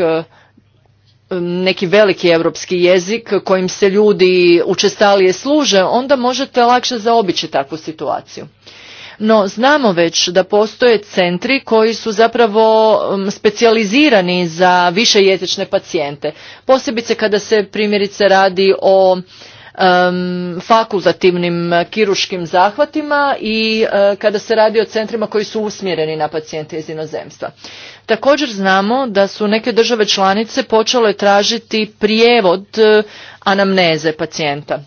neki veliki europski jezik kojim se ljudi učestalije služe, onda možete lakše zaobići takvu situaciju. No, znamo već da postoje centri koji su zapravo um, specijalizirani za više jezične pacijente. Posebice kada se primjerice radi o um, fakultativnim eh, kiruškim zahvatima i eh, kada se radi o centrima koji su usmjereni na pacijente iz inozemstva. Također znamo da su neke države članice počele tražiti prijevod eh, anamneze pacijenta.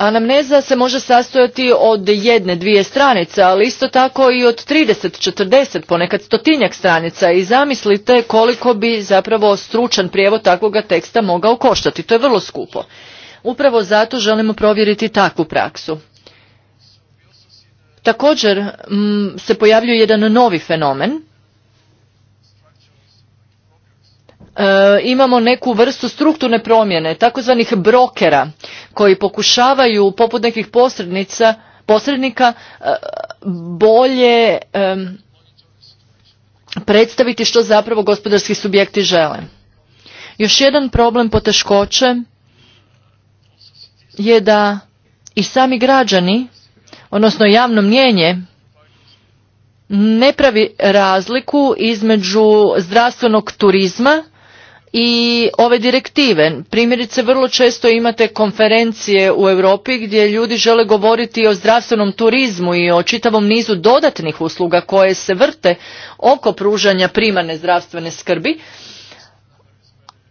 Anamneza se može sastojati od jedne, dvije stranice, ali isto tako i od 30, 40, ponekad stotinjak stranica i zamislite koliko bi zapravo stručan prijevod takvoga teksta mogao koštati. To je vrlo skupo. Upravo zato želimo provjeriti takvu praksu. Također mm, se pojavljuje jedan novi fenomen, E, imamo neku vrstu strukturne promjene, takozvanih brokera koji pokušavaju poput nekih posrednika e, bolje e, predstaviti što zapravo gospodarski subjekti žele. Još jedan problem poteškoće je da i sami građani, odnosno javno mnjenje, ne pravi razliku između zdravstvenog turizma i ove direktive. Primjerice vrlo često imate konferencije u Europi gdje ljudi žele govoriti o zdravstvenom turizmu i o čitavom nizu dodatnih usluga koje se vrte oko pružanja primarne zdravstvene skrbi.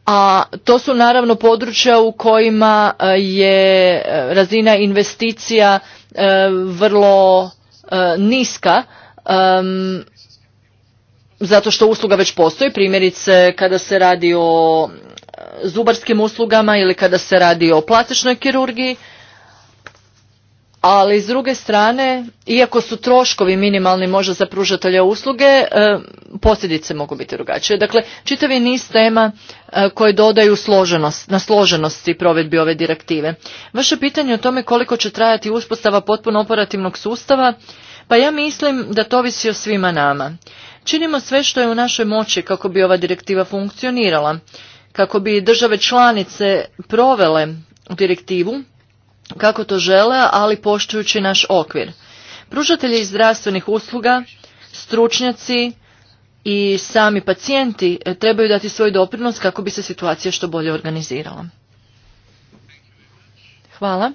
A to su naravno područja u kojima eh, je eh, razina investicija eh, vrlo niska zato što usluga već postoji, primjerice kada se radi o e, zubarskim uslugama ili kada se radi o plastičnoj kirurgiji, ali s druge strane, iako su troškovi minimalni možda za pružatelja usluge, e, posljedice mogu biti drugačije. Dakle, čitavi niz tema e, koje dodaju složenost, na složenosti provedbi ove direktive. Vaše pitanje o tome koliko će trajati uspostava potpuno operativnog sustava, pa ja mislim da to visi o svima nama. Činimo sve što je u našoj moći kako bi ova direktiva funkcionirala, kako bi države članice provele direktivu kako to žele, ali poštujući naš okvir. Pružatelji zdravstvenih usluga, stručnjaci i sami pacijenti e, trebaju dati svoj doprinos kako bi se situacija što bolje organizirala. Hvala.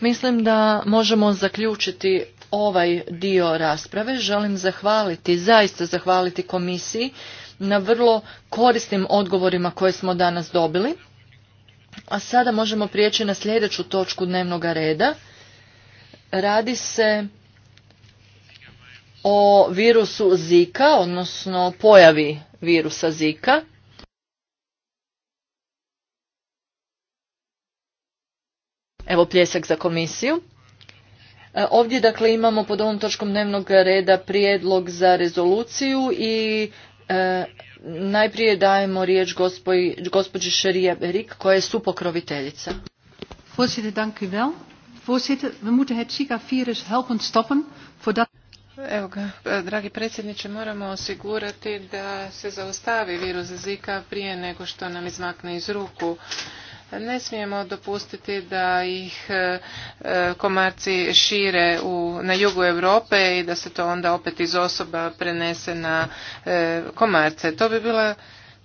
Mislim da možemo zaključiti ovaj dio rasprave. Želim zahvaliti, zaista zahvaliti komisiji na vrlo korisnim odgovorima koje smo danas dobili. A sada možemo prijeći na sljedeću točku dnevnog reda. Radi se o virusu Zika, odnosno pojavi virusa Zika. Evo pljesak za komisiju. E, ovdje dakle imamo pod ovom točkom dnevnog reda prijedlog za rezoluciju i e, najprije dajemo riječ gospođi Šerija Berik koja je supokroviteljica. Evo ga, e, dragi predsjedniče, moramo osigurati da se zaustavi virus Zika prije nego što nam izmakne iz ruku. Ne smijemo dopustiti da ih e, komarci šire u, na jugu Europe i da se to onda opet iz osoba prenese na e, komarce. To bi bila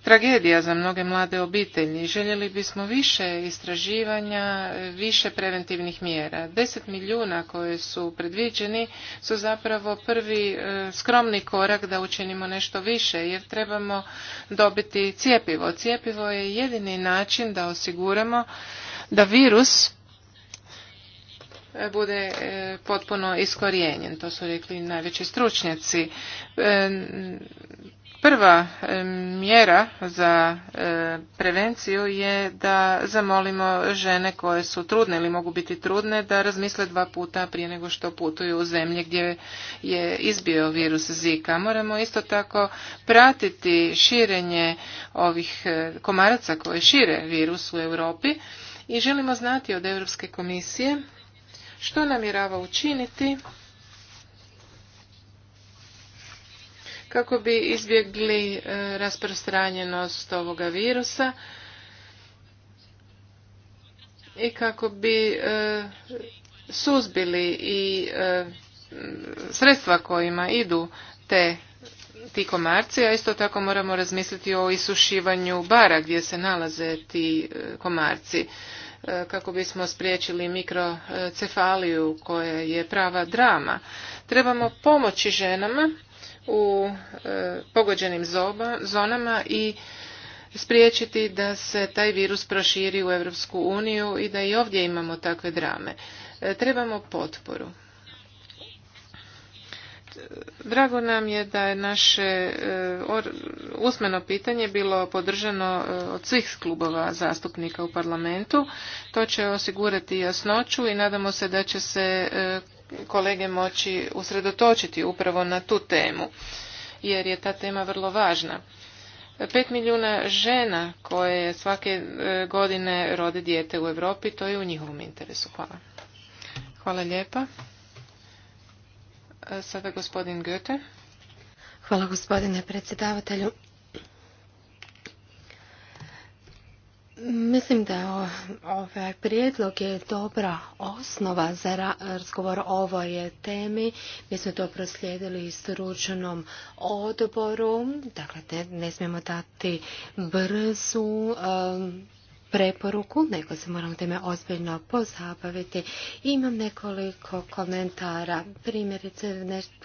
tragedija za mnoge mlade obitelji. Željeli bismo više istraživanja, više preventivnih mjera. Deset milijuna koje su predviđeni su zapravo prvi e, skromni korak da učinimo nešto više jer trebamo dobiti cijepivo. Cijepivo je jedini način da osiguramo da virus e, bude e, potpuno iskorijenjen. To su rekli najveći stručnjaci. Prva e, mjera za e, prevenciju je da zamolimo žene koje su trudne ili mogu biti trudne da razmisle dva puta prije nego što putuju u zemlje gdje je izbio virus Zika. Moramo isto tako pratiti širenje ovih e, komaraca koje šire virus u Europi i želimo znati od Europske komisije što namjerava učiniti kako bi izbjegli e, rasprostranjenost ovoga virusa i kako bi e, suzbili i e, sredstva kojima idu te ti komarci, a isto tako moramo razmisliti o isušivanju bara gdje se nalaze ti komarci kako bismo spriječili mikrocefaliju koja je prava drama. Trebamo pomoći ženama u e, pogođenim zonama i spriječiti da se taj virus proširi u Europsku uniju i da i ovdje imamo takve drame. E, trebamo potporu. Drago nam je da je naše e, usmeno pitanje bilo podržano od svih klubova zastupnika u parlamentu. To će osigurati jasnoću i nadamo se da će se kolege moći usredotočiti upravo na tu temu, jer je ta tema vrlo važna. pet milijuna žena koje svake e, godine rode dijete u Europi, to je u njihovom interesu. Hvala. Hvala lijepa. E, sada gospodin Goethe. Hvala gospodine predsjedavatelju. Mislim da je ovaj prijedlog je dobra osnova za razgovor o ovoj temi. Mi smo to proslijedili stručnom odboru. Dakle, ne, smijemo dati brzu preporuku, nego se moramo time ozbiljno pozabaviti. Imam nekoliko komentara, primjerice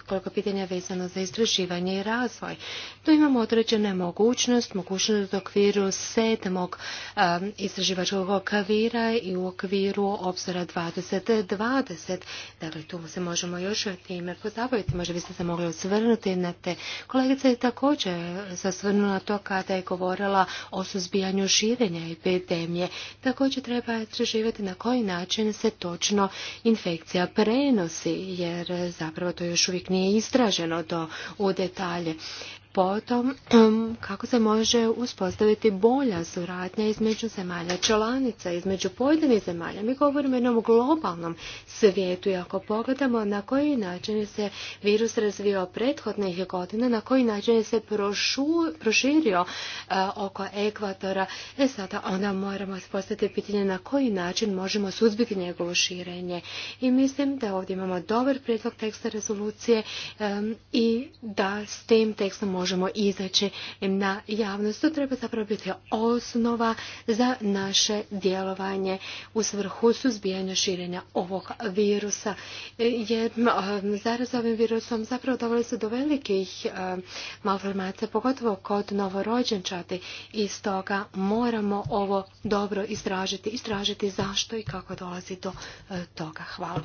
koliko pitanja vezano za istraživanje i razvoj. Tu imamo određene mogućnost, mogućnost u okviru sedmog um, istraživačkog okvira i u okviru obzora 2020. Dakle, tu se možemo još time pozabaviti. Možda biste se mogli osvrnuti na te. Kolegica je također sasvrnula to kada je govorila o suzbijanju širenja i epidemije. Također treba istraživati na koji način se točno infekcija prenosi, jer zapravo to još uvijek nije istraženo do u detalje potom kako se može uspostaviti bolja suradnja između zemalja članica, između pojedinih zemalja. Mi govorimo o jednom globalnom svijetu i ako pogledamo na koji način se virus razvio prethodnih godina, na koji način se proširio e, oko ekvatora, e sada onda moramo postaviti pitanje na koji način možemo suzbiti njegovo širenje. I mislim da ovdje imamo dobar prijedlog teksta rezolucije i da s tim tekstom možemo izaći na javnost. To treba zapravo biti osnova za naše djelovanje u svrhu suzbijanja širenja ovog virusa. Jer zaraz ovim virusom zapravo dovoljno su do velikih e, malformacija, pogotovo kod novorođenčati. I stoga moramo ovo dobro istražiti. Istražiti zašto i kako dolazi do e, toga. Hvala.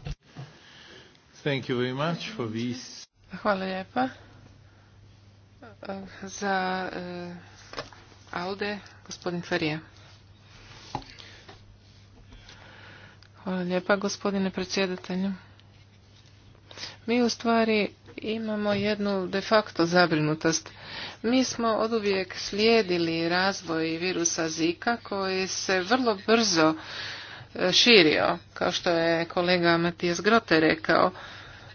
Hvala lijepa za e, Alde, gospodin Farija. Hvala lijepa, gospodine predsjedatelju. Mi u stvari imamo jednu de facto zabrinutost. Mi smo oduvijek slijedili razvoj virusa Zika koji se vrlo brzo e, širio, kao što je kolega Matijas Grote rekao.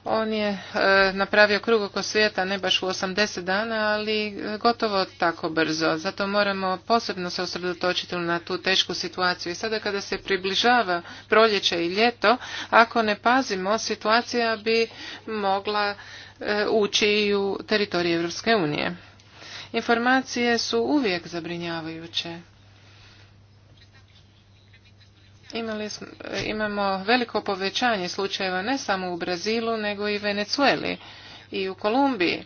On je e, napravio krug oko svijeta, ne baš u 80 dana, ali e, gotovo tako brzo. Zato moramo posebno se osredotočiti na tu tešku situaciju. I sada kada se približava proljeće i ljeto, ako ne pazimo, situacija bi mogla e, ući i u teritorij Europske unije. Informacije su uvijek zabrinjavajuće. Imali smo, e, imamo veliko povećanje slučajeva ne samo u Brazilu, nego i u Venecueli i u Kolumbiji.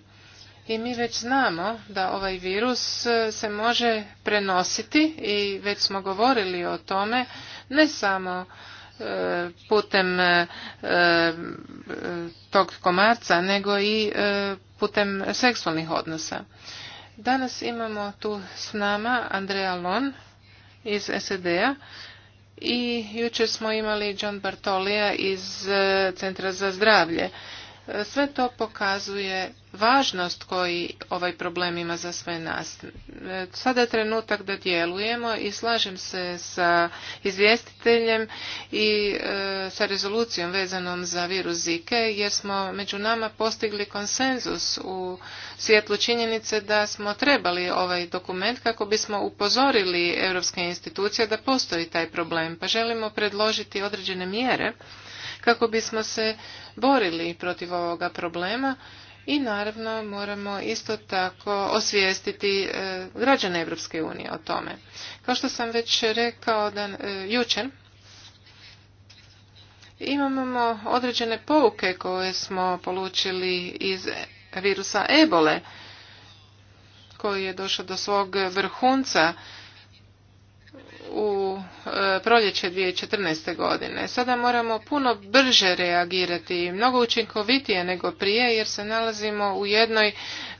I mi već znamo da ovaj virus e, se može prenositi i već smo govorili o tome ne samo e, putem tog komarca, nego i putem seksualnih odnosa. Danas imamo tu s nama Andrea Lon iz SED-a i jučer smo imali John Bartolija iz eh, Centra za zdravlje. Eh, sve to pokazuje važnost koji ovaj problem ima za sve nas. E, sada je trenutak da djelujemo i slažem se sa izvjestiteljem i e, sa rezolucijom vezanom za virus Zike jer smo među nama postigli konsenzus u svjetlu činjenice da smo trebali ovaj dokument kako bismo upozorili europske institucije da postoji taj problem pa želimo predložiti određene mjere kako bismo se borili protiv ovoga problema i naravno moramo isto tako osvijestiti e, građane Europske unije o tome. Kao što sam već rekao dan, e, jučer, imamo određene pouke koje smo polučili iz virusa ebole koji je došao do svog vrhunca u e, proljeće 2014. godine. Sada moramo puno brže reagirati i mnogo učinkovitije nego prije jer se nalazimo u jednoj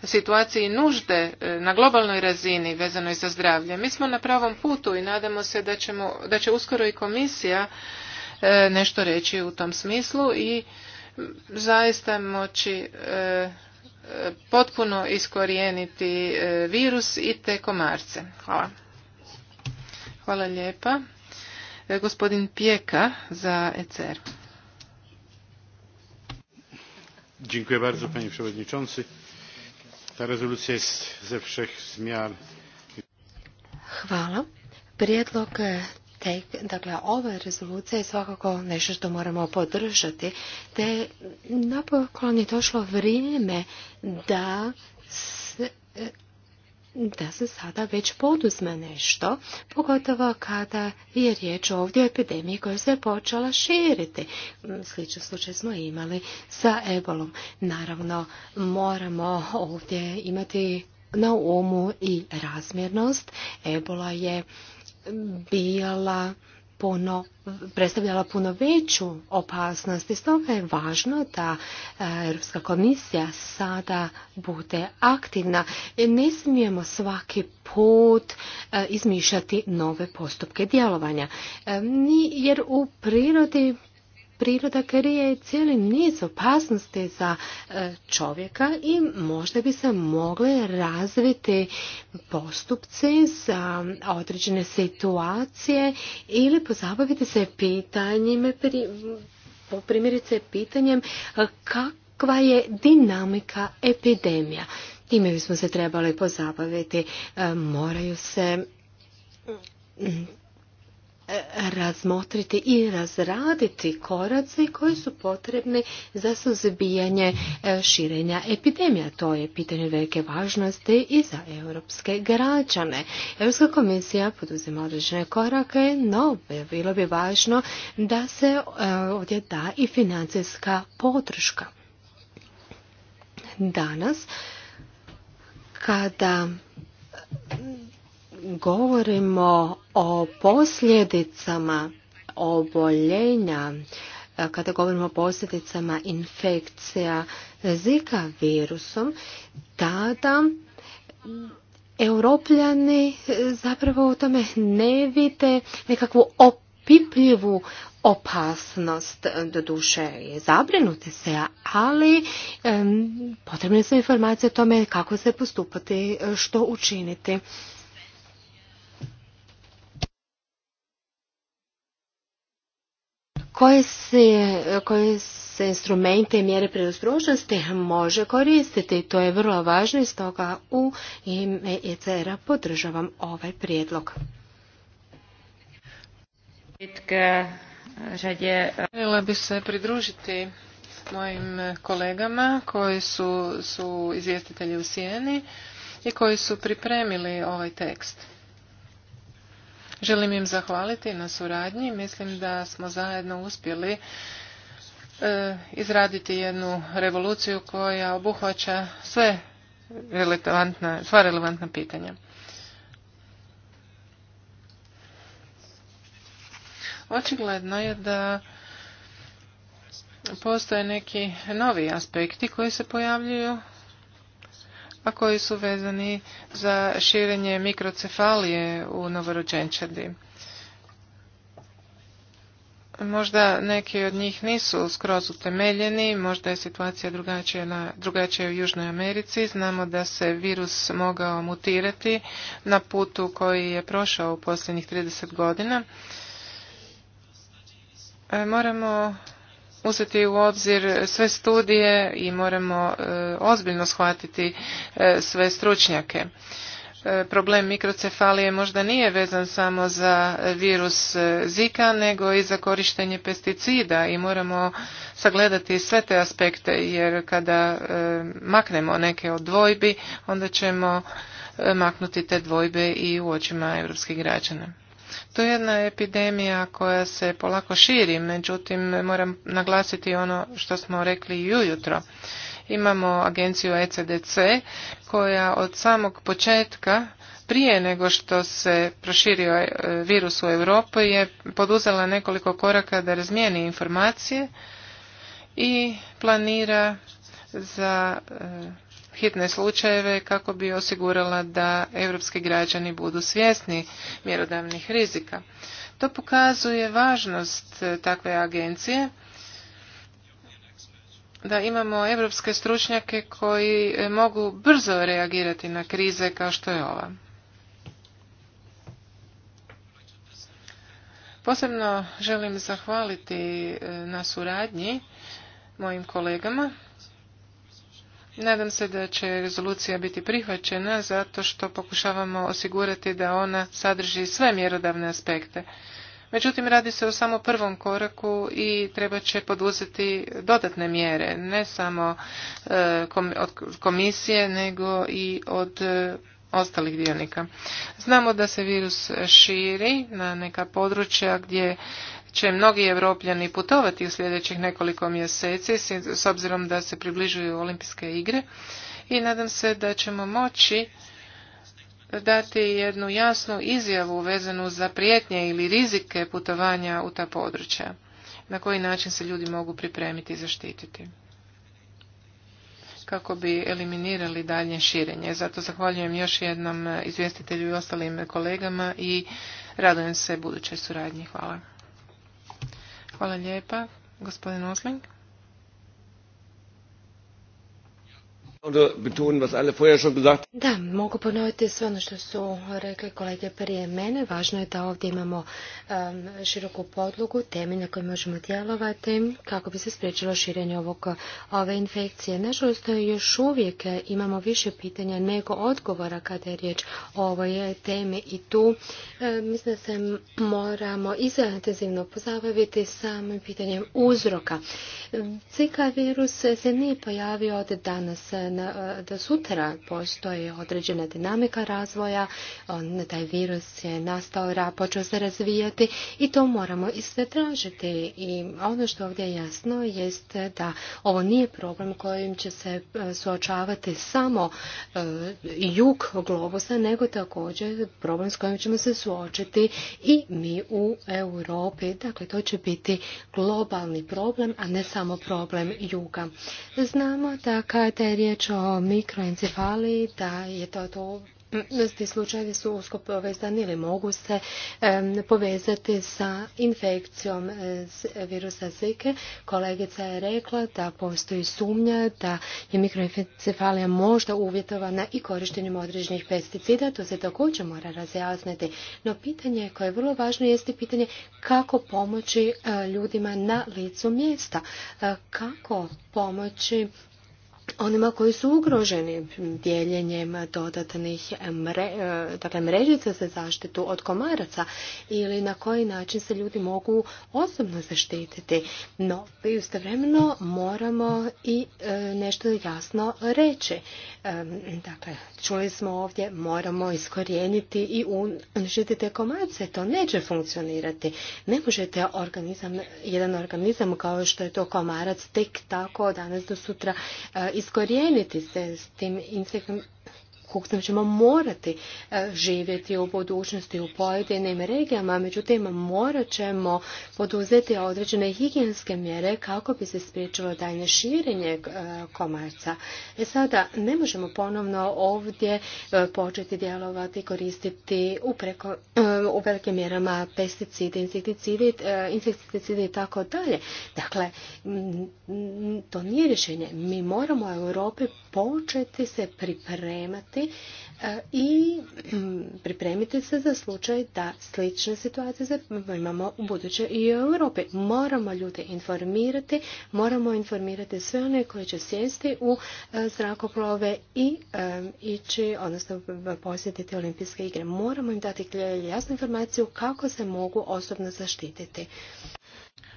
situaciji nužde e, na globalnoj razini vezanoj za zdravlje. Mi smo na pravom putu i nadamo se da, ćemo, da će uskoro i komisija e, nešto reći u tom smislu i zaista moći potpuno iskorijeniti virus i te komarce. Hvala. Hvala lijepa. E, gospodin Pijeka za ECR. Dziękuję bardzo, panie przewodniczący. Ta rezolucja jest ze wszech zmiar. Hvala. Prijedlog e, tek, dakle, ove rezolucije je svakako nešto što moramo podržati, te napokon je došlo vrijeme da se e, da se sada već poduzme nešto, pogotovo kada je riječ ovdje o epidemiji koja se počela širiti. Sličan slučaj smo imali sa ebolom. Naravno, moramo ovdje imati na umu i razmjernost. Ebola je bila puno, predstavljala puno veću opasnost i stoga je važno da e, Europska komisija sada bude aktivna. E, ne smijemo svaki put e, izmišljati nove postupke djelovanja, jer u prirodi priroda krije cijeli niz opasnosti za e, čovjeka i možda bi se mogle razviti postupci za određene situacije ili pozabaviti se pitanjima, primjerice pitanjem e, kakva je dinamika epidemija. Time bismo se trebali pozabaviti. E, moraju se razmotriti i razraditi koraci koji su potrebni za suzbijanje e, širenja epidemija. To je pitanje velike važnosti i za europske građane. Europska komisija poduzima određene korake, no bilo bi važno da se e, ovdje da i financijska podrška. Danas, kada govorimo o posljedicama oboljenja, e, kada govorimo o posljedicama infekcija zika virusom, tada europljani zapravo u tome ne vide nekakvu opipljivu opasnost. Doduše je zabrinuti se, ali potrebne su informacije o tome kako se postupati, e, što učiniti. koje se, se instrumente i mjere predostrožnosti može koristiti. To je vrlo važno i stoga u ime ECR-a podržavam ovaj prijedlog. E, Željela bi se pridružiti mojim kolegama koji su, su izvjestitelji u Sijeni i koji su pripremili ovaj tekst. Želim im zahvaliti na suradnji. Mislim da smo zajedno uspjeli e, izraditi jednu revoluciju koja obuhvaća sve relevantna, sva relevantna pitanja. Očigledno je da postoje neki novi aspekti koji se pojavljuju a koji su vezani za širenje mikrocefalije u novorođenčadi. Možda neki od njih nisu skroz utemeljeni, možda je situacija drugačija, na, u Južnoj Americi. Znamo da se virus mogao mutirati na putu koji je prošao u posljednjih 30 godina. E, moramo uzeti u obzir sve studije i moramo e, ozbiljno shvatiti e, sve stručnjake e, problem mikrocefalije možda nije vezan samo za virus Zika, nego i za korištenje pesticida i moramo sagledati sve te aspekte, jer kada maknemo neke od dvojbi, onda ćemo maknuti te dvojbe i u očima europskih građana. To je jedna epidemija koja se polako širi, međutim moram naglasiti ono što smo rekli i ujutro. Imamo agenciju ECDC koja od samog početka prije nego što se proširio e, virus u Europi je poduzela nekoliko koraka da razmijeni informacije i planira za e, hitne slučajeve kako bi osigurala da europski građani budu svjesni mjerodavnih rizika. To pokazuje važnost e, takve agencije da imamo europske stručnjake koji e, mogu brzo reagirati na krize kao što je ova. Posebno želim zahvaliti e, na suradnji mojim kolegama Nadam se da će rezolucija biti prihvaćena zato što pokušavamo osigurati da ona sadrži sve mjerodavne aspekte. Međutim, radi se o samo prvom koraku i treba će poduzeti dodatne mjere, ne samo e, od komisije, nego i od e, ostalih dionika. Znamo da se virus širi na neka područja gdje će mnogi evropljani putovati u sljedećih nekoliko mjeseci s obzirom da se približuju olimpijske igre i nadam se da ćemo moći dati jednu jasnu izjavu vezanu za prijetnje ili rizike putovanja u ta područja. Na koji način se ljudi mogu pripremiti i zaštititi kako bi eliminirali dalje širenje. Zato zahvaljujem još jednom izvjestitelju i ostalim kolegama i radujem se budućoj suradnji. Hvala. Hvala lijepa, gospodin Osling. Da, mogu ponoviti sve ono što su rekli kolege prije mene. Važno je da ovdje imamo široku podlogu, teme na kojoj možemo djelovati kako bi se spriječilo širenje ove infekcije. Nažalost, još uvijek imamo više pitanja nego odgovora kada je riječ o ovoj temi i tu mislim da se moramo izintenzivno pozabaviti samim pitanjem uzroka. Zika virus se nije pojavio od danas da sutra postoji određena dinamika razvoja, taj virus je nastao, počeo se razvijati i to moramo i sve tražiti. I ono što ovdje je jasno jest da ovo nije problem kojim će se e, suočavati samo e, jug globusa, nego također problem s kojim ćemo se suočiti i mi u Europi. Dakle, to će biti globalni problem, a ne samo problem juga. Znamo da kada je riječ o mikroencefaliji, da je to to ti slučajevi su usko povezani ili mogu se povezati sa infekcijom eh, virusa Zike. Kolegica je rekla da postoji sumnja da je mikroencefalija možda uvjetovana i korištenjem određenih pesticida. To se također mora razjasniti. No pitanje koje je vrlo važno jeste pitanje kako pomoći eh, ljudima na licu mjesta. Eh, kako pomoći onima koji su ugroženi dijeljenjem dodatnih mre, e, dakle, mrežica za zaštitu od komaraca ili na koji način se ljudi mogu osobno zaštititi. No, istovremeno moramo i e, nešto jasno reći. E, dakle, čuli smo ovdje, moramo iskorijeniti i uništiti te komarce. To neće funkcionirati. Ne možete organizam, jedan organizam kao što je to komarac tek tako danas do sutra iskorijeniti se s tim insektom sam ćemo morati e, živjeti u budućnosti u pojedinim regijama, međutim morat ćemo poduzeti određene higijenske mjere kako bi se spriječilo daljnje širenje e, komarca. E sada ne možemo ponovno ovdje e, početi djelovati, koristiti u, u velikim mjerama pesticide, insekticide, i tako dalje. Dakle, to nije rješenje. Mi moramo u Europi početi se pripremati e, i mm, pripremiti se za slučaj da slične situacije imamo u buduće i u Europi. Moramo ljude informirati, moramo informirati sve one koji će sjesti u e, zrakoplove i e, ići, odnosno posjetiti olimpijske igre. Moramo im dati jasnu informaciju kako se mogu osobno zaštititi.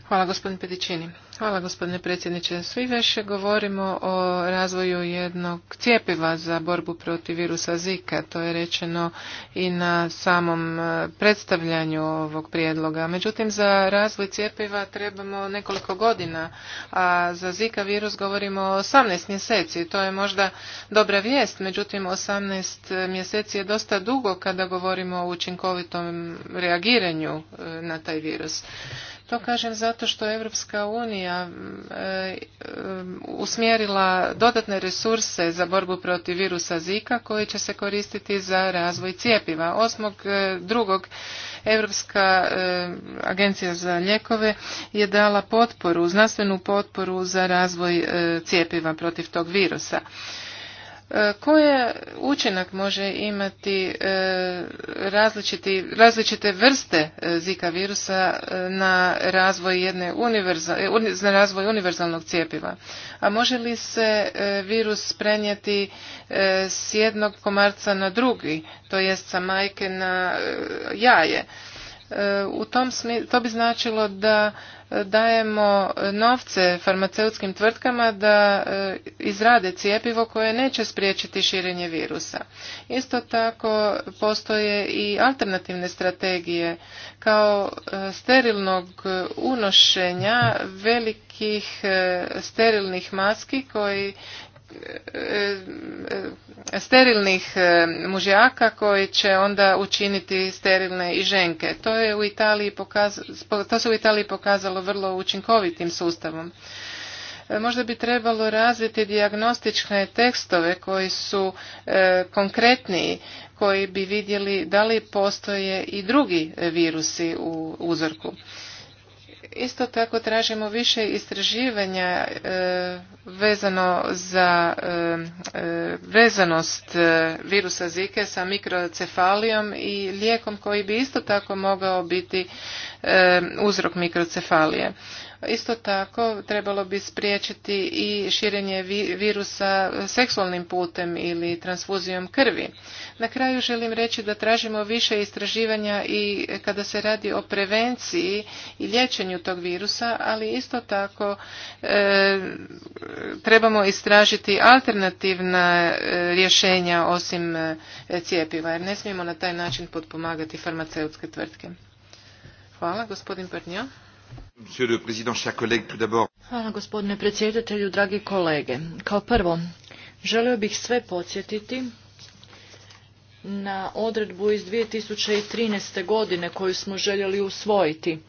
Hvala gospodine Pedičini. Hvala gospodine predsjedniče. Svi više govorimo o razvoju jednog cijepiva za borbu protiv virusa Zika. To je rečeno i na samom e, predstavljanju ovog prijedloga. Međutim, za razvoj cijepiva trebamo nekoliko godina, a za Zika virus govorimo o 18 mjeseci. To je možda dobra vijest, međutim 18 mjeseci je dosta dugo kada govorimo o učinkovitom reagiranju e, na taj virus. To kažem zato što je Evropska unija e, usmjerila dodatne resurse za borbu protiv virusa Zika koji će se koristiti za razvoj cijepiva. Osmog e, drugog Europska e, agencija za ljekove je dala potporu, znanstvenu potporu za razvoj cijepiva protiv tog virusa. E, koje učinak može imati e, različite vrste e, zika virusa na razvoj, jedne na razvoj univerzalnog cijepiva? A može li se virus prenijeti s jednog komarca na drugi, to jest sa majke na jaje? E, u tom to bi značilo da e, dajemo novce farmaceutskim tvrtkama da e, izrade cijepivo koje neće spriječiti širenje virusa. Isto tako postoje i alternativne strategije kao sterilnog unošenja velikih sterilnih maski koji E, e, sterilnih e, mužjaka koji će onda učiniti sterilne i ženke. To, je u to se u Italiji pokazalo vrlo učinkovitim sustavom. Možda bi trebalo razviti diagnostične tekstove koji su e, konkretniji, koji bi vidjeli da li postoje i drugi virusi u uzorku. Isto tako tražimo više istraživanja e, vezano za e, e, vezanost virusa zike sa mikrocefalijom i lijekom koji bi isto tako mogao biti uzrok mikrocefalije. Isto tako trebalo bi spriječiti i širenje virusa seksualnim putem ili transfuzijom krvi. Na kraju želim reći da tražimo više istraživanja i kada se radi o prevenciji i liječenju tog virusa, ali isto tako e, trebamo istražiti alternativna e, rješenja osim e, cijepiva, jer ne smijemo na taj način potpomagati farmaceutske tvrtke. Hvala, gospodin Prnjo. Hvala gospodine predsjedatelju, dragi kolege. Kao prvo, želio bih sve podsjetiti na odredbu iz 2013. godine koju smo željeli usvojiti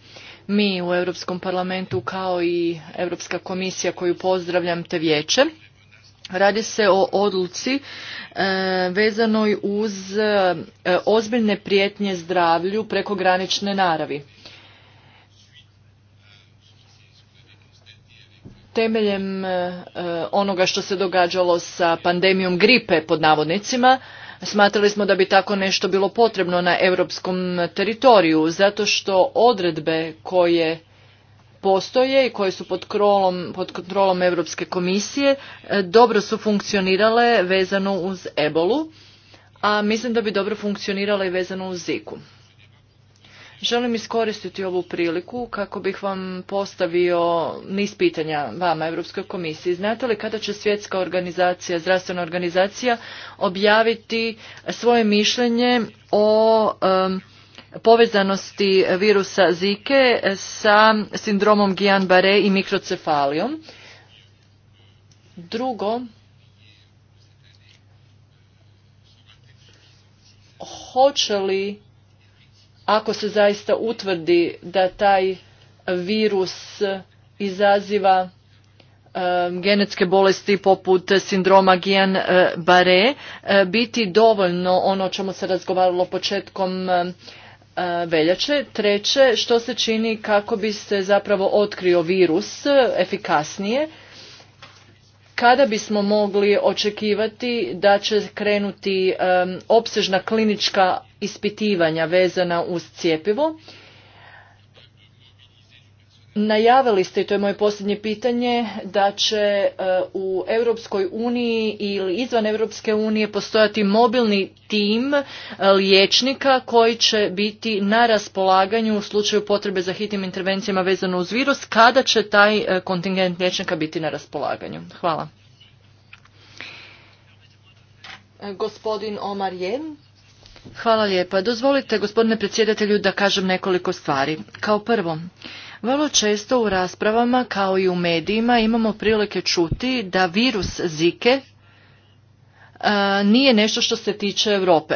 mi u Europskom parlamentu kao i Europska komisija koju pozdravljam te vijeće. Radi se o odluci e, vezanoj uz e, ozbiljne prijetnje zdravlju prekogranične naravi. temeljem e, e, onoga što se događalo sa pandemijom gripe pod navodnicima smatrali smo da bi tako nešto bilo potrebno na europskom teritoriju zato što odredbe koje postoje i koje su pod, krolom, pod kontrolom Europske komisije e, dobro su funkcionirale vezano uz ebolu, a mislim da bi dobro funkcionirale i vezano uz ziku. Želim iskoristiti ovu priliku kako bih vam postavio niz pitanja vama, Europskoj komisiji. Znate li kada će svjetska organizacija, zdravstvena organizacija objaviti svoje mišljenje o povezanosti virusa Zike sa sindromom Guillain-Barré i mikrocefalijom? Drugo, hoće li ako se zaista utvrdi da taj virus izaziva genetske bolesti poput sindroma guillain eh, barre eh, biti dovoljno ono o čemu se razgovaralo početkom eh, veljače. Treće, što se čini kako bi se zapravo otkrio virus efikasnije kada bismo mogli očekivati da će krenuti opsežna klinička ispitivanja vezana uz cjepivo Najavili ste, i to je moje posljednje pitanje, da će e, u Europskoj uniji ili izvan Europske unije postojati mobilni tim e, liječnika koji će biti na raspolaganju u slučaju potrebe za hitnim intervencijama vezano uz virus. Kada će taj e, kontingent liječnika biti na raspolaganju? Hvala. Gospodin Omar Jen. Hvala lijepa. Dozvolite gospodine predsjedatelju da kažem nekoliko stvari. Kao prvo, vrlo često u raspravama kao i u medijima imamo prilike čuti da virus zike nije nešto što se tiče Europe.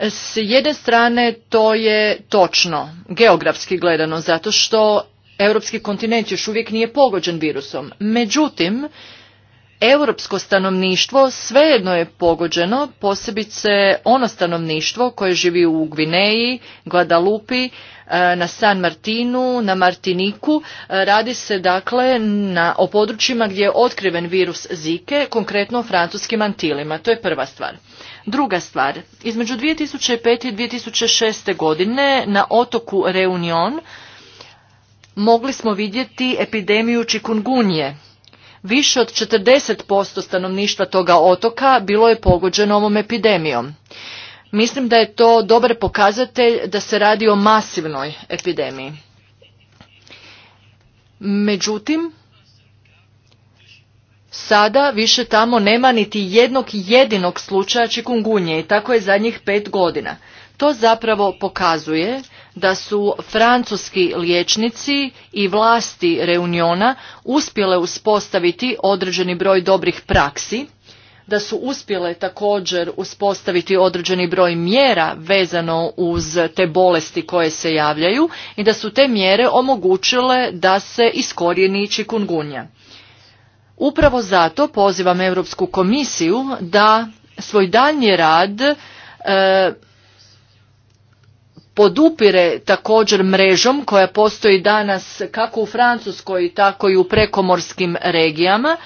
S jedne strane to je točno, geografski gledano, zato što europski kontinent još uvijek nije pogođen virusom. Međutim, Europsko stanovništvo svejedno je pogođeno, posebice ono stanovništvo koje živi u Gvineji, Guadalupi, eh, na San Martinu, na Martiniku. Eh, radi se dakle na, o područjima gdje je otkriven virus Zike, konkretno o francuskim antilima. To je prva stvar. Druga stvar, između 2005. i 2006. godine na otoku Reunion mogli smo vidjeti epidemiju čikungunje, Više od 40% stanovništva toga otoka bilo je pogođeno ovom epidemijom. Mislim da je to dobar pokazatelj da se radi o masivnoj epidemiji. Međutim, sada više tamo nema niti jednog jedinog slučaja čikungunje i tako je zadnjih pet godina. To zapravo pokazuje da su francuski liječnici i vlasti Reuniona uspjele uspostaviti određeni broj dobrih praksi, da su uspjele također uspostaviti određeni broj mjera vezano uz te bolesti koje se javljaju i da su te mjere omogućile da se iskorijeni čikungunja. Upravo zato pozivam Europsku komisiju da svoj daljnji rad e, podupire također mrežom koja postoji danas kako u Francuskoj tako i u prekomorskim regijama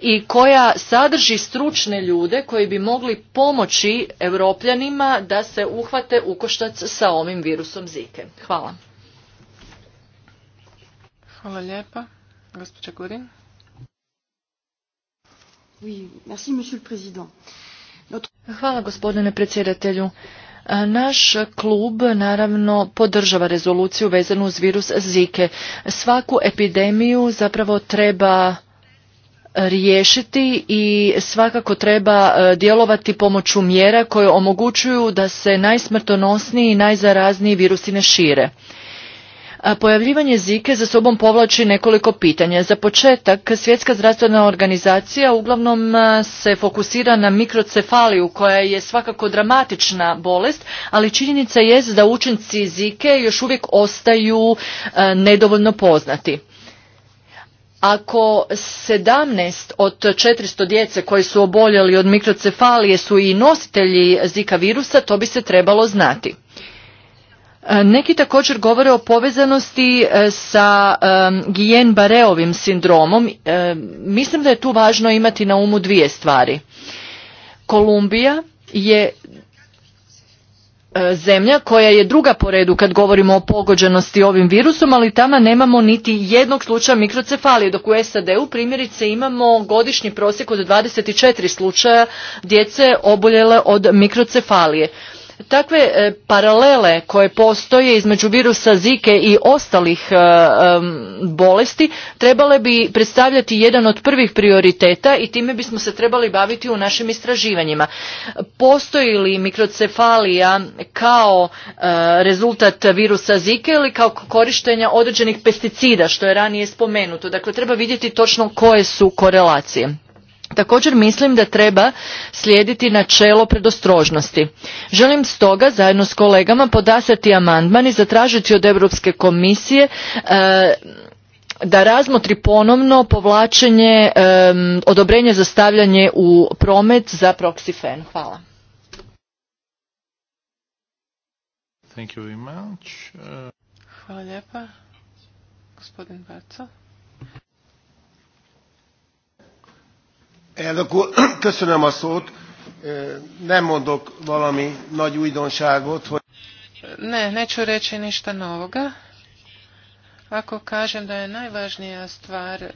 i koja sadrži stručne ljude koji bi mogli pomoći europljanima da se uhvate u koštac sa ovim virusom zike. Hvala. Hvala lijepa. Gospođa Hvala gospodine predsjedatelju. Naš klub naravno podržava rezoluciju vezanu uz virus Zike. Svaku epidemiju zapravo treba e, riješiti i svakako treba e, djelovati pomoću mjera koje omogućuju da se najsmrtonosniji i najzarazniji virusi ne šire. Pojavljivanje zike za sobom povlači nekoliko pitanja. Za početak, Svjetska zdravstvena organizacija uglavnom se fokusira na mikrocefaliju koja je svakako dramatična bolest, ali činjenica je da učinci zike još uvijek ostaju nedovoljno poznati. Ako 17 od 400 djece koji su oboljeli od mikrocefalije su i nositelji zika virusa, to bi se trebalo znati. E, neki također govore o povezanosti e, sa e, guillain Bareovim sindromom. Mislim da je tu važno imati na umu dvije stvari. Kolumbija je zemlja koja je druga po redu kad govorimo o pogođenosti ovim virusom, ali tamo nemamo niti jednog slučaja mikrocefalije, dok u SAD-u primjerice imamo godišnji prosjek od 24 slučaja djece oboljele od mikrocefalije. Takve e, paralele koje postoje između virusa zike i ostalih e, bolesti trebale bi predstavljati jedan od prvih prioriteta i time bismo se trebali baviti u našim istraživanjima. Postoji li mikrocefalija kao e, rezultat virusa zike ili kao korištenja određenih pesticida što je ranije spomenuto. Dakle, treba vidjeti točno koje su korelacije. Također mislim da treba slijediti načelo predostrožnosti. Želim stoga zajedno s kolegama podasati amandman i zatražiti od Europske komisije e, da razmotri ponovno povlačenje odobrenja odobrenje za stavljanje u promet za Proxifen. Hvala. Thank you very much. Hvala lijepa. Gospodin Elnök úr, köszönöm a szót. Nem mondok valami nagy újdonságot, hogy... Ne, neću reći ništa novoga. Ako kažem da je najvažnija stvar e,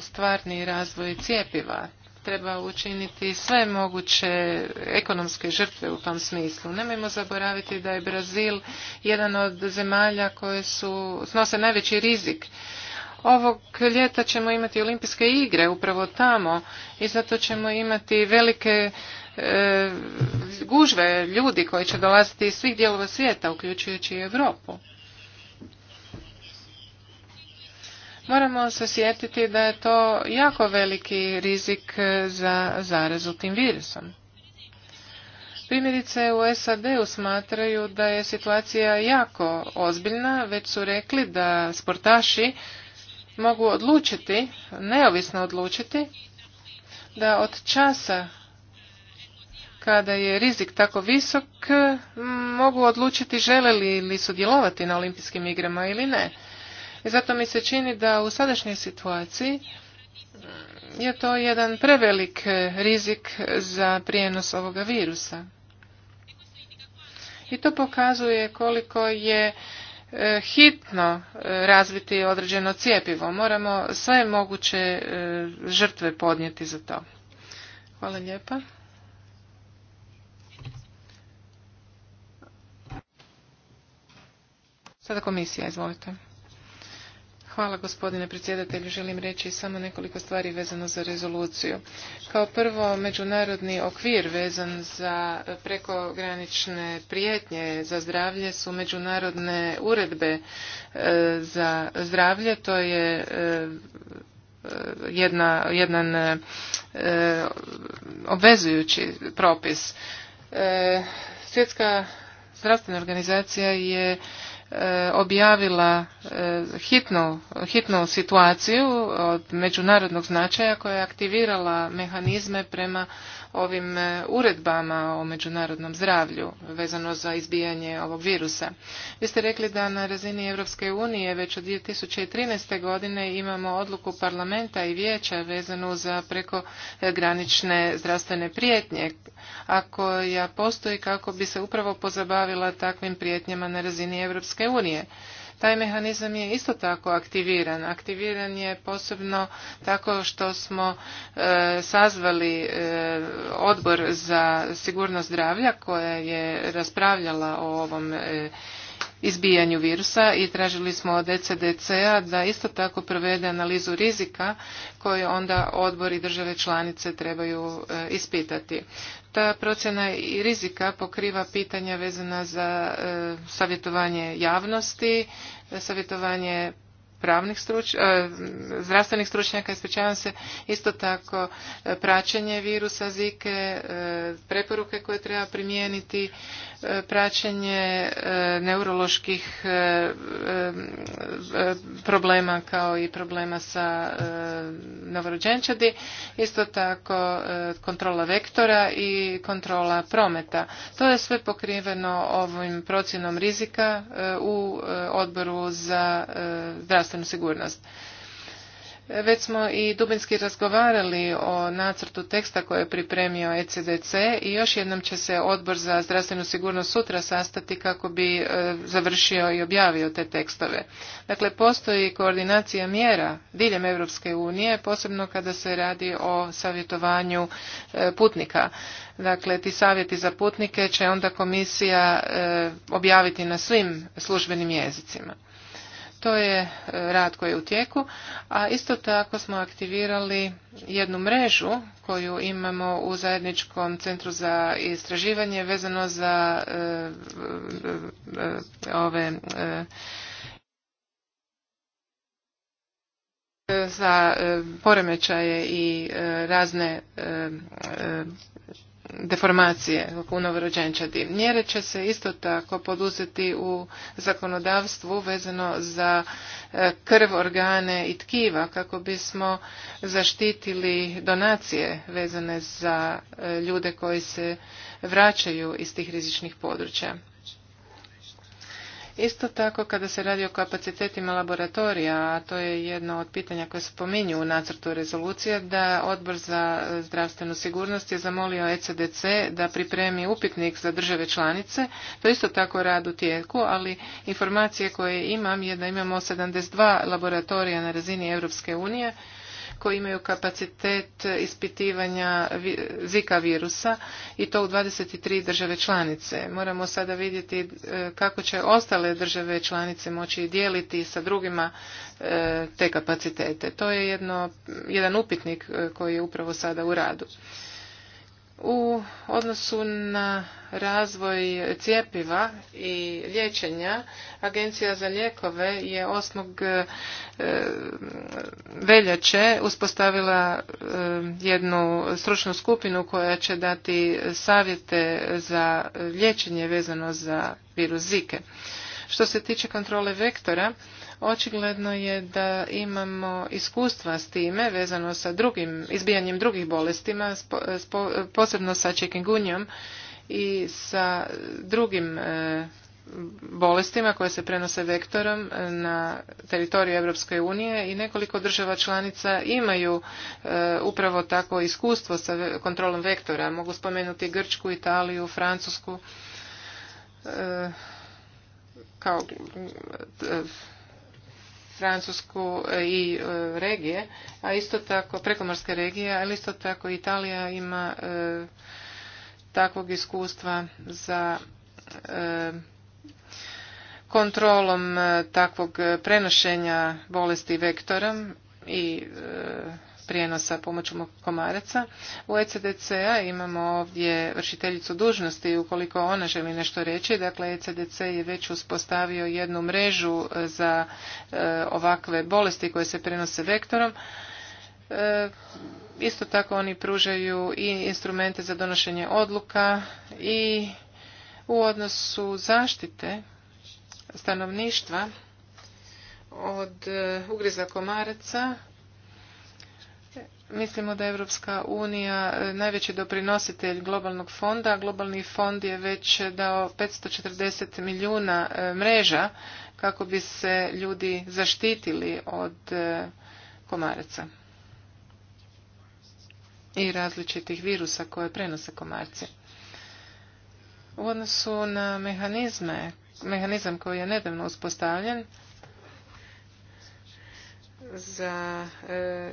stvarni razvoj cijepiva, treba učiniti sve moguće ekonomske žrtve u tom smislu. Nemojmo zaboraviti da je Brazil jedan od zemalja koje su, snose najveći rizik Ovog ljeta ćemo imati olimpijske igre upravo tamo i zato ćemo imati velike e, gužve ljudi koji će dolaziti iz svih dijelova svijeta, uključujući i Europu. Moramo se sjetiti da je to jako veliki rizik za zarezu tim virusom. Primjerice u sad usmatraju smatraju da je situacija jako ozbiljna, već su rekli da sportaši mogu odlučiti, neovisno odlučiti, da od časa kada je rizik tako visok, mogu odlučiti žele li, sudjelovati na olimpijskim igrama ili ne. I zato mi se čini da u sadašnjoj situaciji je to jedan prevelik rizik za prijenos ovoga virusa. I to pokazuje koliko je E, hitno e, razviti određeno cijepivo. Moramo sve moguće e, žrtve podnijeti za to. Hvala lijepa. Sada komisija, izvolite. Hvala gospodine predsjedatelju. Želim reći samo nekoliko stvari vezano za rezoluciju. Kao prvo, međunarodni okvir vezan za prekogranične prijetnje za zdravlje su međunarodne uredbe e, za zdravlje. To je e, jedna, jedan e, obvezujući propis. Svjetska zdravstvena organizacija je E, objavila e, hitnu, hitnu situaciju od međunarodnog značaja koja je aktivirala mehanizme prema ovim e, uredbama o međunarodnom zdravlju vezano za izbijanje ovog virusa. Vi ste rekli da na razini Europske unije već od 2013. godine imamo odluku parlamenta i vijeća vezanu za preko granične zdravstvene prijetnje, Ako koja postoji kako bi se upravo pozabavila takvim prijetnjama na razini Europske unije. Taj mehanizam je isto tako aktiviran. Aktiviran je posebno tako što smo e, sazvali e, odbor za sigurnost zdravlja koja je raspravljala o ovom e, izbijanju virusa i tražili smo od ECDC-a da isto tako provede analizu rizika koje onda odbori države članice trebaju ispitati. Ta procjena i rizika pokriva pitanja vezana za e, savjetovanje javnosti, savjetovanje pravnih struč, e, zdravstvenih stručnjaka, ispričavam se, isto tako e, praćenje virusa zike, preporuke koje treba primijeniti, praćenje e, neuroloških e, e, problema kao i problema sa novorođenčadi, isto tako kontrola vektora i kontrola prometa. To je sve pokriveno ovim procjenom rizika u odboru za zdravstvenu sigurnost. Već smo i dubinski razgovarali o nacrtu teksta koje je pripremio ECDC i još jednom će se odbor za zdravstvenu sigurnost sutra sastati kako bi e, završio i objavio te tekstove. Dakle, postoji koordinacija mjera diljem Europske unije, posebno kada se radi o savjetovanju e, putnika. Dakle, ti savjeti za putnike će onda komisija e, objaviti na svim službenim jezicima. To je e, rad koji je u tijeku, a isto tako smo aktivirali jednu mrežu koju imamo u zajedničkom centru za istraživanje vezano za e, e, ove za poremećaje i razne deformacije oko novorođenčadi. Mjere će se isto tako poduzeti u zakonodavstvu vezano za e, krv, organe i tkiva kako bismo zaštitili donacije vezane za e, ljude koji se vraćaju iz tih rizičnih područja. Isto tako kada se radi o kapacitetima laboratorija, a to je jedno od pitanja koje se pominju u nacrtu rezolucije, da Odbor za zdravstvenu sigurnost je zamolio ECDC da pripremi upitnik za države članice. To isto tako rad u tijeku, ali informacije koje imam je da imamo 72 laboratorija na razini Europske unije koji imaju kapacitet ispitivanja zika virusa i to u 23 države članice. Moramo sada vidjeti e, kako će ostale države članice moći dijeliti sa drugima e, te kapacitete. To je jedno, jedan upitnik e, koji je upravo sada u radu. U odnosu na razvoj cijepiva i liječenja, Agencija za lijekove je 8. E, veljače uspostavila e, jednu stručnu skupinu koja će dati savjete za liječenje vezano za virus Zike. Što se tiče kontrole vektora, Očigledno je da imamo iskustva s time vezano sa drugim, izbijanjem drugih bolestima, posebno sa čekingunjom i sa drugim e, bolestima koje se prenose vektorom e, na teritoriju Europske unije i nekoliko država članica imaju e, upravo tako iskustvo sa kontrolom vektora. Mogu spomenuti Grčku, Italiju, Francusku kao Francusku e, i e, regije, a isto tako prekomorske regije, ali isto tako Italija ima e, takvog iskustva za kontrolom takvog prenošenja bolesti vektorom i prijenosa pomoću komaraca. U ECDC-a imamo ovdje vršiteljicu dužnosti ukoliko ona želi nešto reći. Dakle, ECDC je već uspostavio jednu mrežu e, za e, ovakve bolesti koje se prenose vektorom. E, isto tako oni pružaju i instrumente za donošenje odluka i u odnosu zaštite stanovništva od ugriza komaraca Mislimo da je Europska unija e, najveći doprinositelj globalnog fonda. Globalni fond je već dao 540 milijuna e, mreža kako bi se ljudi zaštitili od e, komaraca i različitih virusa koje prenose komarci. U odnosu na mehanizme, mehanizam koji je nedavno uspostavljen, za e,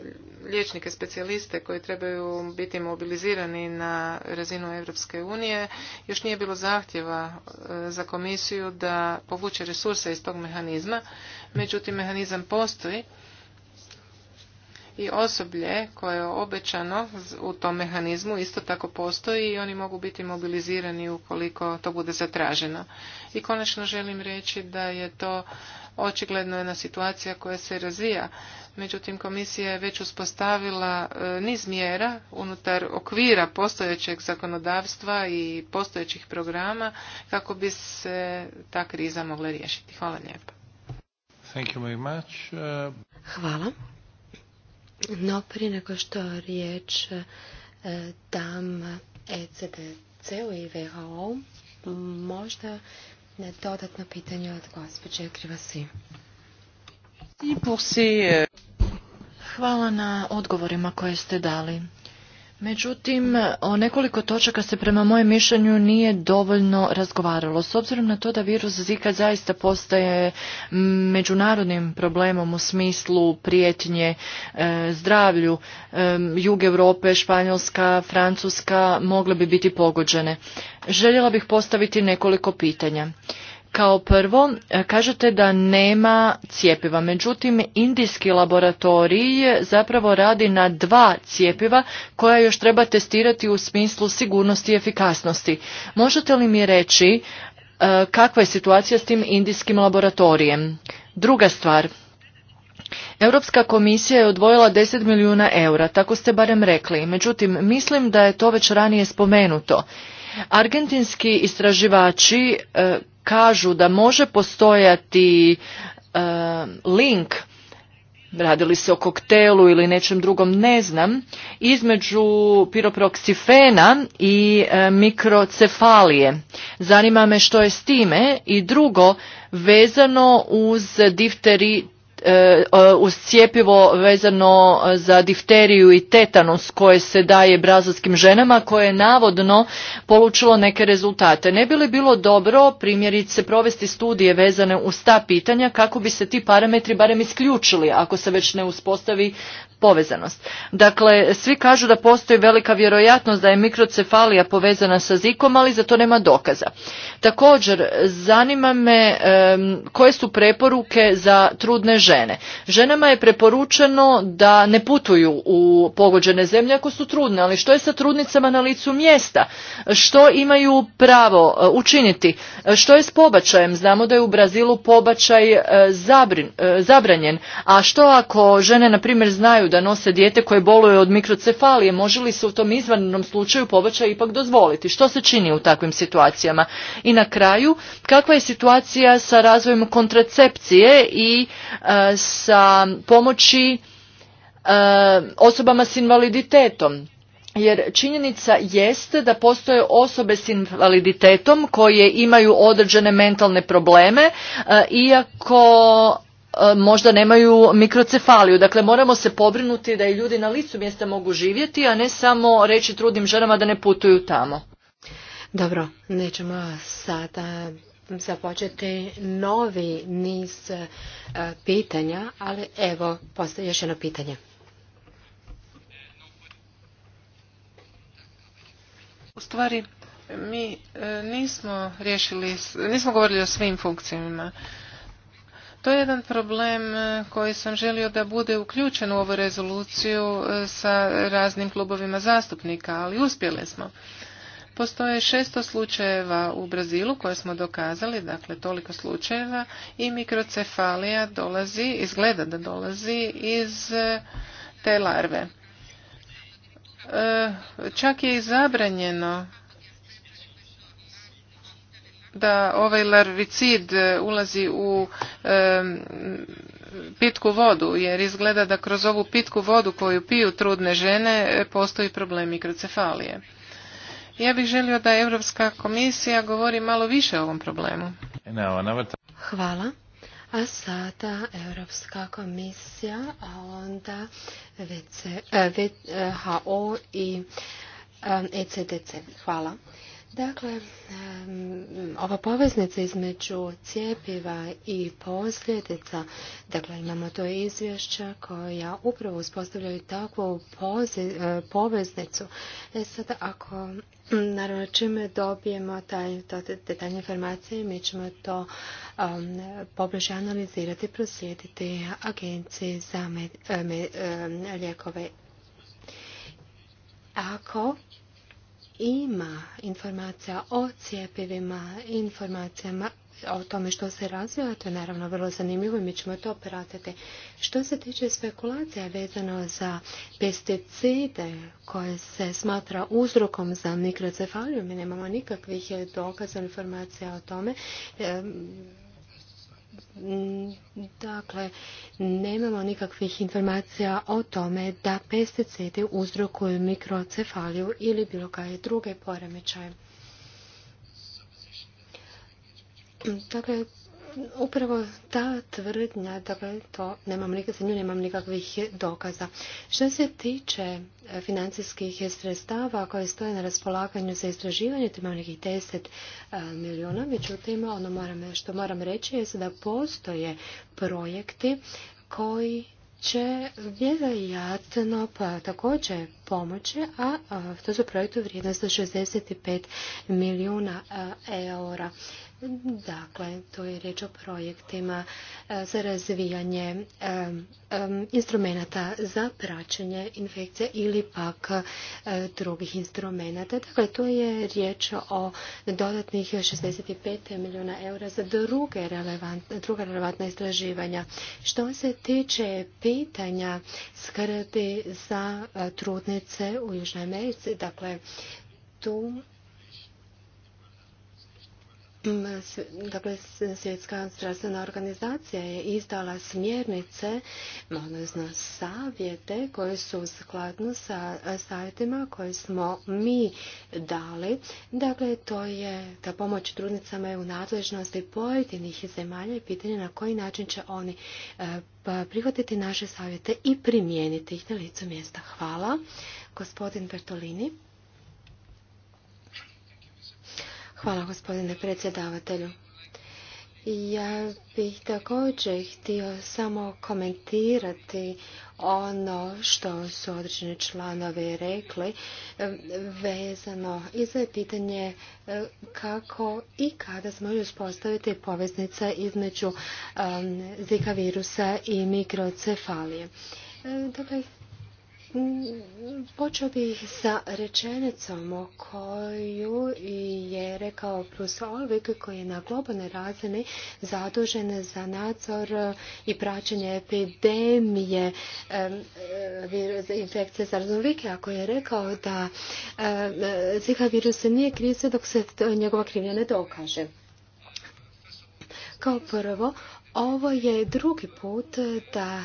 liječnike specijaliste koji trebaju biti mobilizirani na razinu Europske unije. Još nije bilo zahtjeva e, za komisiju da povuče resurse iz tog mehanizma. Međutim, mehanizam postoji i osoblje koje je obećano u tom mehanizmu isto tako postoji i oni mogu biti mobilizirani ukoliko to bude zatraženo. I konačno želim reći da je to očigledno jedna situacija koja se razvija. Međutim, komisija je već uspostavila e, niz mjera unutar okvira postojećeg zakonodavstva i postojećih programa kako bi se ta kriza mogla riješiti. Hvala lijepo. Thank you very much. Uh, Hvala. No, prije nego što riječ e, dam ECDC-u i WHO, možda na dodatno pitanje od gospođe Krivasi. E, Hvala na odgovorima koje ste dali. Međutim, o nekoliko točaka se prema mojem mišljenju nije dovoljno razgovaralo. S obzirom na to da virus Zika zaista postaje međunarodnim problemom u smislu prijetnje e, zdravlju, e, jug Europe, Španjolska, Francuska mogle bi biti pogođene. Željela bih postaviti nekoliko pitanja. Kao prvo, e, kažete da nema cijepiva, međutim indijski laboratorij zapravo radi na dva cijepiva koja još treba testirati u smislu sigurnosti i efikasnosti. Možete li mi reći e, kakva je situacija s tim indijskim laboratorijem? Druga stvar, Europska komisija je odvojila 10 milijuna eura, tako ste barem rekli. Međutim, mislim da je to već ranije spomenuto. Argentinski istraživači e, kažu da može postojati e, link, link li se o koktelu ili nečem drugom, ne znam, između piroproksifena i e, mikrocefalije. Zanima me što je s time i drugo, vezano uz difteri E, e, uz cijepivo vezano e, za difteriju i tetanus koje se daje brazilskim ženama koje je navodno polučilo neke rezultate. Ne bi li bilo dobro primjerice provesti studije vezane uz ta pitanja kako bi se ti parametri barem isključili ako se već ne uspostavi povezanost. Dakle, svi kažu da postoji velika vjerojatnost da je mikrocefalija povezana sa zikom, ali za to nema dokaza. Također, zanima me koje su preporuke za trudne žene. Ženama je preporučeno da ne putuju u pogođene zemlje ako su trudne, ali što je sa trudnicama na licu mjesta? Što imaju pravo e, učiniti? Što je s pobačajem? Znamo da je u Brazilu pobačaj e, e, zabranjen, a što ako žene, na primjer, znaju da nose dijete koje boluje od mikrocefalije, može li se u tom izvanrednom slučaju pobačaj ipak dozvoliti? Što se čini u takvim situacijama? I na kraju, kakva je situacija sa razvojem kontracepcije i e, sa pomoći e, osobama s invaliditetom? jer činjenica jest da postoje osobe s invaliditetom koje imaju određene mentalne probleme e, iako E, možda nemaju mikrocefaliju. Dakle, moramo se pobrinuti da i ljudi na licu mjesta mogu živjeti, a ne samo reći trudnim ženama da ne putuju tamo. Dobro, nećemo sada započeti novi niz e, pitanja, ali evo, postoji još jedno pitanje. U stvari, mi e, nismo riješili, nismo govorili o svim funkcijama to je jedan problem e, koji sam želio da bude uključen u ovu rezoluciju e, sa raznim klubovima zastupnika, ali uspjeli smo. Postoje šesto slučajeva u Brazilu koje smo dokazali, dakle toliko slučajeva i mikrocefalija dolazi, izgleda da dolazi iz e, te larve. Čak je i zabranjeno da ovaj larvicid e, ulazi u pitku vodu, jer izgleda da kroz ovu pitku vodu koju piju trudne žene e, postoji problem mikrocefalije. Ja bih želio da Europska komisija govori malo više o ovom problemu. Hvala. A sada Europska komisija, a onda WHO e, i ECDC. Hvala. Dakle, ova poveznica između cijepiva i posljedica, dakle imamo to izvješća koja upravo uspostavljaju takvu e, poveznicu. E sad, ako naravno čime dobijemo taj, detaljne informacije, mi ćemo to pobliže analizirati, proslijediti agenciji za e, e, lijekove ako ima informacija o cijepivima, informacijama o tome što se razvija, to je naravno vrlo zanimljivo i mi ćemo to pratiti. Što se tiče spekulacija vezano za pesticide koje se smatra uzrokom za mikrocefaliju, mi nemamo nikakvih dokaza informacija o tome. Mm, dakle, nemamo nikakvih informacija o tome da pesticidi uzrokuju mikrocefaliju ili bilo kakve druge poremećaje. Dakle, upravo ta tvrdnja, dakle, to nemam nju nemam nikakvih dokaza. Što se tiče e, financijskih sredstava koje stoje na raspolaganju za istraživanje, to imam nekih 10 e, milijuna, međutim, ono moram, što moram reći je da postoje projekti koji će vjerojatno pa također pomoći, a to su projektu vrijednosti 65 milijuna e, eura. Dakle, to je riječ o projektima e, za razvijanje e, e, instrumenta za praćenje infekcija ili pak drugih instrumenta. Dakle, to je riječ o dodatnih 65 milijuna eura za druga relevantna istraživanja. Što se tiče pitanja skrbi za trudnice u Južnoj Americi, dakle, tu Mm, dakle, svjetska zdravstvena organizacija je izdala smjernice, odnosno savjete koje su skladnu sa savjetima koje smo mi dali. Dakle, to je da pomoć trudnicama je u nadležnosti pojedinih zemalja i pitanje na koji način će oni e, pa, prihvatiti naše savjete i primijeniti ih na licu mjesta. Hvala. Gospodin Bertolini. Hvala gospodine predsjedavatelju. Ja bih također htio samo komentirati ono što su određeni članovi rekli e, vezano i za pitanje e, kako i kada smo uspostaviti poveznica između e, zika virusa i mikrocefalije. Dakle, Počeo bih sa rečenicom o koju je rekao plus Olvik koji je na globalnoj razini zadužen za nadzor i praćenje epidemije e, infekcije zarazovike, ako je rekao da Zika virus nije krize dok se njegova krivnja ne dokaže. Kao prvo, ovo je drugi put da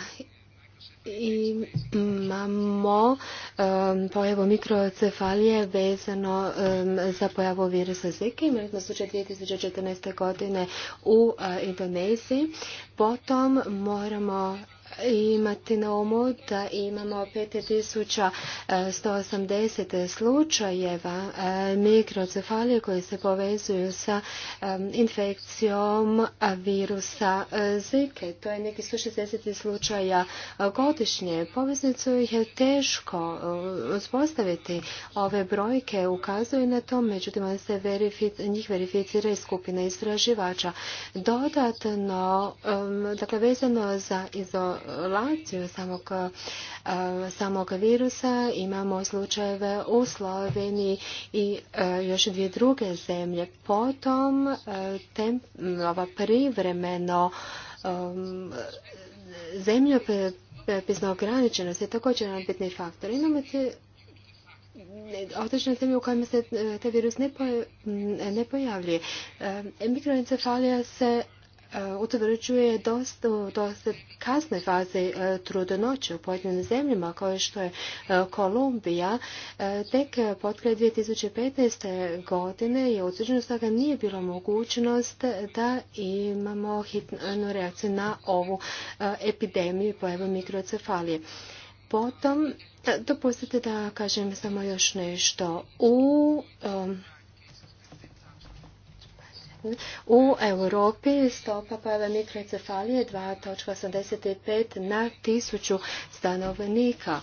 imamo um, pojavu mikrocefalije vezano um, za pojavu virusa Zika. Imali smo slučaj 2014. godine u uh, Indoneziji. Potom moramo imati na umu da imamo 5180 slučajeva eh, mikrocefalije koji se povezuju sa eh, infekcijom eh, virusa zike. To je neki 160 slučaja godišnje. Poveznicu je teško uspostaviti. Ove brojke ukazuju na to, međutim se njih verificira i skupina istraživača. Dodatno, dakle vezano za populaciju samog, samog virusa. Imamo slučajeve u Sloveniji i još dvije druge zemlje. Potom tem, ova privremeno um, zemlja pisno ograničenost je također jedan bitni faktor. Imamo te otečne zemlje u kojima se te virus ne, pojavljuje. E, mikroencefalija se E, utvrđuje dosta, dosta kasne faze e, trudnoće u pojedinim zemljama kao što je e, Kolumbija. Tek potkraj 2015. godine je utvrđeno da nije bilo mogućnost da imamo hitnu reakciju na ovu epidemiju pojavu mikrocefalije. Potom, dopustite da kažem samo još nešto. U u Europi stopa pojave mikrocefalije 2.85 na tisuću stanovnika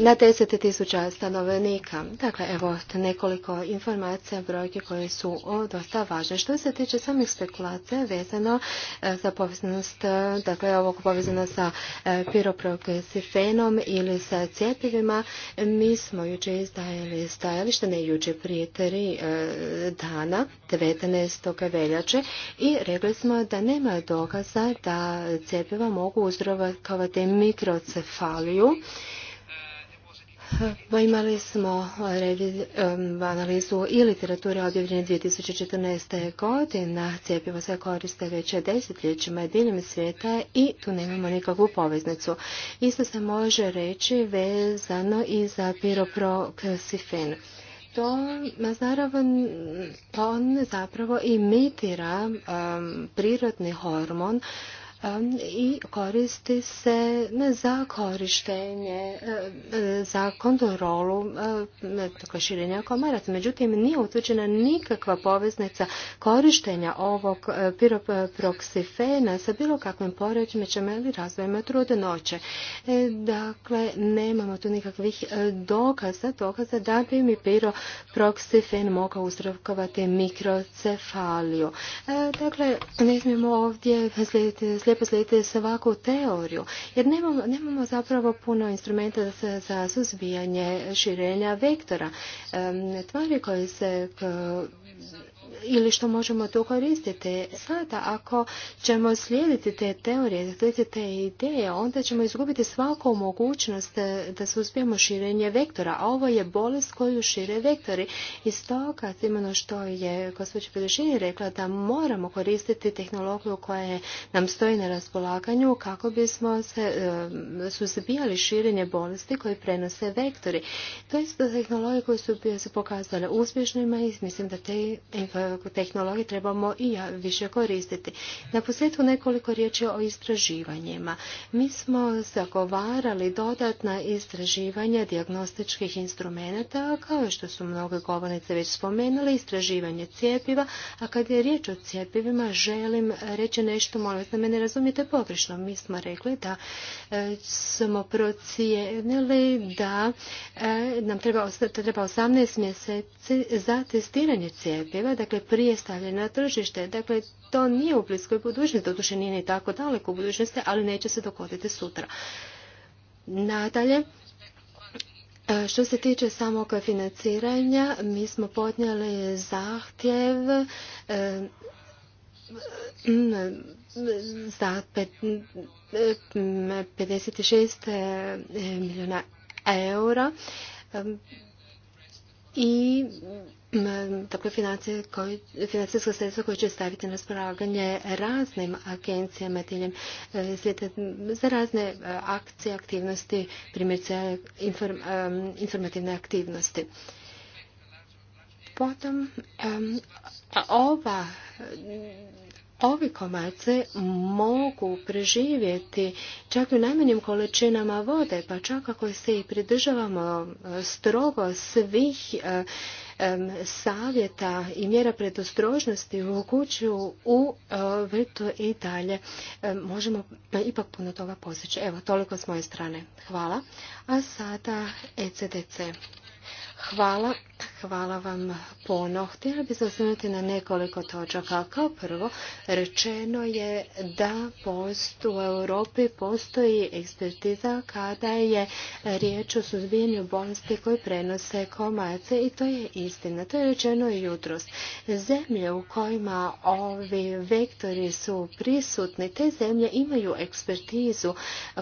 na tisuća stanovnika. Dakle, evo nekoliko informacija, brojke koje su dosta važne. Što se tiče samih spekulacija vezano e, za povezanost, dakle, ovog povezano sa e, piroprokesifenom ili sa cijepivima. mi smo jučer izdajali stajalište, ne jučer prije tri e, dana, 19. veljače, i rekli smo da nema dokaza da cijepiva mogu uzrokovati mikrocefaliju Imali smo analizu i literature objavljene 2014. godina. Cijepivo se koriste već desetljećima diljem svijeta i tu nemamo nikakvu poveznicu. Isto se može reći vezano i za piroproksifin. to naravno on zapravo imitira prirodni hormon i koristi se za korištenje, za kontrolu širenja komaraca. Međutim, nije utvrđena nikakva poveznica korištenja ovog e, piroproksifena sa bilo kakvim poremećajima ili razvojima trudnoće. E, dakle, nemamo tu nikakvih e, dokaza, dokaza da bi mi piroproksifen mogao uzrokovati mikrocefaliju. Dakle, ne smijemo ovdje slijediti slijepo s svaku teoriju, jer nemamo, zapravo puno instrumenta za, za suzbijanje širenja vektora. tvari koje se ili što možemo to koristiti. Sada, ako ćemo slijediti te teorije, slijediti te ideje, onda ćemo izgubiti svaku mogućnost eh, da uspijemo širenje vektora. A ovo je bolest koju šire vektori. I stoga, imano što je gospođa Pedešini rekla, da moramo koristiti tehnologiju koja nam stoji na raspolaganju kako bismo se eh, suzbijali širenje bolesti koje prenose vektori. To je tehnologije koje su se eh, pokazale uspješnima i mislim da te informacije E, tehnologije trebamo i više koristiti. Na posljedku nekoliko riječi o istraživanjima. Mi smo zagovarali dodatna istraživanja dijagnostičkih instrumenta, kao što su mnoge govornice već spomenuli, istraživanje cijepiva, a kad je riječ o cijepivima želim reći nešto, molim da me ne razumijete pogrešno. Mi smo rekli da e, smo procijenili da e, nam treba, treba 18 mjeseci za testiranje cijepiva, da dakle, dakle, prije stavljena na tržište. Dakle, to nije u bliskoj budućnosti, doduše nije ni tako daleko u budućnosti, ali neće se dogoditi sutra. Nadalje, e, što se tiče samog financiranja, mi smo podnijeli zahtjev e, za e, 56 milijuna eura i takve mm, mm, financijska sredstva koje će staviti na raspolaganje raznim agencijama diljem e, za razne e, akcije, aktivnosti, primjerice e, informativne aktivnosti. Potom, ova Ovi komace mogu preživjeti čak i u najmanjim količinama vode, pa čak ako se i pridržavamo e, strogo svih e, e, savjeta i mjera predostrožnosti u kuću u vrtu i dalje možemo ipak puno toga posjeći. Evo, toliko s moje strane. Hvala. A sada ECDC. Hvala. Hvala vam pono. Htjela bih se osvrnuti na nekoliko točaka. Kao prvo, rečeno je da u Europi postoji ekspertiza kada je riječ o suzbijanju bolesti koji prenose komace i to je istina. To je rečeno i jutros. Zemlje u kojima ovi vektori su prisutni, te zemlje imaju ekspertizu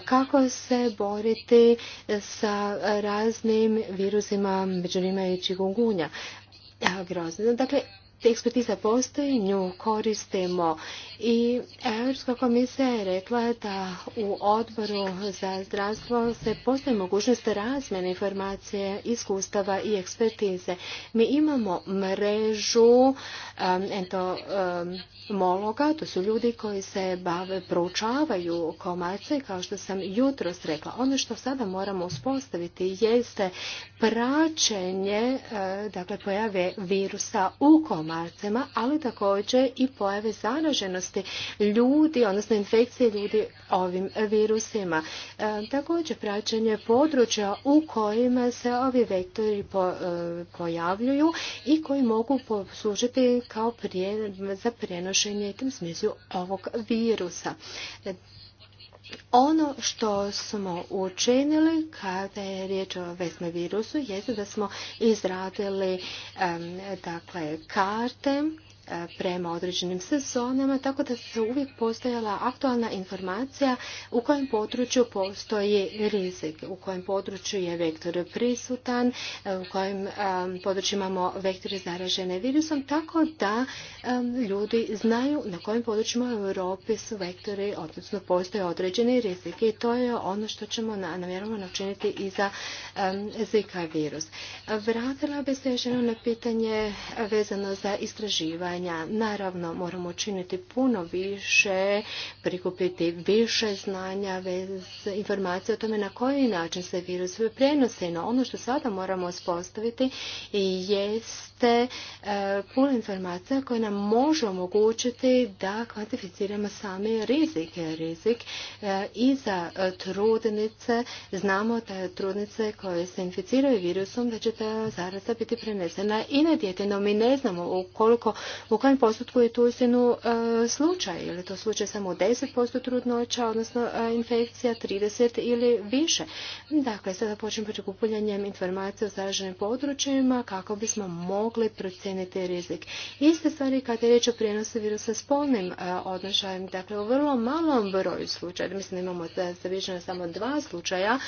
kako se boriti sa raznim virusima među njima je i čigungunja. Grozno. Dakle, ekspertiza postoji, nju koristimo i Europska komisija je rekla da u odboru za zdravstvo se postoji mogućnost razmjene informacije, iskustava i ekspertize. Mi imamo mrežu um, entomologa, um, to su ljudi koji se bave, proučavaju komarce, kao što sam jutros rekla. Ono što sada moramo uspostaviti jeste praćenje uh, dakle, pojave virusa u komarce marcama, ali također i pojave zaraženosti ljudi, odnosno infekcije ljudi ovim virusima. E, također praćenje područja u kojima se ovi vektori e, pojavljuju i koji mogu poslužiti kao za prenošenje u smislu ovog virusa ono što smo učinili kada je riječ o vesme virusu jeste da smo izradili dakle karte prema određenim sezonama, tako da se uvijek postojala aktualna informacija u kojem području postoji rizik, u kojem području je vektor prisutan, u kojem um, području imamo vektore zaražene virusom, tako da um, ljudi znaju na kojim područjima u Europi su vektori, odnosno postoje određeni rizik i to je ono što ćemo namjerovano načiniti i za um, Zika virus. Vratila bi se još jedno na pitanje vezano za istraživanje Naravno, moramo činiti puno više, prikupiti više znanja, vez, informacije o tome na koji način se virus prenosi. No, ono što sada moramo uspostaviti jest te e, puno informacija koje nam može omogućiti da kvantificiramo sami rizik. Rizik e, i za e, trudnice. Znamo da trudnice koje se inficiraju virusom da će ta zaraza biti prenesena i na djete. No mi ne znamo u koliko, u kojem postupku je tu istinu slučaj. Je li to slučaj samo 10% trudnoća, odnosno infekcija 30 ili više. Dakle, sada počnemo prikupljanjem informacija o zaraženim područjima kako bismo mogli mogle procijeniti rizik. Iste stvari kad je riječ o prijenosu virusa spolnim e, odnošajem, dakle u vrlo malom broju slučaja, mislim da imamo zabiđeno samo dva slučaja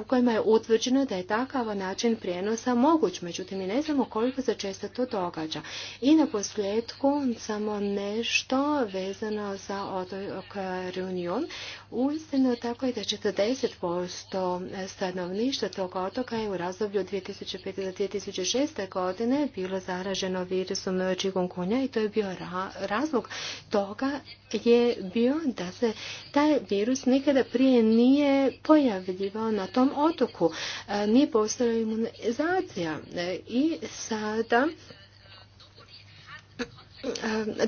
u kojima je utvrđeno da je takav način prijenosa moguć, međutim i ne znamo koliko se često to događa. I na posljedku samo nešto vezano za otok Reunion. Uistinu tako je da 40% stanovništva tog otoka je u razdoblju od 2005. do 2006. godine bilo zaraženo virusom konja i to je bio razlog toga je bio da se taj virus nikada prije nije pojavljivao na tom otoku. E, nije postojala imunizacija e, i sada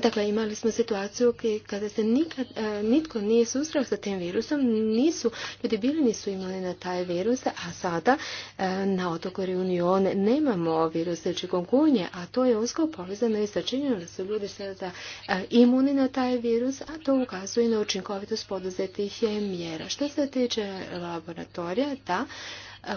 Dakle, imali smo situaciju kada se nikad, nitko nije susreo sa tim virusom, nisu, ljudi bili nisu imali na taj virus, a sada na otoku Reunion nemamo virus čikungunje, a to je usko povezano i sačinjeno da su ljudi sada imuni na taj virus, a to ukazuje na učinkovitost poduzetih mjera. Što se tiče laboratorija, da,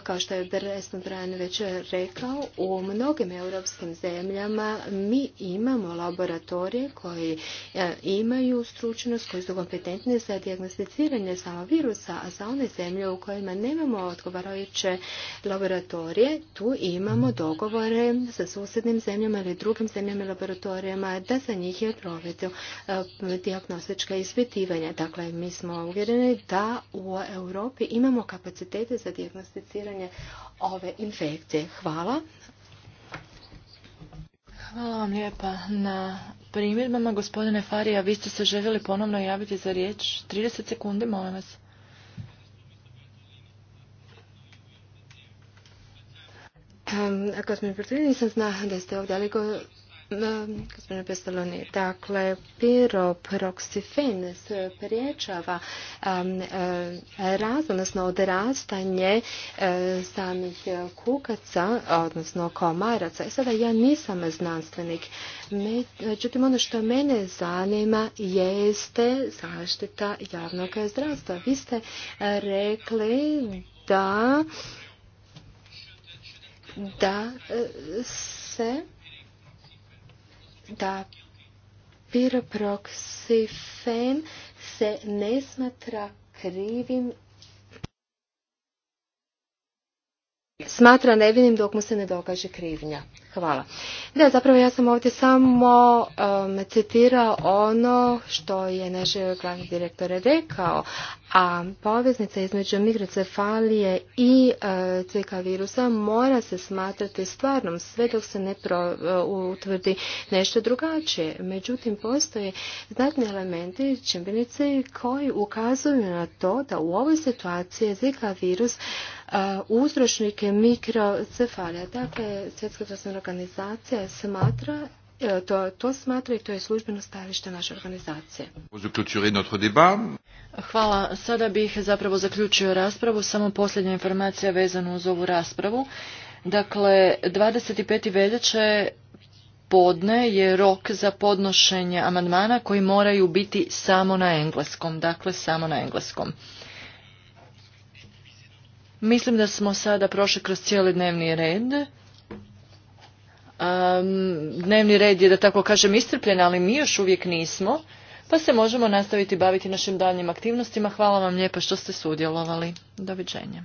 kao što je Bresno Bran već rekao, u mnogim europskim zemljama mi imamo laboratorije koji e, imaju stručnost, koji su kompetentni za diagnosticiranje samo virusa, a za one zemlje u kojima nemamo odgovarajuće laboratorije, tu imamo dogovore sa susjednim zemljama ili drugim zemljama i laboratorijama da za njih je provedu e, diagnostička ispitivanja. Dakle, mi smo uvjereni da u Europi imamo kapacitete za diagnosticiranje tretiranje ove infekcije. Hvala. Hvala vam lijepa na primjedbama. Gospodine Farija, vi ste se željeli ponovno javiti za riječ. 30 sekundi, molim vas. smo mi Bertolini, nisam zna da ste ovdje, ali Gospodine Pestaloni, dakle, piroproksifen priječava um, odnosno uh, odrastanje uh, samih kukaca, odnosno komaraca. I e sada ja nisam znanstvenik. Međutim, ono što mene zanima jeste zaštita javnog zdravstva. Vi ste uh, rekli da da se da piroproksifen se ne smatra krivim smatra nevinim dok mu se ne dokaže krivnja. Hvala. Da, zapravo ja sam ovdje samo um, citirao ono što je naš glavni direktor rekao, a poveznica između mikrocefalije i uh, virusa mora se smatrati stvarnom sve dok se ne uh, utvrdi nešto drugačije. Međutim, postoje znatni elementi čimbenice koji ukazuju na to da u ovoj situaciji zika virus uh, uzročnik uzročnike mikrocefalija. Dakle, svjetska organizacija smatra e, to, to smatra i to je službeno stajalište naše organizacije. Hvala. Sada bih zapravo zaključio raspravu. Samo posljednja informacija vezana uz ovu raspravu. Dakle, 25. veljače podne je rok za podnošenje amandmana koji moraju biti samo na engleskom. Dakle, samo na engleskom. Mislim da smo sada prošli kroz cijeli dnevni red dnevni red je, da tako kažem, istrpljen, ali mi još uvijek nismo, pa se možemo nastaviti baviti našim daljnjim aktivnostima. Hvala vam lijepa što ste sudjelovali. Doviđenja.